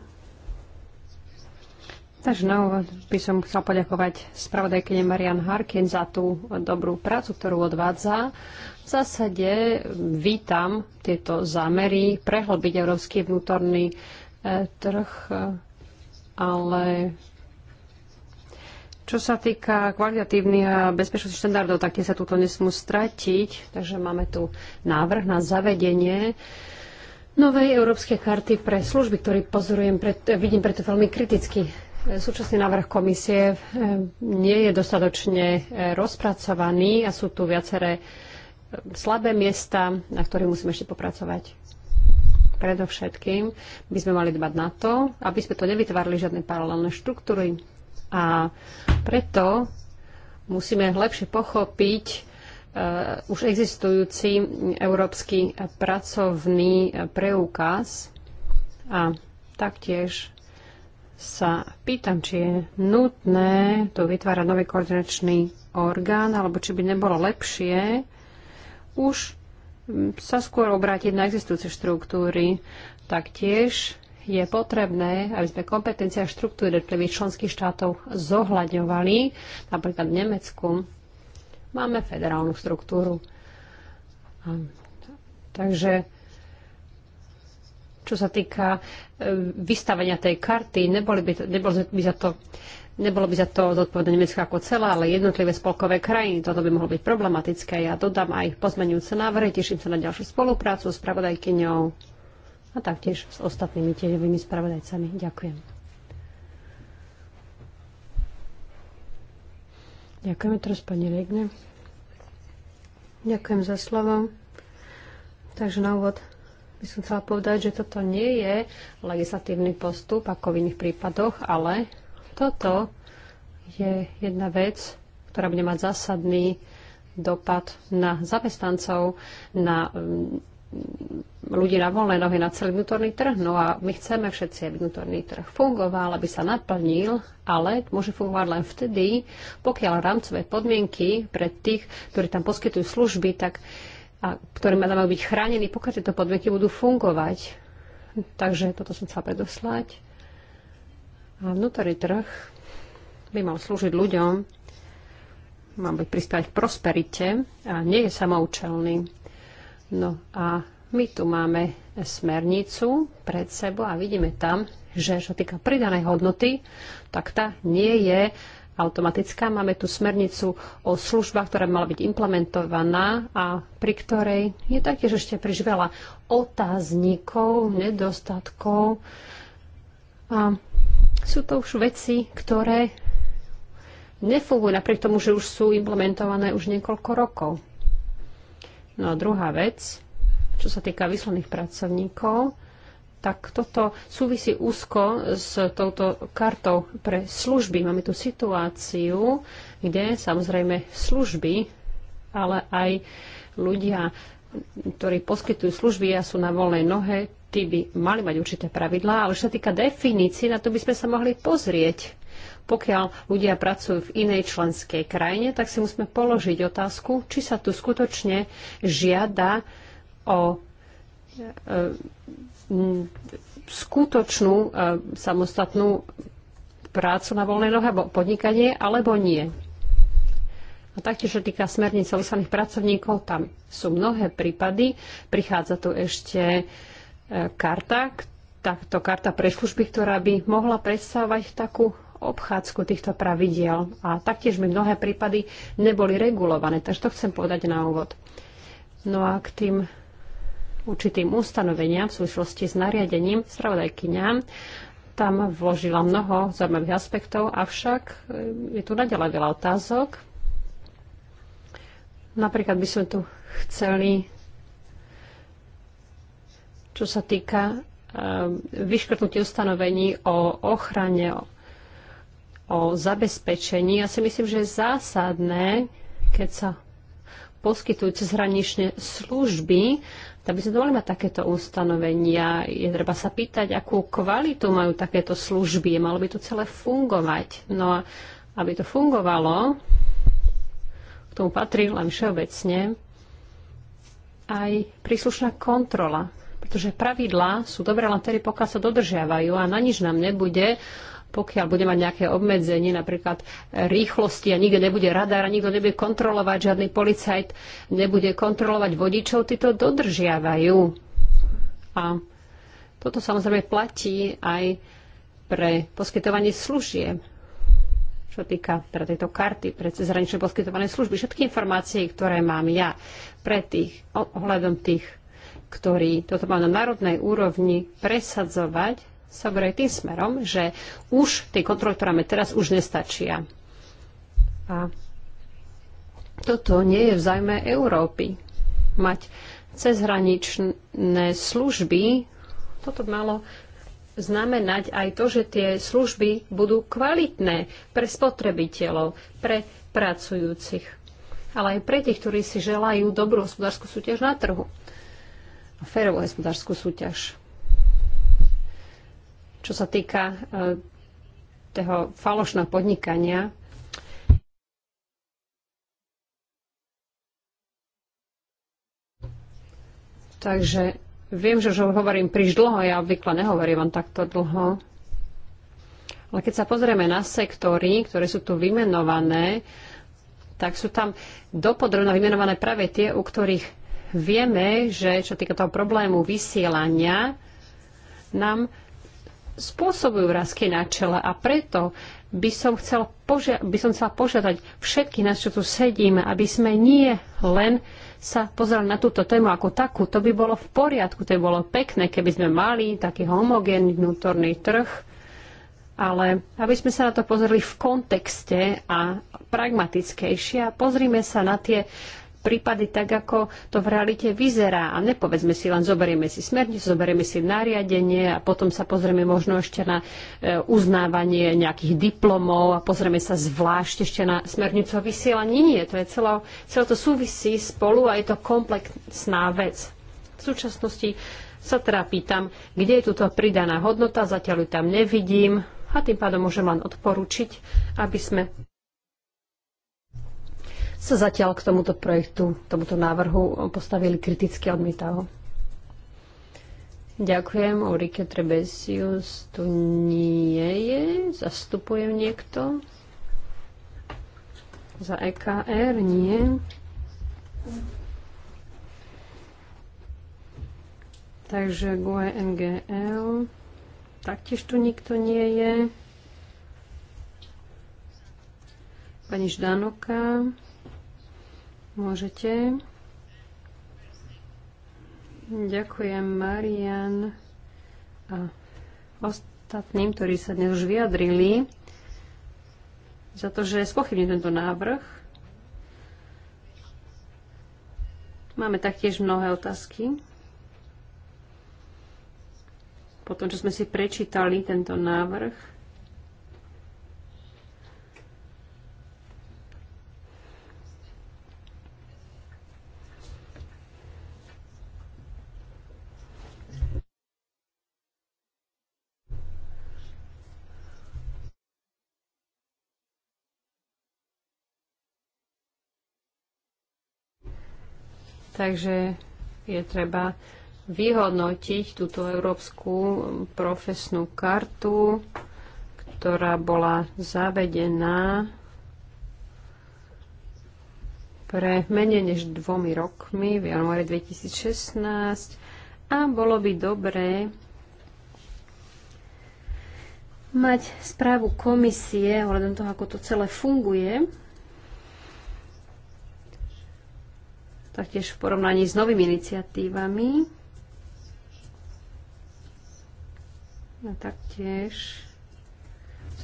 [SPEAKER 2] Takže no, by som chcel poďakovať spravodajkyne Marian Harkin za tú dobrú prácu, ktorú odvádza. V zásade vítam tieto zámery prehlbiť európsky vnútorný e, trh, e, ale čo sa týka kvalitatívnych a bezpečnostných štandardov, tak tie sa túto nesmú stratiť. Takže máme tu návrh na zavedenie novej európskej karty pre služby, ktorý pozorujem, pred, vidím preto veľmi kriticky. Súčasný návrh komisie eh, nie je dostatočne eh, rozpracovaný a sú tu viaceré eh, slabé miesta, na ktorých musíme ešte popracovať. Predovšetkým by sme mali dbať na to, aby sme to nevytvárali žiadne paralelné štruktúry. A preto musíme lepšie pochopiť uh, už existujúci európsky pracovný preukaz a taktiež sa pýtam, či je nutné tu vytvárať nový koordinačný orgán, alebo či by nebolo lepšie už mm, sa skôr obrátiť na existujúce štruktúry. Taktiež je potrebné, aby sme kompetencia štruktúry jednotlivých členských štátov zohľadňovali. Napríklad v Nemecku máme federálnu štruktúru. takže čo sa týka e, vystavenia tej karty, neboli by, nebol nebolo by za to Nebolo by za to zodpovedné Nemecko ako celá, ale jednotlivé spolkové krajiny. Toto by mohlo byť problematické. Ja dodám aj pozmenujúce návrhy. Teším sa na ďalšiu spoluprácu s pravodajkyňou a taktiež s ostatnými tieňovými spravodajcami. Ďakujem. Ďakujem teraz pani Regne. Ďakujem za slovo. Takže na úvod by som chcela povedať, že toto nie je legislatívny postup ako v iných prípadoch, ale toto je jedna vec, ktorá bude mať zásadný dopad na zamestnancov, na mm, ľudí na voľné nohy, na celý vnútorný trh. No a my chceme všetci, aby vnútorný trh fungoval, aby sa naplnil, ale môže fungovať len vtedy, pokiaľ rámcové podmienky pre tých, ktorí tam poskytujú služby, tak a ktoré ma byť chránený, pokiaľ tieto podmienky budú fungovať. Takže toto som chcela predoslať. A vnútorný trh by mal slúžiť ľuďom, mal byť prispievať k prosperite a nie je samoučelný. No a my tu máme smernicu pred sebou a vidíme tam, že čo týka pridanej hodnoty, tak tá nie je automatická. Máme tu smernicu o službách, ktorá mala byť implementovaná a pri ktorej je taktiež ešte príliš veľa otáznikov, nedostatkov. A sú to už veci, ktoré nefungujú napriek tomu, že už sú implementované už niekoľko rokov. No a druhá vec, čo sa týka vyslaných pracovníkov, tak toto súvisí úzko s touto kartou pre služby. Máme tu situáciu, kde samozrejme služby, ale aj ľudia, ktorí poskytujú služby a sú na voľnej nohe, tí by mali mať určité pravidlá, ale čo sa týka definície, na to by sme sa mohli pozrieť. Pokiaľ ľudia pracujú v inej členskej krajine, tak si musíme položiť otázku, či sa tu skutočne žiada o e, skutočnú e, samostatnú prácu na voľnej nohe, podnikanie alebo nie. A taktiež, čo týka smernice vyslaných pracovníkov, tam sú mnohé prípady. Prichádza tu ešte e, karta, takto karta pre služby, ktorá by mohla predstavovať takú obchádzku týchto pravidiel. A taktiež by mnohé prípady neboli regulované. Takže to chcem povedať na úvod. No a k tým určitým ustanoveniam v súvislosti s nariadením spravodajkyňa. Tam vložila mnoho zaujímavých aspektov, avšak eh, je tu naďalej veľa otázok. Napríklad by sme tu chceli, čo sa týka eh, vyškrtnutie ustanovení o ochrane, o zabezpečení. Ja si myslím, že je zásadné, keď sa poskytujú cezhraničné služby, tak by sme to mali mať takéto ustanovenia. Je treba sa pýtať, akú kvalitu majú takéto služby. Malo by to celé fungovať. No a aby to fungovalo, k tomu patrí len všeobecne aj príslušná kontrola. Pretože pravidlá sú dobré len tedy, pokiaľ sa dodržiavajú a na nič nám nebude, pokiaľ bude mať nejaké obmedzenie, napríklad rýchlosti a nikde nebude radar a nikto nebude kontrolovať, žiadny policajt nebude kontrolovať vodičov, tí to dodržiavajú. A toto samozrejme platí aj pre poskytovanie služieb čo týka pre tejto karty pre cezhraničné poskytované služby. Všetky informácie, ktoré mám ja pre tých, ohľadom tých, ktorí toto má na národnej úrovni presadzovať, sa berie tým smerom, že už tie kontroly, ktoré máme teraz, už nestačia. A toto nie je v zájme Európy. Mať cezhraničné služby, toto malo znamenať aj to, že tie služby budú kvalitné pre spotrebiteľov, pre pracujúcich, ale aj pre tých, ktorí si želajú dobrú hospodárskú súťaž na trhu. Férovú hospodárskú súťaž. Čo sa týka e, toho falošného podnikania, Takže viem, že už hovorím príliš dlho, ja obvykle nehovorím vám takto dlho. Ale keď sa pozrieme na sektory, ktoré sú tu vymenované, tak sú tam dopodrobne vymenované práve tie, u ktorých vieme, že čo týka toho problému vysielania, nám spôsobujú vrázky na čele a preto by som, chcel požia- by som chcela požiadať všetky nás, čo tu sedíme, aby sme nie len sa pozerali na túto tému ako takú. To by bolo v poriadku, to by bolo pekné, keby sme mali taký homogénny vnútorný trh, ale aby sme sa na to pozreli v kontexte a pragmatickejšie a pozrime sa na tie prípady tak, ako to v realite vyzerá. A nepovedzme si len, zoberieme si smernicu, zoberieme si nariadenie a potom sa pozrieme možno ešte na e, uznávanie nejakých diplomov a pozrieme sa zvlášť ešte na smernicu o vysielaní. Nie, to je celo, celé to súvisí spolu a je to komplexná vec. V súčasnosti sa teda pýtam, kde je túto pridaná hodnota, zatiaľ ju tam nevidím a tým pádom môžem len odporučiť, aby sme sa zatiaľ k tomuto projektu, tomuto návrhu postavili kriticky odmietavo. Ďakujem. Ulrike Trebesius tu nie je. Zastupujem niekto? Za EKR? Nie. Takže GUE NGL. Taktiež tu nikto nie je. Pani Ždanoka. Môžete. Ďakujem, Marian. A ostatným, ktorí sa dnes už vyjadrili, za to, že spochybní tento návrh. Máme taktiež mnohé otázky. Po tom, čo sme si prečítali tento návrh, Takže je treba vyhodnotiť túto európsku profesnú kartu, ktorá bola zavedená pre menej než dvomi rokmi v januári 2016 a bolo by dobré mať správu komisie ohľadom toho, ako to celé funguje taktiež v porovnaní s novými iniciatívami. A taktiež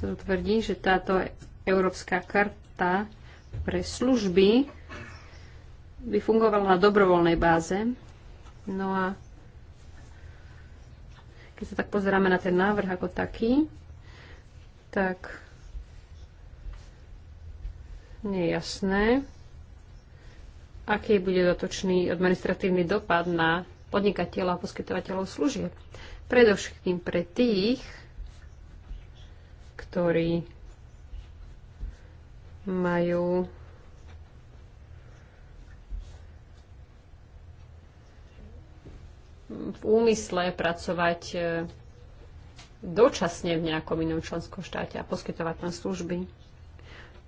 [SPEAKER 2] sa tu tvrdí, že táto európska karta pre služby by fungovala na dobrovoľnej báze. No a keď sa tak pozeráme na ten návrh ako taký, tak nie je jasné, aký bude dotočný administratívny dopad na podnikateľov a poskytovateľov služieb. Predovšetkým pre tých, ktorí majú v úmysle pracovať e, dočasne v nejakom inom členskom štáte a poskytovať tam služby.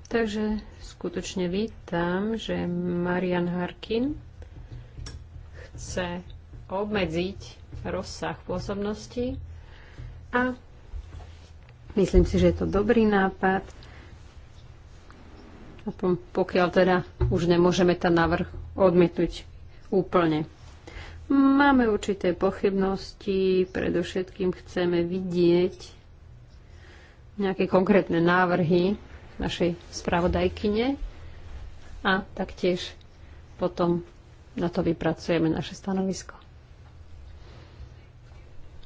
[SPEAKER 2] Takže skutočne vítam, že Marian Harkin chce obmedziť rozsah pôsobnosti a myslím si, že je to dobrý nápad. A pokiaľ teda už nemôžeme ten návrh odmietnúť úplne. Máme určité pochybnosti, predovšetkým chceme vidieť nejaké konkrétne návrhy našej spravodajkyne a taktiež potom na to vypracujeme naše stanovisko.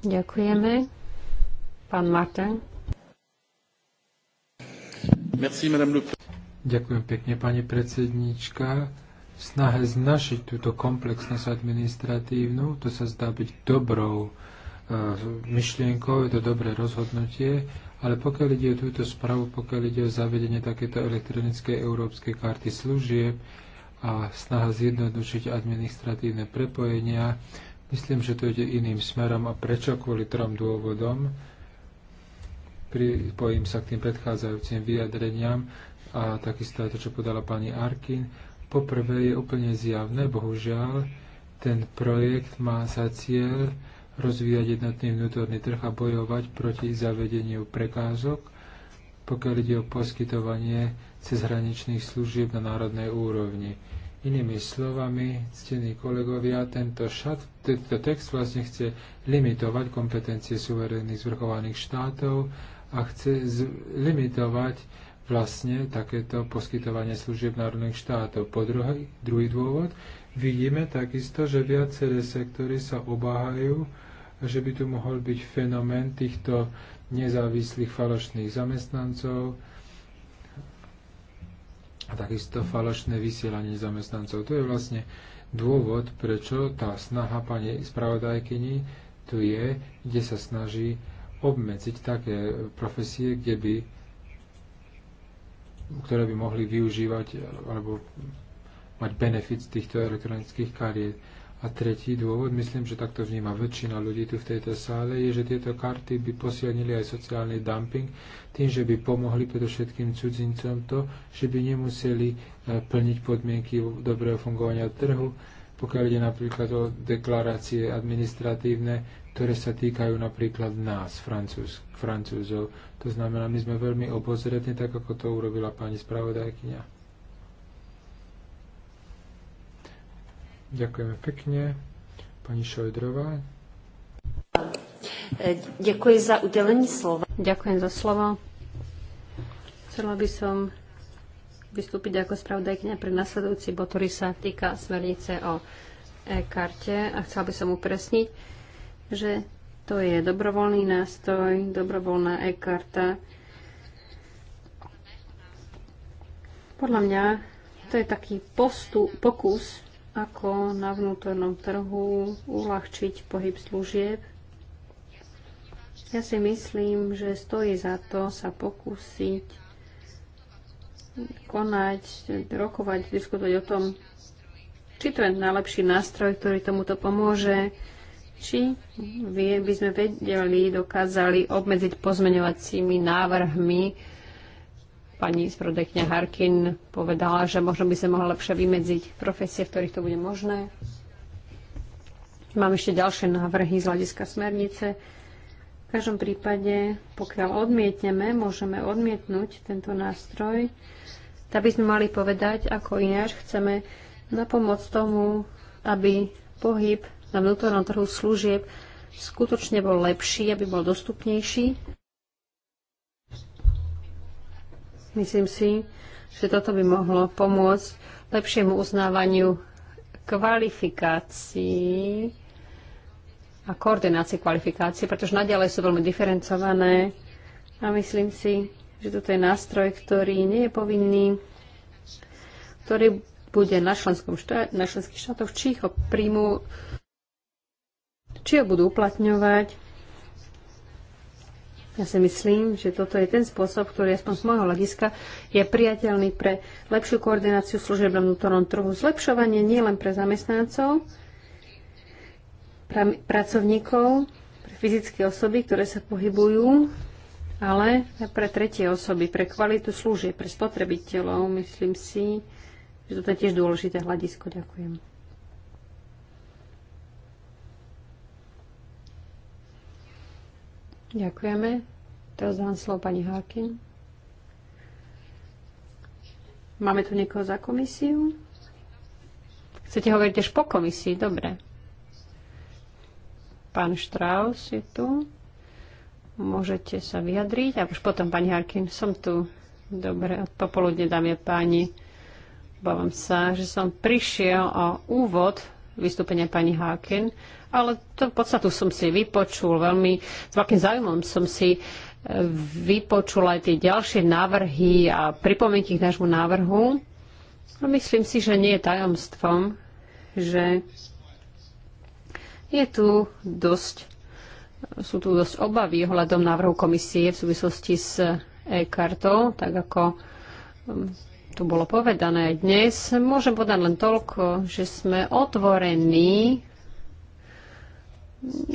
[SPEAKER 2] Ďakujeme.
[SPEAKER 3] Pán Martin.
[SPEAKER 4] Merci, madame le...
[SPEAKER 3] Ďakujem pekne, pani predsednička. V snahe znašiť túto komplexnosť administratívnu, to sa zdá byť dobrou eh, myšlienkou, je to dobré rozhodnutie, ale pokiaľ ide o túto správu, pokiaľ ide o zavedenie takéto elektronickej európskej karty služieb a snaha zjednodušiť administratívne prepojenia, myslím, že to ide iným smerom a prečo kvôli trom dôvodom. Pripojím sa k tým predchádzajúcim vyjadreniam a takisto aj to, čo podala pani Arkin. Poprvé je úplne zjavné, bohužiaľ, ten projekt má za cieľ rozvíjať jednotný vnútorný trh a bojovať proti zavedeniu prekážok, pokiaľ ide o poskytovanie cezhraničných služieb na národnej úrovni. Inými slovami, ctení kolegovia, tento, šat, tento text vlastne chce limitovať kompetencie suverénnych zvrchovaných štátov a chce limitovať vlastne takéto poskytovanie služieb národných štátov. Po druhý, druhý dôvod, vidíme takisto, že viaceré sektory sa obáhajú, že by tu mohol byť fenomén týchto nezávislých falošných zamestnancov a takisto falošné vysielanie zamestnancov. To je vlastne dôvod, prečo tá snaha pani spravodajkyni tu je, kde sa snaží obmedziť také profesie, kde by, ktoré by mohli využívať alebo mať benefit z týchto elektronických kariet. A tretí dôvod, myslím, že takto vníma väčšina ľudí tu v tejto sále, je, že tieto karty by posilnili aj sociálny dumping tým, že by pomohli predovšetkým cudzincom to, že by nemuseli e, plniť podmienky dobrého fungovania trhu, pokiaľ ide napríklad o deklarácie administratívne, ktoré sa týkajú napríklad nás, Francúz, Francúzov. To znamená, my sme veľmi obozretní, tak ako to urobila pani spravodajkynia. Ďakujeme pekne. Pani Šojdrová.
[SPEAKER 2] Ďakujem za udelenie slova. Ďakujem za slovo. Chcela by som vystúpiť ako spravodajkňa pre nasledujúci bod, ktorý sa týka smernice o e-karte a chcela by som upresniť, že to je dobrovoľný nástroj, dobrovoľná e-karta. Podľa mňa to je taký postup, pokus ako na vnútornom trhu uľahčiť pohyb služieb. Ja si myslím, že stojí za to sa pokúsiť konať, rokovať, diskutovať o tom, či to je najlepší nástroj, ktorý tomuto pomôže, či by sme vedeli, dokázali obmedziť pozmeňovacími návrhmi pani sprodekňa Harkin povedala, že možno by sa mohla lepšie vymedziť profesie, v ktorých to bude možné. Mám ešte ďalšie návrhy z hľadiska smernice. V každom prípade, pokiaľ odmietneme, môžeme odmietnúť tento nástroj, tak by sme mali povedať, ako ináč chceme na pomoc tomu, aby pohyb na vnútornom trhu služieb skutočne bol lepší, aby bol dostupnejší Myslím si, že toto by mohlo pomôcť lepšiemu uznávaniu kvalifikácií a koordinácii kvalifikácií, pretože naďalej sú veľmi diferencované a myslím si, že toto je nástroj, ktorý nie je povinný, ktorý bude na, štát, na členských štátoch, či ho príjmu, či ho budú uplatňovať ja si myslím, že toto je ten spôsob, ktorý aspoň z môjho hľadiska je priateľný pre lepšiu koordináciu služieb na vnútornom trhu. Zlepšovanie nielen pre zamestnancov, pra, pracovníkov, pre fyzické osoby, ktoré sa pohybujú, ale aj pre tretie osoby, pre kvalitu služieb, pre spotrebiteľov. Myslím si, že toto je tiež dôležité hľadisko. Ďakujem. Ďakujeme. Teraz dám slovo pani Harkin. Máme tu niekoho za komisiu? Chcete hovoriť tiež po komisii? Dobre. Pán Štraus je tu. Môžete sa vyjadriť. A už potom, pani Harkin, som tu. Dobre, od popoludne, dámy a páni. Bávam sa, že som prišiel o úvod vystúpenia pani Háken, ale to v podstatu som si vypočul veľmi, s veľkým záujmom som si e, vypočul aj tie ďalšie návrhy a pripomienky k nášmu návrhu. No myslím si, že nie je tajomstvom, že je tu dosť, sú tu dosť obavy ohľadom návrhu komisie v súvislosti s e-kartou, tak ako tu bolo povedané dnes, môžem povedať len toľko, že sme otvorení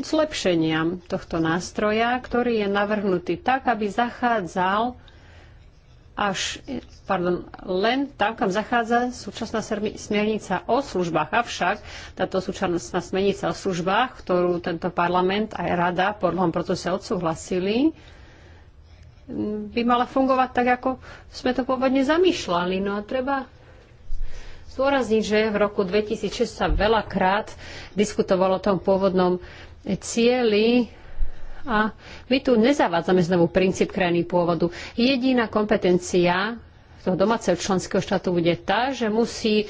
[SPEAKER 2] zlepšeniam tohto nástroja, ktorý je navrhnutý tak, aby zachádzal až, pardon, len tam, kam zachádza súčasná smernica o službách. Avšak táto súčasná smernica o službách, ktorú tento parlament aj rada po dlhom procese odsúhlasili, by mala fungovať tak, ako sme to pôvodne zamýšľali. No a treba zdôrazniť, že v roku 2006 sa veľakrát diskutovalo o tom pôvodnom cieli a my tu nezavádzame znovu princíp krajiny pôvodu. Jediná kompetencia toho domáceho členského štátu bude tá, že musí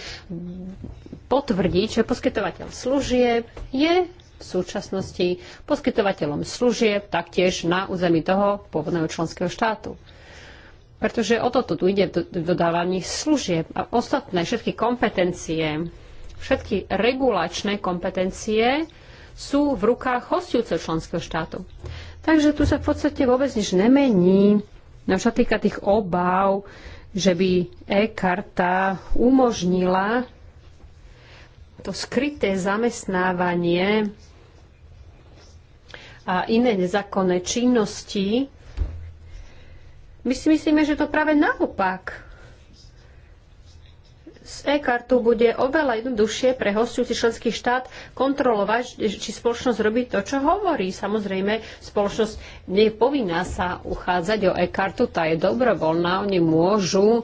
[SPEAKER 2] potvrdiť, že poskytovateľ služieb je v súčasnosti poskytovateľom služieb taktiež na území toho pôvodného členského štátu. Pretože o toto tu ide v dodávaní služieb a ostatné všetky kompetencie, všetky regulačné kompetencie sú v rukách hostujúceho členského štátu. Takže tu sa v podstate vôbec nič nemení. na čo týka tých obáv, že by e-karta umožnila to skryté zamestnávanie a iné nezákonné činnosti. My si myslíme, že to práve naopak. Z e-kartu bude oveľa jednoduchšie pre hostujúci členský štát kontrolovať, či spoločnosť robí to, čo hovorí. Samozrejme, spoločnosť nie povinná sa uchádzať o e-kartu, tá je dobrovoľná, oni môžu e,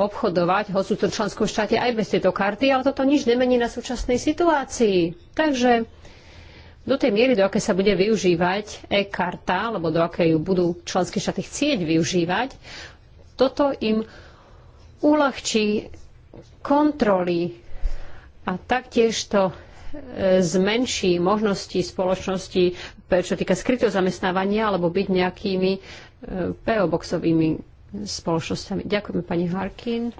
[SPEAKER 2] obchodovať ho sú to v členskom štáte aj bez tejto karty, ale toto nič nemení na súčasnej situácii. Takže do tej miery, do akej sa bude využívať e-karta, alebo do akej ju budú členské štáty chcieť využívať, toto im uľahčí kontroly a taktiež to e, zmenší možnosti spoločnosti, e, čo týka skrytého zamestnávania, alebo byť nejakými e, PO-boxovými spoločnosťami. Ďakujem, pani Harkin.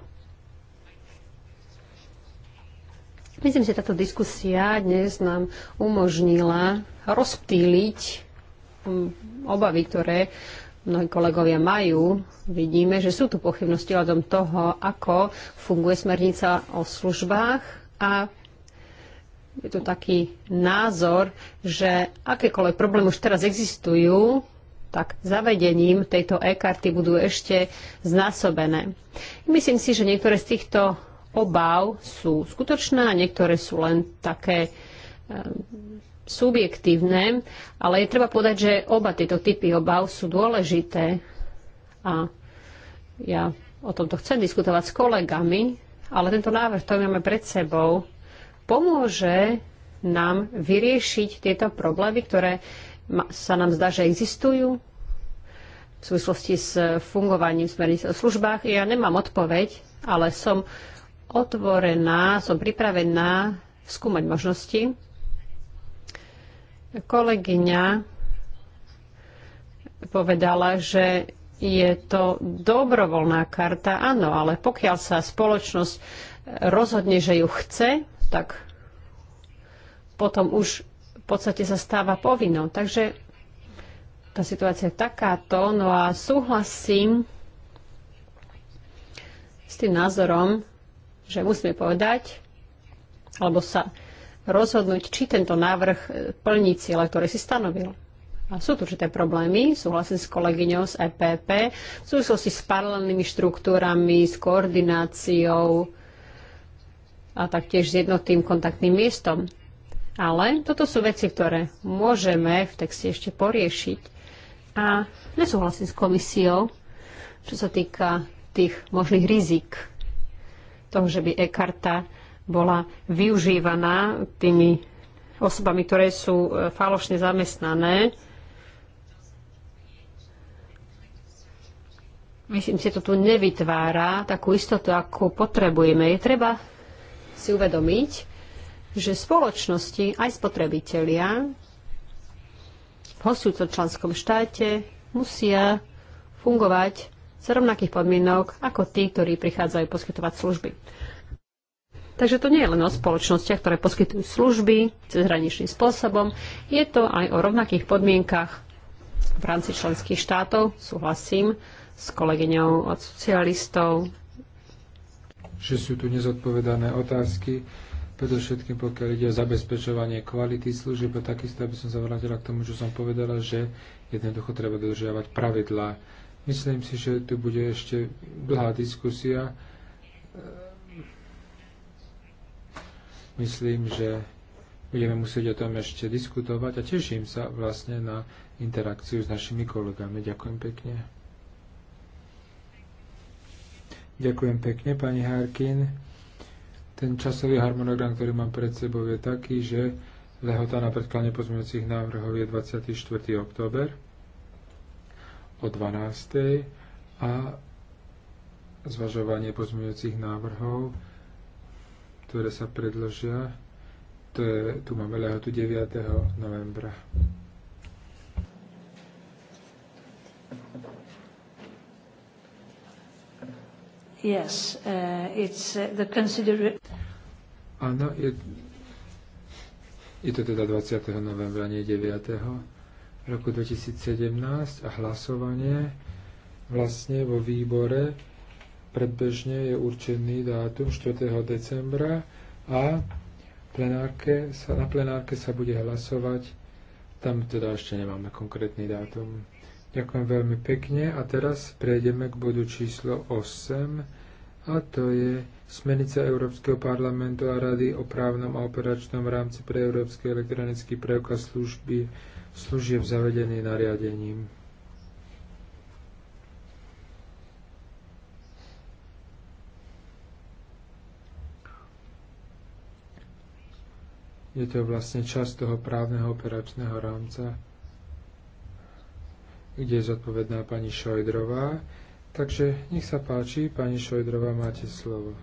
[SPEAKER 2] Myslím, že táto diskusia dnes nám umožnila rozptýliť hm, obavy, ktoré mnohí kolegovia majú. Vidíme, že sú tu pochybnosti tom toho, ako funguje smernica o službách a je tu taký názor, že akékoľvek problémy už teraz existujú, tak zavedením tejto e-karty budú ešte znásobené. Myslím si, že niektoré z týchto obáv sú skutočné a niektoré sú len také eh, subjektívne, ale je treba povedať, že oba tieto typy obav sú dôležité a ja o tomto chcem diskutovať s kolegami, ale tento návrh, ktorý máme pred sebou, pomôže nám vyriešiť tieto problémy, ktoré sa nám zdá, že existujú v súvislosti s fungovaním smernice o službách. Ja nemám odpoveď, ale som otvorená, som pripravená skúmať možnosti. Kolegyňa povedala, že je to dobrovoľná karta, áno, ale pokiaľ sa spoločnosť rozhodne, že ju chce, tak potom už v podstate sa stáva povinnou. Takže tá situácia je takáto. No a súhlasím s tým názorom, že musíme povedať, alebo sa rozhodnúť, či tento návrh e, plní cieľa, ktoré si stanovil. A sú tu určité problémy, súhlasím s kolegyňou z EPP, v súvislosti s paralelnými štruktúrami, s koordináciou a taktiež s jednotným kontaktným miestom. Ale toto sú veci, ktoré môžeme v texte ešte poriešiť. A nesúhlasím s komisiou, čo sa týka tých možných rizik toho, že by e-karta bola využívaná tými osobami, ktoré sú e, falošne zamestnané. Myslím že to tu nevytvára takú istotu, akú potrebujeme. Je treba si uvedomiť, že spoločnosti, aj spotrebitelia v hostujúcom členskom štáte musia fungovať za rovnakých podmienok ako tí, ktorí prichádzajú poskytovať služby. Takže to nie je len o spoločnostiach, ktoré poskytujú služby cezhraničným spôsobom, je to aj o rovnakých podmienkach v rámci členských štátov, súhlasím s kolegyňou od socialistov.
[SPEAKER 3] Že sú tu nezodpovedané otázky, predovšetkým pokiaľ ide o zabezpečovanie kvality služieb, takisto, aby som zavrátila k tomu, čo som povedala, že jednoducho treba dodržiavať pravidlá Myslím si, že tu bude ešte dlhá diskusia. Myslím, že budeme musieť o tom ešte diskutovať a teším sa vlastne na interakciu s našimi kolegami. Ďakujem pekne. Ďakujem pekne, pani Harkin. Ten časový harmonogram, ktorý mám pred sebou, je taký, že lehota na predklane pozmeňujúcich návrhov je 24. október o 12. a zvažovanie pozmeňujúcich návrhov, ktoré sa predložia. To je, tu máme lehotu 9. novembra.
[SPEAKER 1] Yes, uh, it's uh, the consider...
[SPEAKER 3] Áno, je, je to teda 20. novembra, nie 9 roku 2017 a hlasovanie vlastne vo výbore predbežne je určený dátum 4. decembra a plenárke sa, na plenárke sa bude hlasovať. Tam teda ešte nemáme konkrétny dátum. Ďakujem veľmi pekne a teraz prejdeme k bodu číslo 8 a to je Smernica Európskeho parlamentu a Rady o právnom a operačnom rámci pre Európsky elektronický preukaz služby služieb zavedený nariadením. Je to vlastne časť toho právneho operačného rámca, kde je zodpovedná pani Šojdrová. Takže nech sa páči, pani Šojdrová, máte slovo.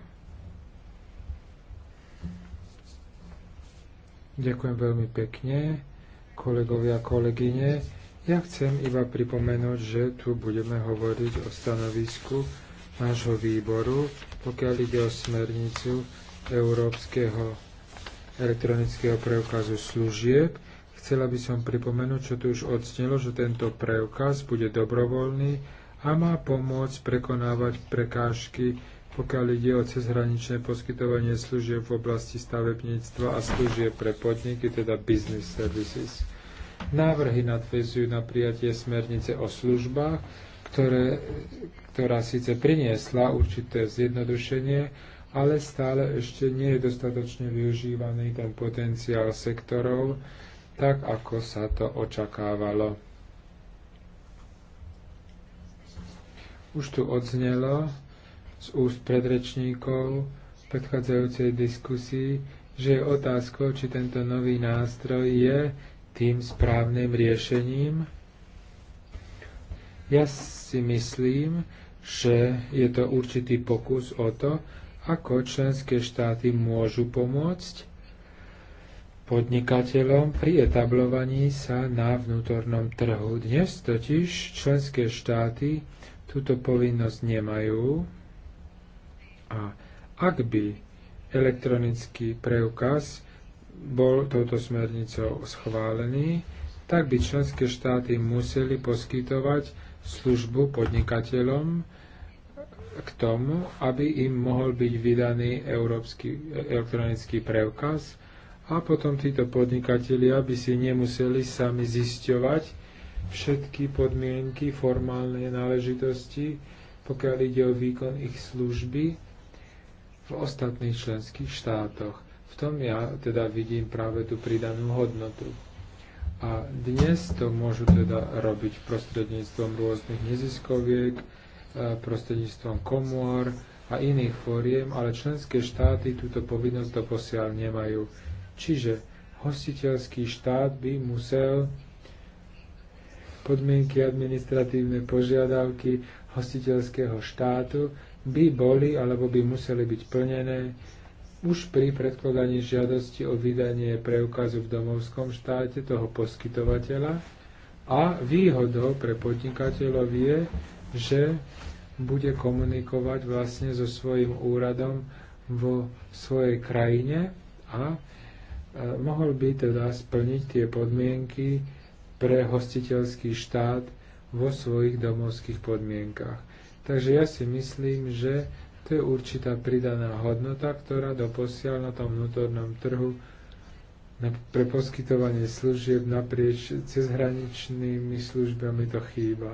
[SPEAKER 3] Ďakujem veľmi pekne kolegovia a kolegyne. Ja chcem iba pripomenúť, že tu budeme hovoriť o stanovisku nášho výboru, pokiaľ ide o smernicu Európskeho elektronického preukazu služieb. Chcela by som pripomenúť, čo tu už odsnelo, že tento preukaz bude dobrovoľný a má pomôcť prekonávať prekážky pokiaľ ide o cezhraničné poskytovanie služieb v oblasti stavebníctva a služieb pre podniky, teda business services. Návrhy nadvezujú na prijatie smernice o službách, ktoré, ktorá síce priniesla určité zjednodušenie, ale stále ešte nie je dostatočne využívaný ten potenciál sektorov, tak ako sa to očakávalo. Už tu odznelo, z úst predrečníkov v predchádzajúcej diskusii, že je otázkou, či tento nový nástroj je tým správnym riešením. Ja si myslím, že je to určitý pokus o to, ako členské štáty môžu pomôcť podnikateľom pri etablovaní sa na vnútornom trhu. Dnes totiž členské štáty túto povinnosť nemajú. A ak by elektronický preukaz bol touto smernicou schválený, tak by členské štáty museli poskytovať službu podnikateľom k tomu, aby im mohol byť vydaný európsky elektronický preukaz a potom títo podnikatelia by si nemuseli sami zisťovať všetky podmienky, formálne náležitosti, pokiaľ ide o výkon ich služby v ostatných členských štátoch. V tom ja teda vidím práve tú pridanú hodnotu. A dnes to môžu teda robiť prostredníctvom rôznych neziskoviek, e, prostredníctvom komôr a iných fóriem, ale členské štáty túto povinnosť doposiaľ nemajú. Čiže hostiteľský štát by musel podmienky administratívne požiadavky hostiteľského štátu by boli alebo by museli byť plnené už pri predkladaní žiadosti o vydanie preukazu v domovskom štáte toho poskytovateľa a výhodou pre podnikateľov je, že bude komunikovať vlastne so svojím úradom vo svojej krajine a e, mohol by teda splniť tie podmienky pre hostiteľský štát vo svojich domovských podmienkach. Takže ja si myslím, že to je určitá pridaná hodnota, ktorá doposiaľ na tom vnútornom trhu na, pre poskytovanie služieb naprieč cezhraničnými službami to chýba.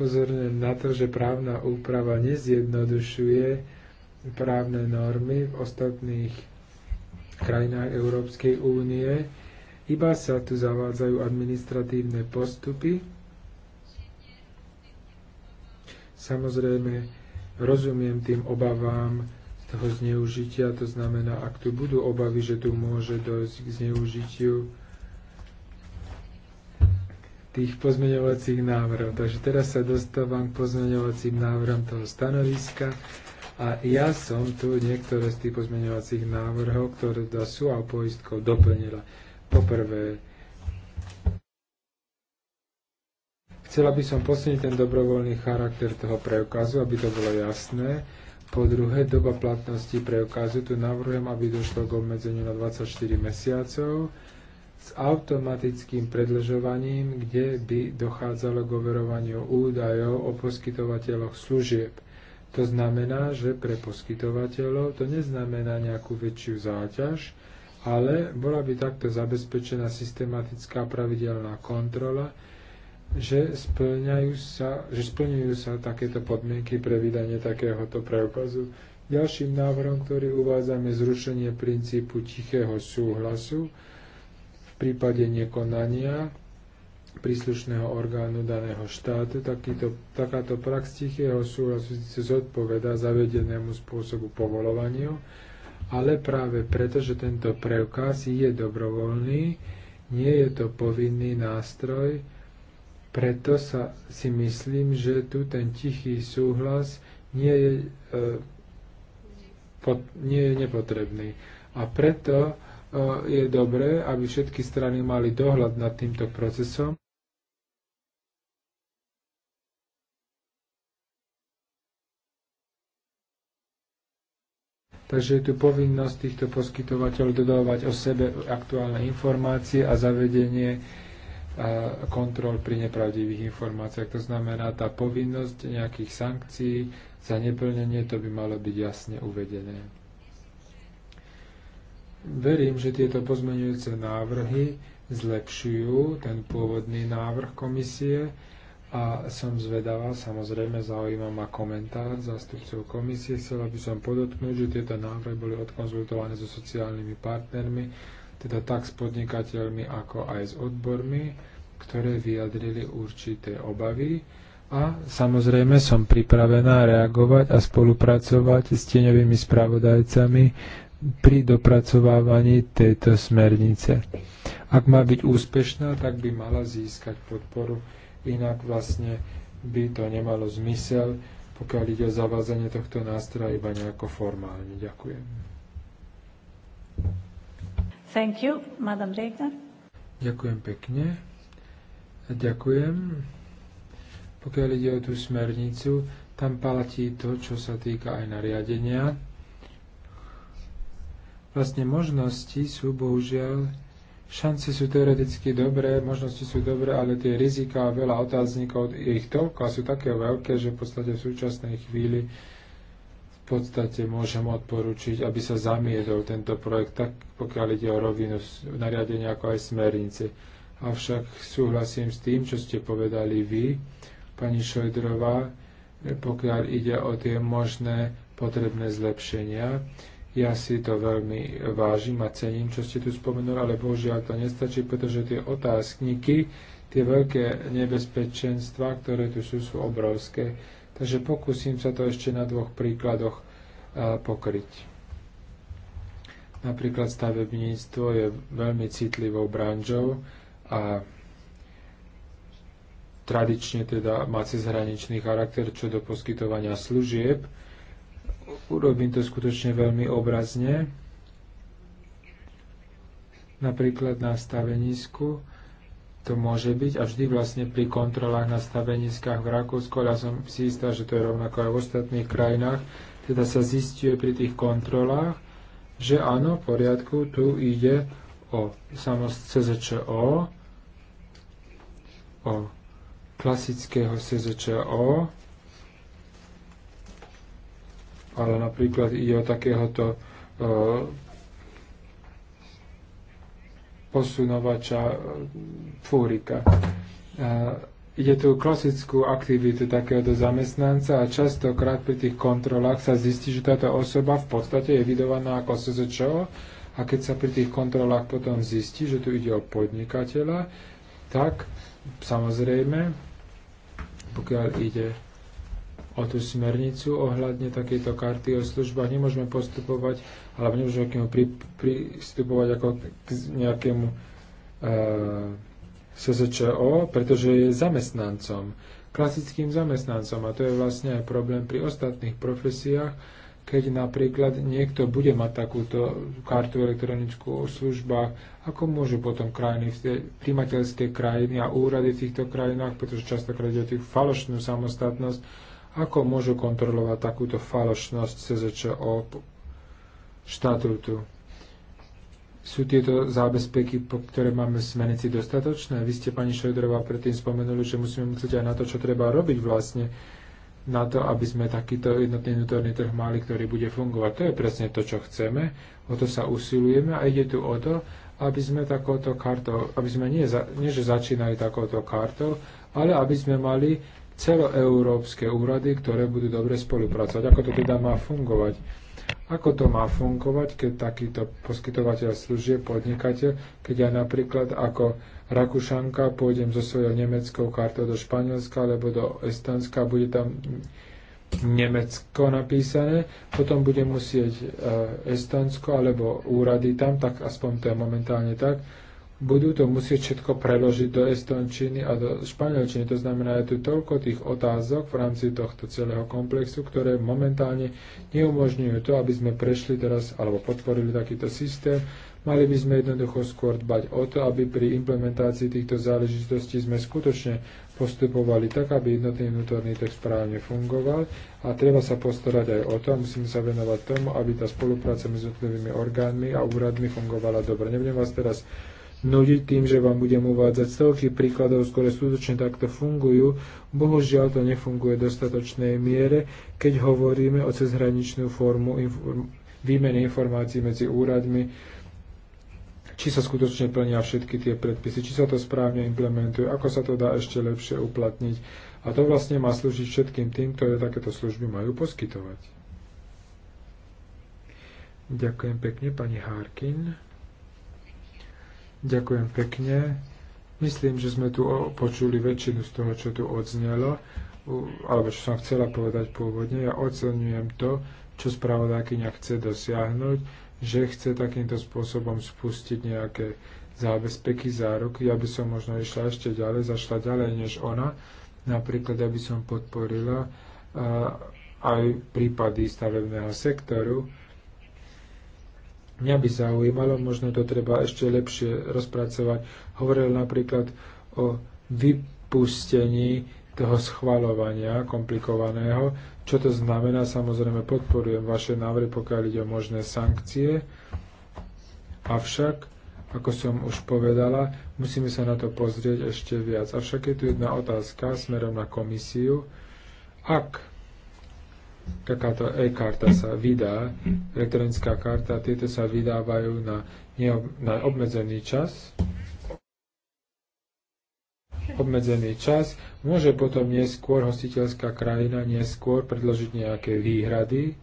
[SPEAKER 3] Pozorne na to, že právna úprava nezjednodušuje právne normy v ostatných krajinách Európskej únie, iba sa tu zavádzajú administratívne postupy, Samozrejme, rozumiem tým obavám toho zneužitia, to znamená, ak tu budú obavy, že tu môže dojsť k zneužitiu tých pozmeňovacích návrhov. Takže teraz sa dostávam k pozmeňovacím návrhom toho stanoviska a ja som tu niektoré z tých pozmeňovacích návrhov, ktoré sú a poistkou doplnila. Poprvé, Chcela by som posilniť ten dobrovoľný charakter toho preukazu, aby to bolo jasné. Po druhé, doba platnosti preukazu tu navrhujem, aby došlo k obmedzeniu na 24 mesiacov s automatickým predlžovaním, kde by dochádzalo k overovaniu údajov o poskytovateľoch služieb. To znamená, že pre poskytovateľov to neznamená nejakú väčšiu záťaž, ale bola by takto zabezpečená systematická pravidelná kontrola, že, splňajú sa, že splňujú sa takéto podmienky pre vydanie takéhoto preukazu. Ďalším návrhom, ktorý uvádzame, zrušenie princípu tichého súhlasu v prípade nekonania príslušného orgánu daného štátu. Takýto, takáto prax tichého súhlasu síce zodpoveda zavedenému spôsobu povolovania, ale práve preto, že tento preukaz je dobrovoľný, nie je to povinný nástroj, preto sa si myslím, že tu ten tichý súhlas nie je, e, pot, nie je nepotrebný. A preto e, je dobré, aby všetky strany mali dohľad nad týmto procesom. Takže je tu povinnosť týchto poskytovateľov dodávať o sebe aktuálne informácie a zavedenie kontrol pri nepravdivých informáciách. To znamená, tá povinnosť nejakých sankcií za neplnenie, to by malo byť jasne uvedené. Verím, že tieto pozmeňujúce návrhy zlepšujú ten pôvodný návrh komisie a som zvedavá, samozrejme zaujíma ma komentár zástupcov komisie. Chcela by som podotknúť, že tieto návrhy boli odkonzultované so sociálnymi partnermi, teda tak s podnikateľmi, ako aj s odbormi, ktoré vyjadrili určité obavy. A samozrejme som pripravená reagovať a spolupracovať s tieňovými spravodajcami pri dopracovávaní tejto smernice. Ak má byť úspešná, tak by mala získať podporu, inak vlastne by to nemalo zmysel, pokiaľ ide o zavázanie tohto nástroja iba nejako formálne. Ďakujem.
[SPEAKER 1] Thank you, Madam Regner.
[SPEAKER 3] Ďakujem pekne. Ďakujem. Pokiaľ ide o tú smernicu, tam platí to, čo sa týka aj nariadenia. Vlastne možnosti sú bohužiaľ, šance sú teoreticky dobré, možnosti sú dobré, ale tie rizika a veľa otáznikov, ich toľko a sú také veľké, že v podstate v súčasnej chvíli v podstate môžem odporučiť, aby sa zamiedol tento projekt, tak pokiaľ ide o rovinu nariadenia ako aj smernice. Avšak súhlasím s tým, čo ste povedali vy, pani Šojdrová, pokiaľ ide o tie možné potrebné zlepšenia. Ja si to veľmi vážim a cením, čo ste tu spomenuli, ale bohužiaľ to nestačí, pretože tie otázniky, tie veľké nebezpečenstva, ktoré tu sú, sú obrovské Takže pokúsim sa to ešte na dvoch príkladoch pokryť. Napríklad stavebníctvo je veľmi citlivou branžou a tradične teda má cezhraničný charakter čo do poskytovania služieb. Urobím to skutočne veľmi obrazne. Napríklad na stavenisku to môže byť a vždy vlastne pri kontrolách na staveniskách v Rakúsku, ja som si istá, že to je rovnako aj v ostatných krajinách, teda sa zistuje pri tých kontrolách, že áno, v poriadku, tu ide o samost CZČO, o klasického CZČO, ale napríklad ide o takéhoto e, posunovača e, fúrika. E, ide tu klasickú aktivitu takéhoto zamestnanca a častokrát pri tých kontrolách sa zistí, že táto osoba v podstate je vydovaná ako SZČO a keď sa pri tých kontrolách potom zistí, že tu ide o podnikateľa, tak samozrejme, pokiaľ ide o tú smernicu ohľadne takejto karty o službách. Nemôžeme postupovať, alebo nemôžeme k nemu pristupovať ako k nejakému uh, e, SZČO, pretože je zamestnancom, klasickým zamestnancom. A to je vlastne aj problém pri ostatných profesiách, keď napríklad niekto bude mať takúto kartu elektronickú o službách, ako môžu potom krajiny, primateľské krajiny a úrady v týchto krajinách, pretože častokrát je o tých falošnú samostatnosť, ako môžu kontrolovať takúto falošnosť CZČO štatútu? sú tieto zábezpeky, ktoré máme v smenici dostatočné? Vy ste, pani Šojdrová, predtým spomenuli, že musíme myslieť aj na to, čo treba robiť vlastne na to, aby sme takýto jednotný vnútorný trh mali, ktorý bude fungovať. To je presne to, čo chceme, o to sa usilujeme a ide tu o to, aby sme takouto kartou, aby sme nie, nie že začínali takouto kartou, ale aby sme mali celoeurópske úrady, ktoré budú dobre spolupracovať. Ako to teda má fungovať? Ako to má fungovať, keď takýto poskytovateľ služieb, podnikateľ, keď ja napríklad ako Rakušanka pôjdem so svojou nemeckou kartou do Španielska alebo do Estonska, bude tam Nemecko napísané, potom bude musieť e, Estonsko alebo úrady tam, tak aspoň to je momentálne tak, budú to musieť všetko preložiť do estončiny a do španielčiny. To znamená, je tu toľko tých otázok v rámci tohto celého komplexu, ktoré momentálne neumožňujú to, aby sme prešli teraz alebo podporili takýto systém. Mali by sme jednoducho skôr dbať o to, aby pri implementácii týchto záležitostí sme skutočne postupovali tak, aby jednotný vnútorný trh správne fungoval a treba sa postarať aj o to a musíme sa venovať tomu, aby tá spolupráca medzi jednotlivými orgánmi a úradmi fungovala dobre. Nebudem vás teraz nudiť tým, že vám budem uvádzať stovky príkladov, ktoré skutočne takto fungujú. Bohužiaľ to nefunguje v dostatočnej miere, keď hovoríme o cezhraničnú formu inform- výmeny informácií medzi úradmi, či sa skutočne plnia všetky tie predpisy, či sa to správne implementuje, ako sa to dá ešte lepšie uplatniť. A to vlastne má slúžiť všetkým tým, ktoré takéto služby majú poskytovať. Ďakujem pekne, pani Harkin. Ďakujem pekne. Myslím, že sme tu počuli väčšinu z toho, čo tu odznelo, alebo čo som chcela povedať pôvodne. Ja ocenujem to, čo spravodajkyňa chce dosiahnuť, že chce takýmto spôsobom spustiť nejaké zábezpeky, záruky. Ja by som možno išla ešte ďalej, zašla ďalej než ona. Napríklad, aby som podporila aj prípady stavebného sektoru, Mňa by zaujímalo, možno to treba ešte lepšie rozpracovať. Hovoril napríklad o vypustení toho schvalovania komplikovaného. Čo to znamená? Samozrejme podporujem vaše návrhy, pokiaľ ide o možné sankcie. Avšak, ako som už povedala, musíme sa na to pozrieť ešte viac. Avšak je tu jedna otázka smerom na komisiu. Ak takáto e-karta sa vydá, elektronická karta, tieto sa vydávajú na, neob, na obmedzený čas. Obmedzený čas. Môže potom neskôr hostiteľská krajina neskôr predložiť nejaké výhrady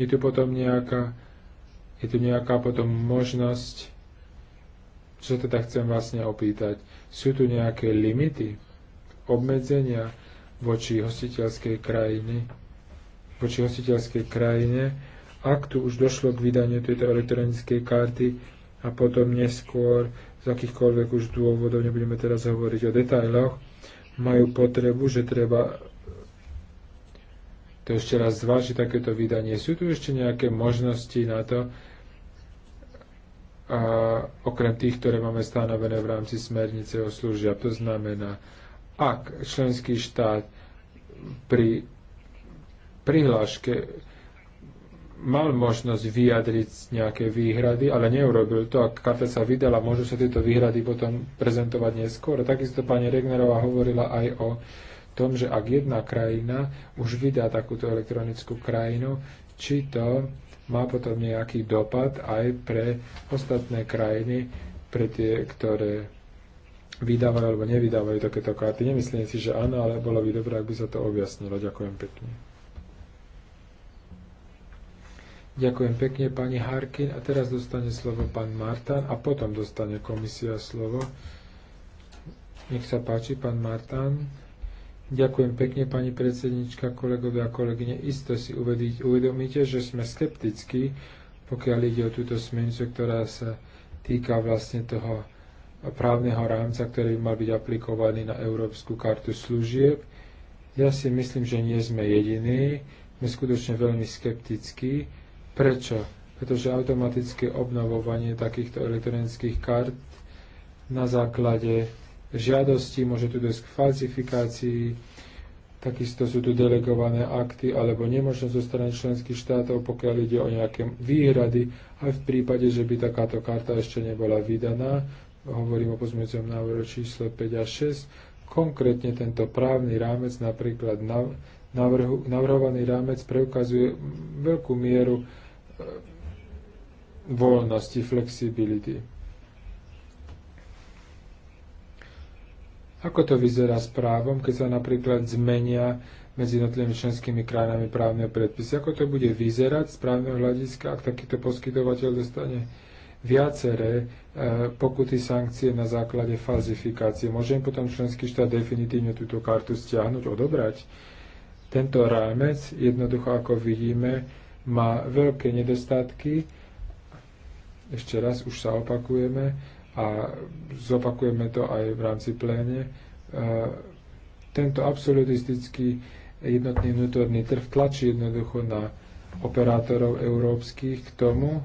[SPEAKER 3] Je tu potom nejaká, je tu nejaká potom možnosť, čo teda chcem vlastne opýtať, sú tu nejaké limity, obmedzenia voči hostiteľskej krajiny, voči hostiteľskej krajine, ak tu už došlo k vydaniu tejto elektronickej karty a potom neskôr z akýchkoľvek už dôvodov, nebudeme teraz hovoriť o detailoch, majú potrebu, že treba to ešte raz zvážiť, takéto vydanie. Sú tu ešte nejaké možnosti na to, a okrem tých, ktoré máme stanovené v rámci smernice o služiab. To znamená, ak členský štát pri prihláške mal možnosť vyjadriť nejaké výhrady, ale neurobil to. Ak karta sa vydala, môžu sa tieto výhrady potom prezentovať neskôr. A takisto pani Regnerová hovorila aj o uh, tom, že ak jedna krajina už vydá takúto elektronickú krajinu, či to má potom nejaký dopad aj pre ostatné krajiny, pre tie, ktoré vydávajú alebo nevydávajú takéto karty. Nemyslím si, že áno, ale bolo by dobré, ak by sa to objasnilo. Ďakujem pekne. Ďakujem pekne pani Harkin a teraz dostane slovo pán Martan a potom dostane komisia slovo. Nech sa páči, pán Martan. Ďakujem pekne, pani predsednička, kolegovia a kolegyne. Isto si uvedomíte, že sme skeptickí, pokiaľ ide o túto smernicu, ktorá sa týka vlastne toho právneho rámca, ktorý by mal byť aplikovaný na Európsku kartu služieb. Ja si myslím, že nie sme jediní. Sme skutočne veľmi skeptickí. Prečo? Pretože automatické obnovovanie takýchto elektronických kart na základe žiadosti, môže tu dojsť k falzifikácii, takisto sú tu delegované akty alebo nemožnosť zo strany členských štátov, pokiaľ ide o nejaké výhrady, aj v prípade, že by takáto karta ešte nebola vydaná, hovorím o pozmeňujúcom návrhu číslo 5 a 6, konkrétne tento právny rámec, napríklad navrhu, navrhovaný rámec preukazuje veľkú mieru e, voľnosti, flexibility. Ako to vyzerá s právom, keď sa napríklad zmenia medzi jednotlivými členskými krajinami právne predpisy? Ako to bude vyzerať z právneho hľadiska, ak takýto poskytovateľ dostane viaceré e, pokuty sankcie na základe falzifikácie. Môže im potom členský štát definitívne túto kartu stiahnuť, odobrať. Tento rámec, jednoducho ako vidíme, má veľké nedostatky. Ešte raz, už sa opakujeme a zopakujeme to aj v rámci pléne, e, tento absolutistický jednotný vnútorný trh tlačí jednoducho na operátorov európskych k tomu,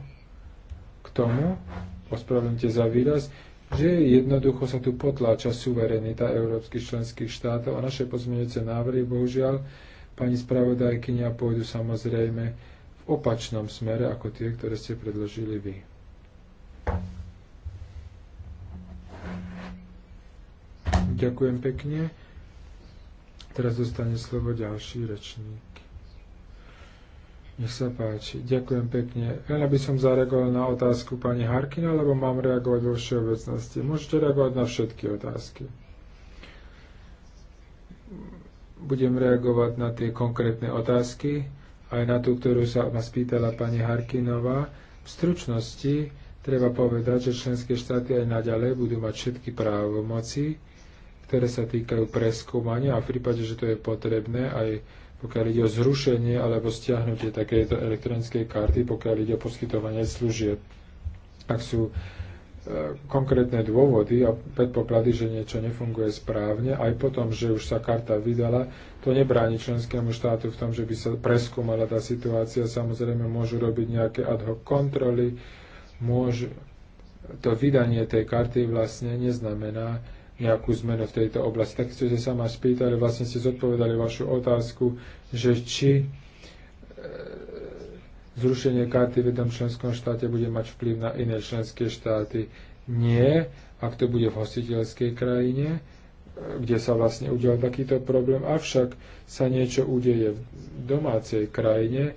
[SPEAKER 3] k tomu, ospravedlňte za výraz, že jednoducho sa tu potláča suverenita európskych členských štátov a naše pozmeňujúce návrhy, bohužiaľ, pani spravodajkynia pôjdu samozrejme v opačnom smere ako tie, ktoré ste predložili vy. Ďakujem pekne. Teraz dostane slovo ďalší rečník. Nech sa páči. Ďakujem pekne. Len aby som zareagoval na otázku pani Harkina, lebo mám reagovať vo všeobecnosti. Môžete reagovať na všetky otázky. Budem reagovať na tie konkrétne otázky, aj na tú, ktorú sa ma spýtala pani Harkinová. V stručnosti treba povedať, že členské štáty aj naďalej budú mať všetky právomoci, ktoré sa týkajú preskúmania a v prípade, že to je potrebné, aj pokiaľ ide o zrušenie alebo stiahnutie takéto elektronickej karty, pokiaľ ide o poskytovanie služieb. Ak sú e, konkrétne dôvody a predpoklady, že niečo nefunguje správne, aj potom, že už sa karta vydala, to nebráni členskému štátu v tom, že by sa preskúmala tá situácia. Samozrejme, môžu robiť nejaké ad hoc kontroly, môžu, to vydanie tej karty vlastne neznamená, nejakú zmenu v tejto oblasti. Tak ste sa ma spýtali, vlastne ste zodpovedali vašu otázku, že či e, zrušenie karty v jednom členskom štáte bude mať vplyv na iné členské štáty. Nie, ak to bude v hostiteľskej krajine, e, kde sa vlastne udial takýto problém, avšak sa niečo udeje v domácej krajine,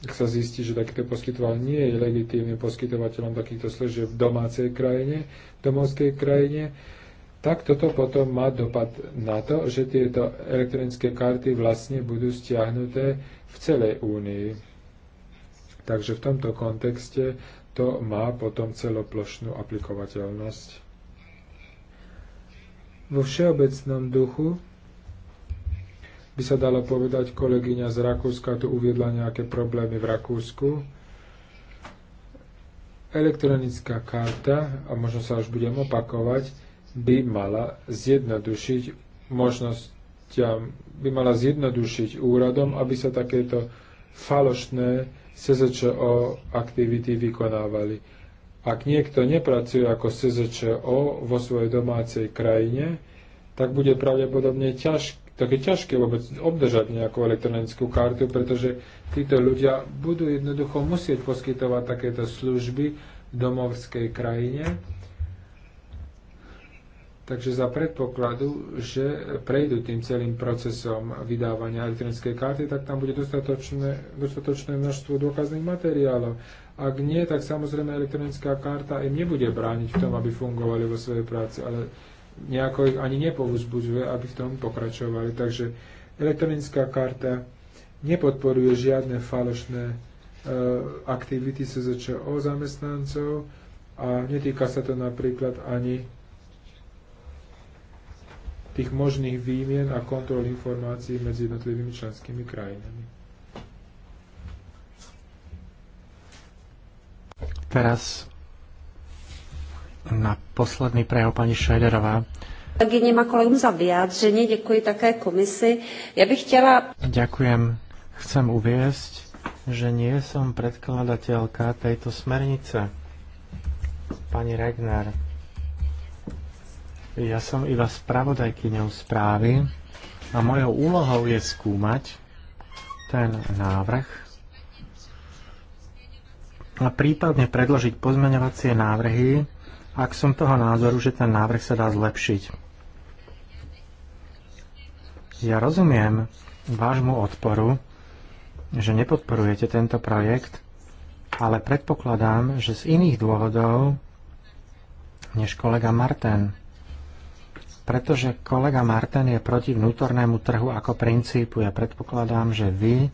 [SPEAKER 3] ak sa zistí, že takýto poskytovateľ nie je legitívnym poskytovateľom takýchto služieb v domácej krajine, v domovskej krajine, tak toto potom má dopad na to, že tieto elektronické karty vlastne budú stiahnuté v celej únii. Takže v tomto kontexte to má potom celoplošnú aplikovateľnosť. Vo všeobecnom duchu by sa dalo povedať, kolegyňa z Rakúska tu uviedla nejaké problémy v Rakúsku. Elektronická karta, a možno sa už budem opakovať, by mala zjednodušiť možnosť, by mala zjednodušiť úradom, aby sa takéto falošné SZČO aktivity vykonávali. Ak niekto nepracuje ako SZČO vo svojej domácej krajine, tak bude pravdepodobne ťažké tak je ťažké vôbec obdržať nejakú elektronickú kartu, pretože títo ľudia budú jednoducho musieť poskytovať takéto služby v domovskej krajine. Takže za predpokladu, že prejdú tým celým procesom vydávania elektronickej karty, tak tam bude dostatočné, dostatočné množstvo dôkazných materiálov. Ak nie, tak samozrejme elektronická karta im nebude brániť v tom, aby fungovali vo svojej práci, ale nejako ich ani nepovzbudzuje, aby v tom pokračovali. Takže elektronická karta nepodporuje žiadne falošné e, aktivity SZČO zamestnancov a netýka sa to napríklad ani tých možných výmien a kontrol informácií medzi jednotlivými členskými krajinami.
[SPEAKER 4] Teraz na posledný prejav pani Šajderová.
[SPEAKER 2] Kolegyním a kolegům za vyjádření, děkuji také komisi.
[SPEAKER 1] Já bych chtěla...
[SPEAKER 4] Ďakujem. Chcem uviesť, že nie som predkladateľka tejto smernice. Pani Regner, ja som iba spravodajkyňou správy a mojou úlohou je skúmať ten návrh a prípadne predložiť pozmeňovacie návrhy, ak som toho názoru, že ten návrh sa dá zlepšiť. Ja rozumiem vášmu odporu, že nepodporujete tento projekt, ale predpokladám, že z iných dôvodov než kolega Marten. Pretože kolega Marten je proti vnútornému trhu ako princípu. Ja predpokladám, že vy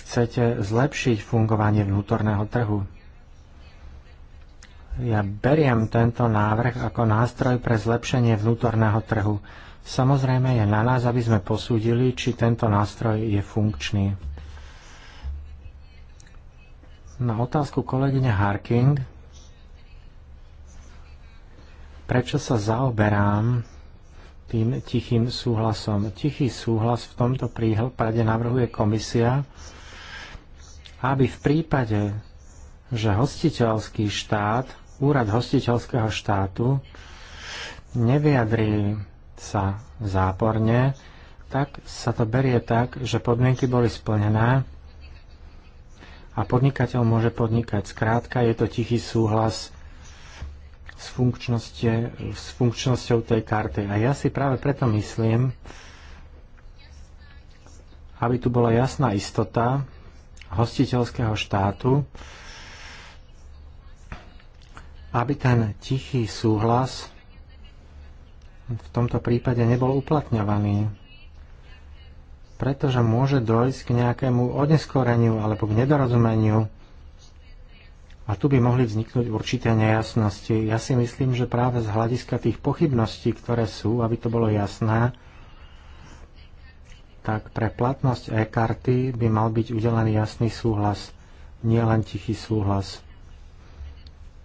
[SPEAKER 4] chcete zlepšiť fungovanie vnútorného trhu. Ja beriem tento návrh ako nástroj pre zlepšenie vnútorného trhu. Samozrejme je na nás, aby sme posúdili, či tento nástroj je funkčný. Na otázku kolegyne Harking, prečo sa zaoberám tým tichým súhlasom. Tichý súhlas v tomto prípade navrhuje komisia, aby v prípade, že hostiteľský štát úrad hostiteľského štátu nevyjadrí sa záporne, tak sa to berie tak, že podmienky boli splnené a podnikateľ môže podnikať. Skrátka je to tichý súhlas s, s funkčnosťou tej karty. A ja si práve preto myslím, aby tu bola jasná istota hostiteľského štátu, aby ten tichý súhlas v tomto prípade nebol uplatňovaný, pretože môže dojsť k nejakému odneskoreniu alebo k nedorozumeniu a tu by mohli vzniknúť určité nejasnosti. Ja si myslím, že práve z hľadiska tých pochybností, ktoré sú, aby to bolo jasné, tak pre platnosť e-karty by mal byť udelený jasný súhlas, nie len tichý súhlas.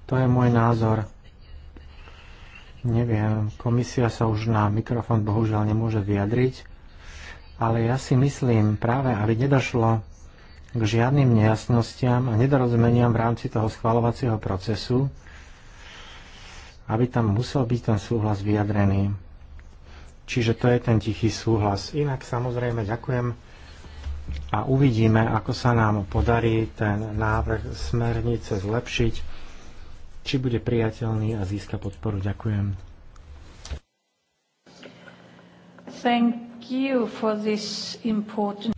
[SPEAKER 4] To je môj názor. Neviem, komisia sa už na mikrofón bohužiaľ nemôže vyjadriť, ale ja si myslím práve, aby nedošlo k žiadnym nejasnostiam a nedorozumeniam v rámci toho schvalovacieho procesu, aby tam musel byť ten súhlas vyjadrený. Čiže to je ten tichý súhlas. Inak samozrejme ďakujem a uvidíme, ako sa nám podarí ten návrh smernice zlepšiť či bude priateľný a získa podporu. Ďakujem.
[SPEAKER 1] Thank you for this important...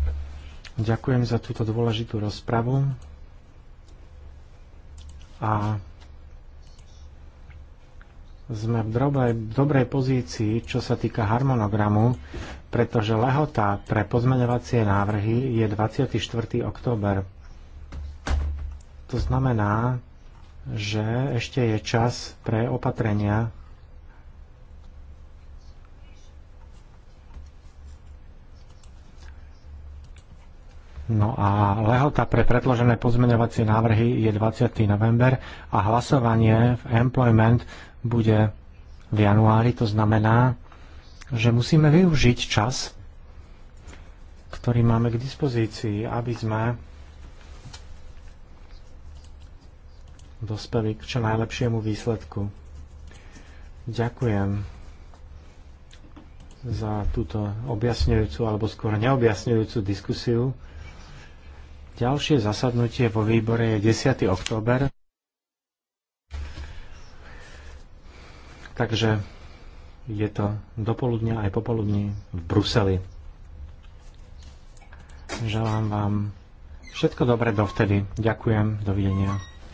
[SPEAKER 4] Ďakujem za túto dôležitú rozpravu. A sme v dobrej, dobrej pozícii, čo sa týka harmonogramu, pretože lehota pre pozmeňovacie návrhy je 24. október. To znamená, že ešte je čas pre opatrenia, No a lehota pre predložené pozmeňovacie návrhy je 20. november a hlasovanie v Employment bude v januári. To znamená, že musíme využiť čas, ktorý máme k dispozícii, aby sme dospeli k čo najlepšiemu výsledku. Ďakujem za túto objasňujúcu alebo skôr neobjasňujúcu diskusiu. Ďalšie zasadnutie vo výbore je 10. október. Takže je to dopoludňa aj popoludní v Bruseli. Želám vám všetko dobré dovtedy. Ďakujem. Dovidenia.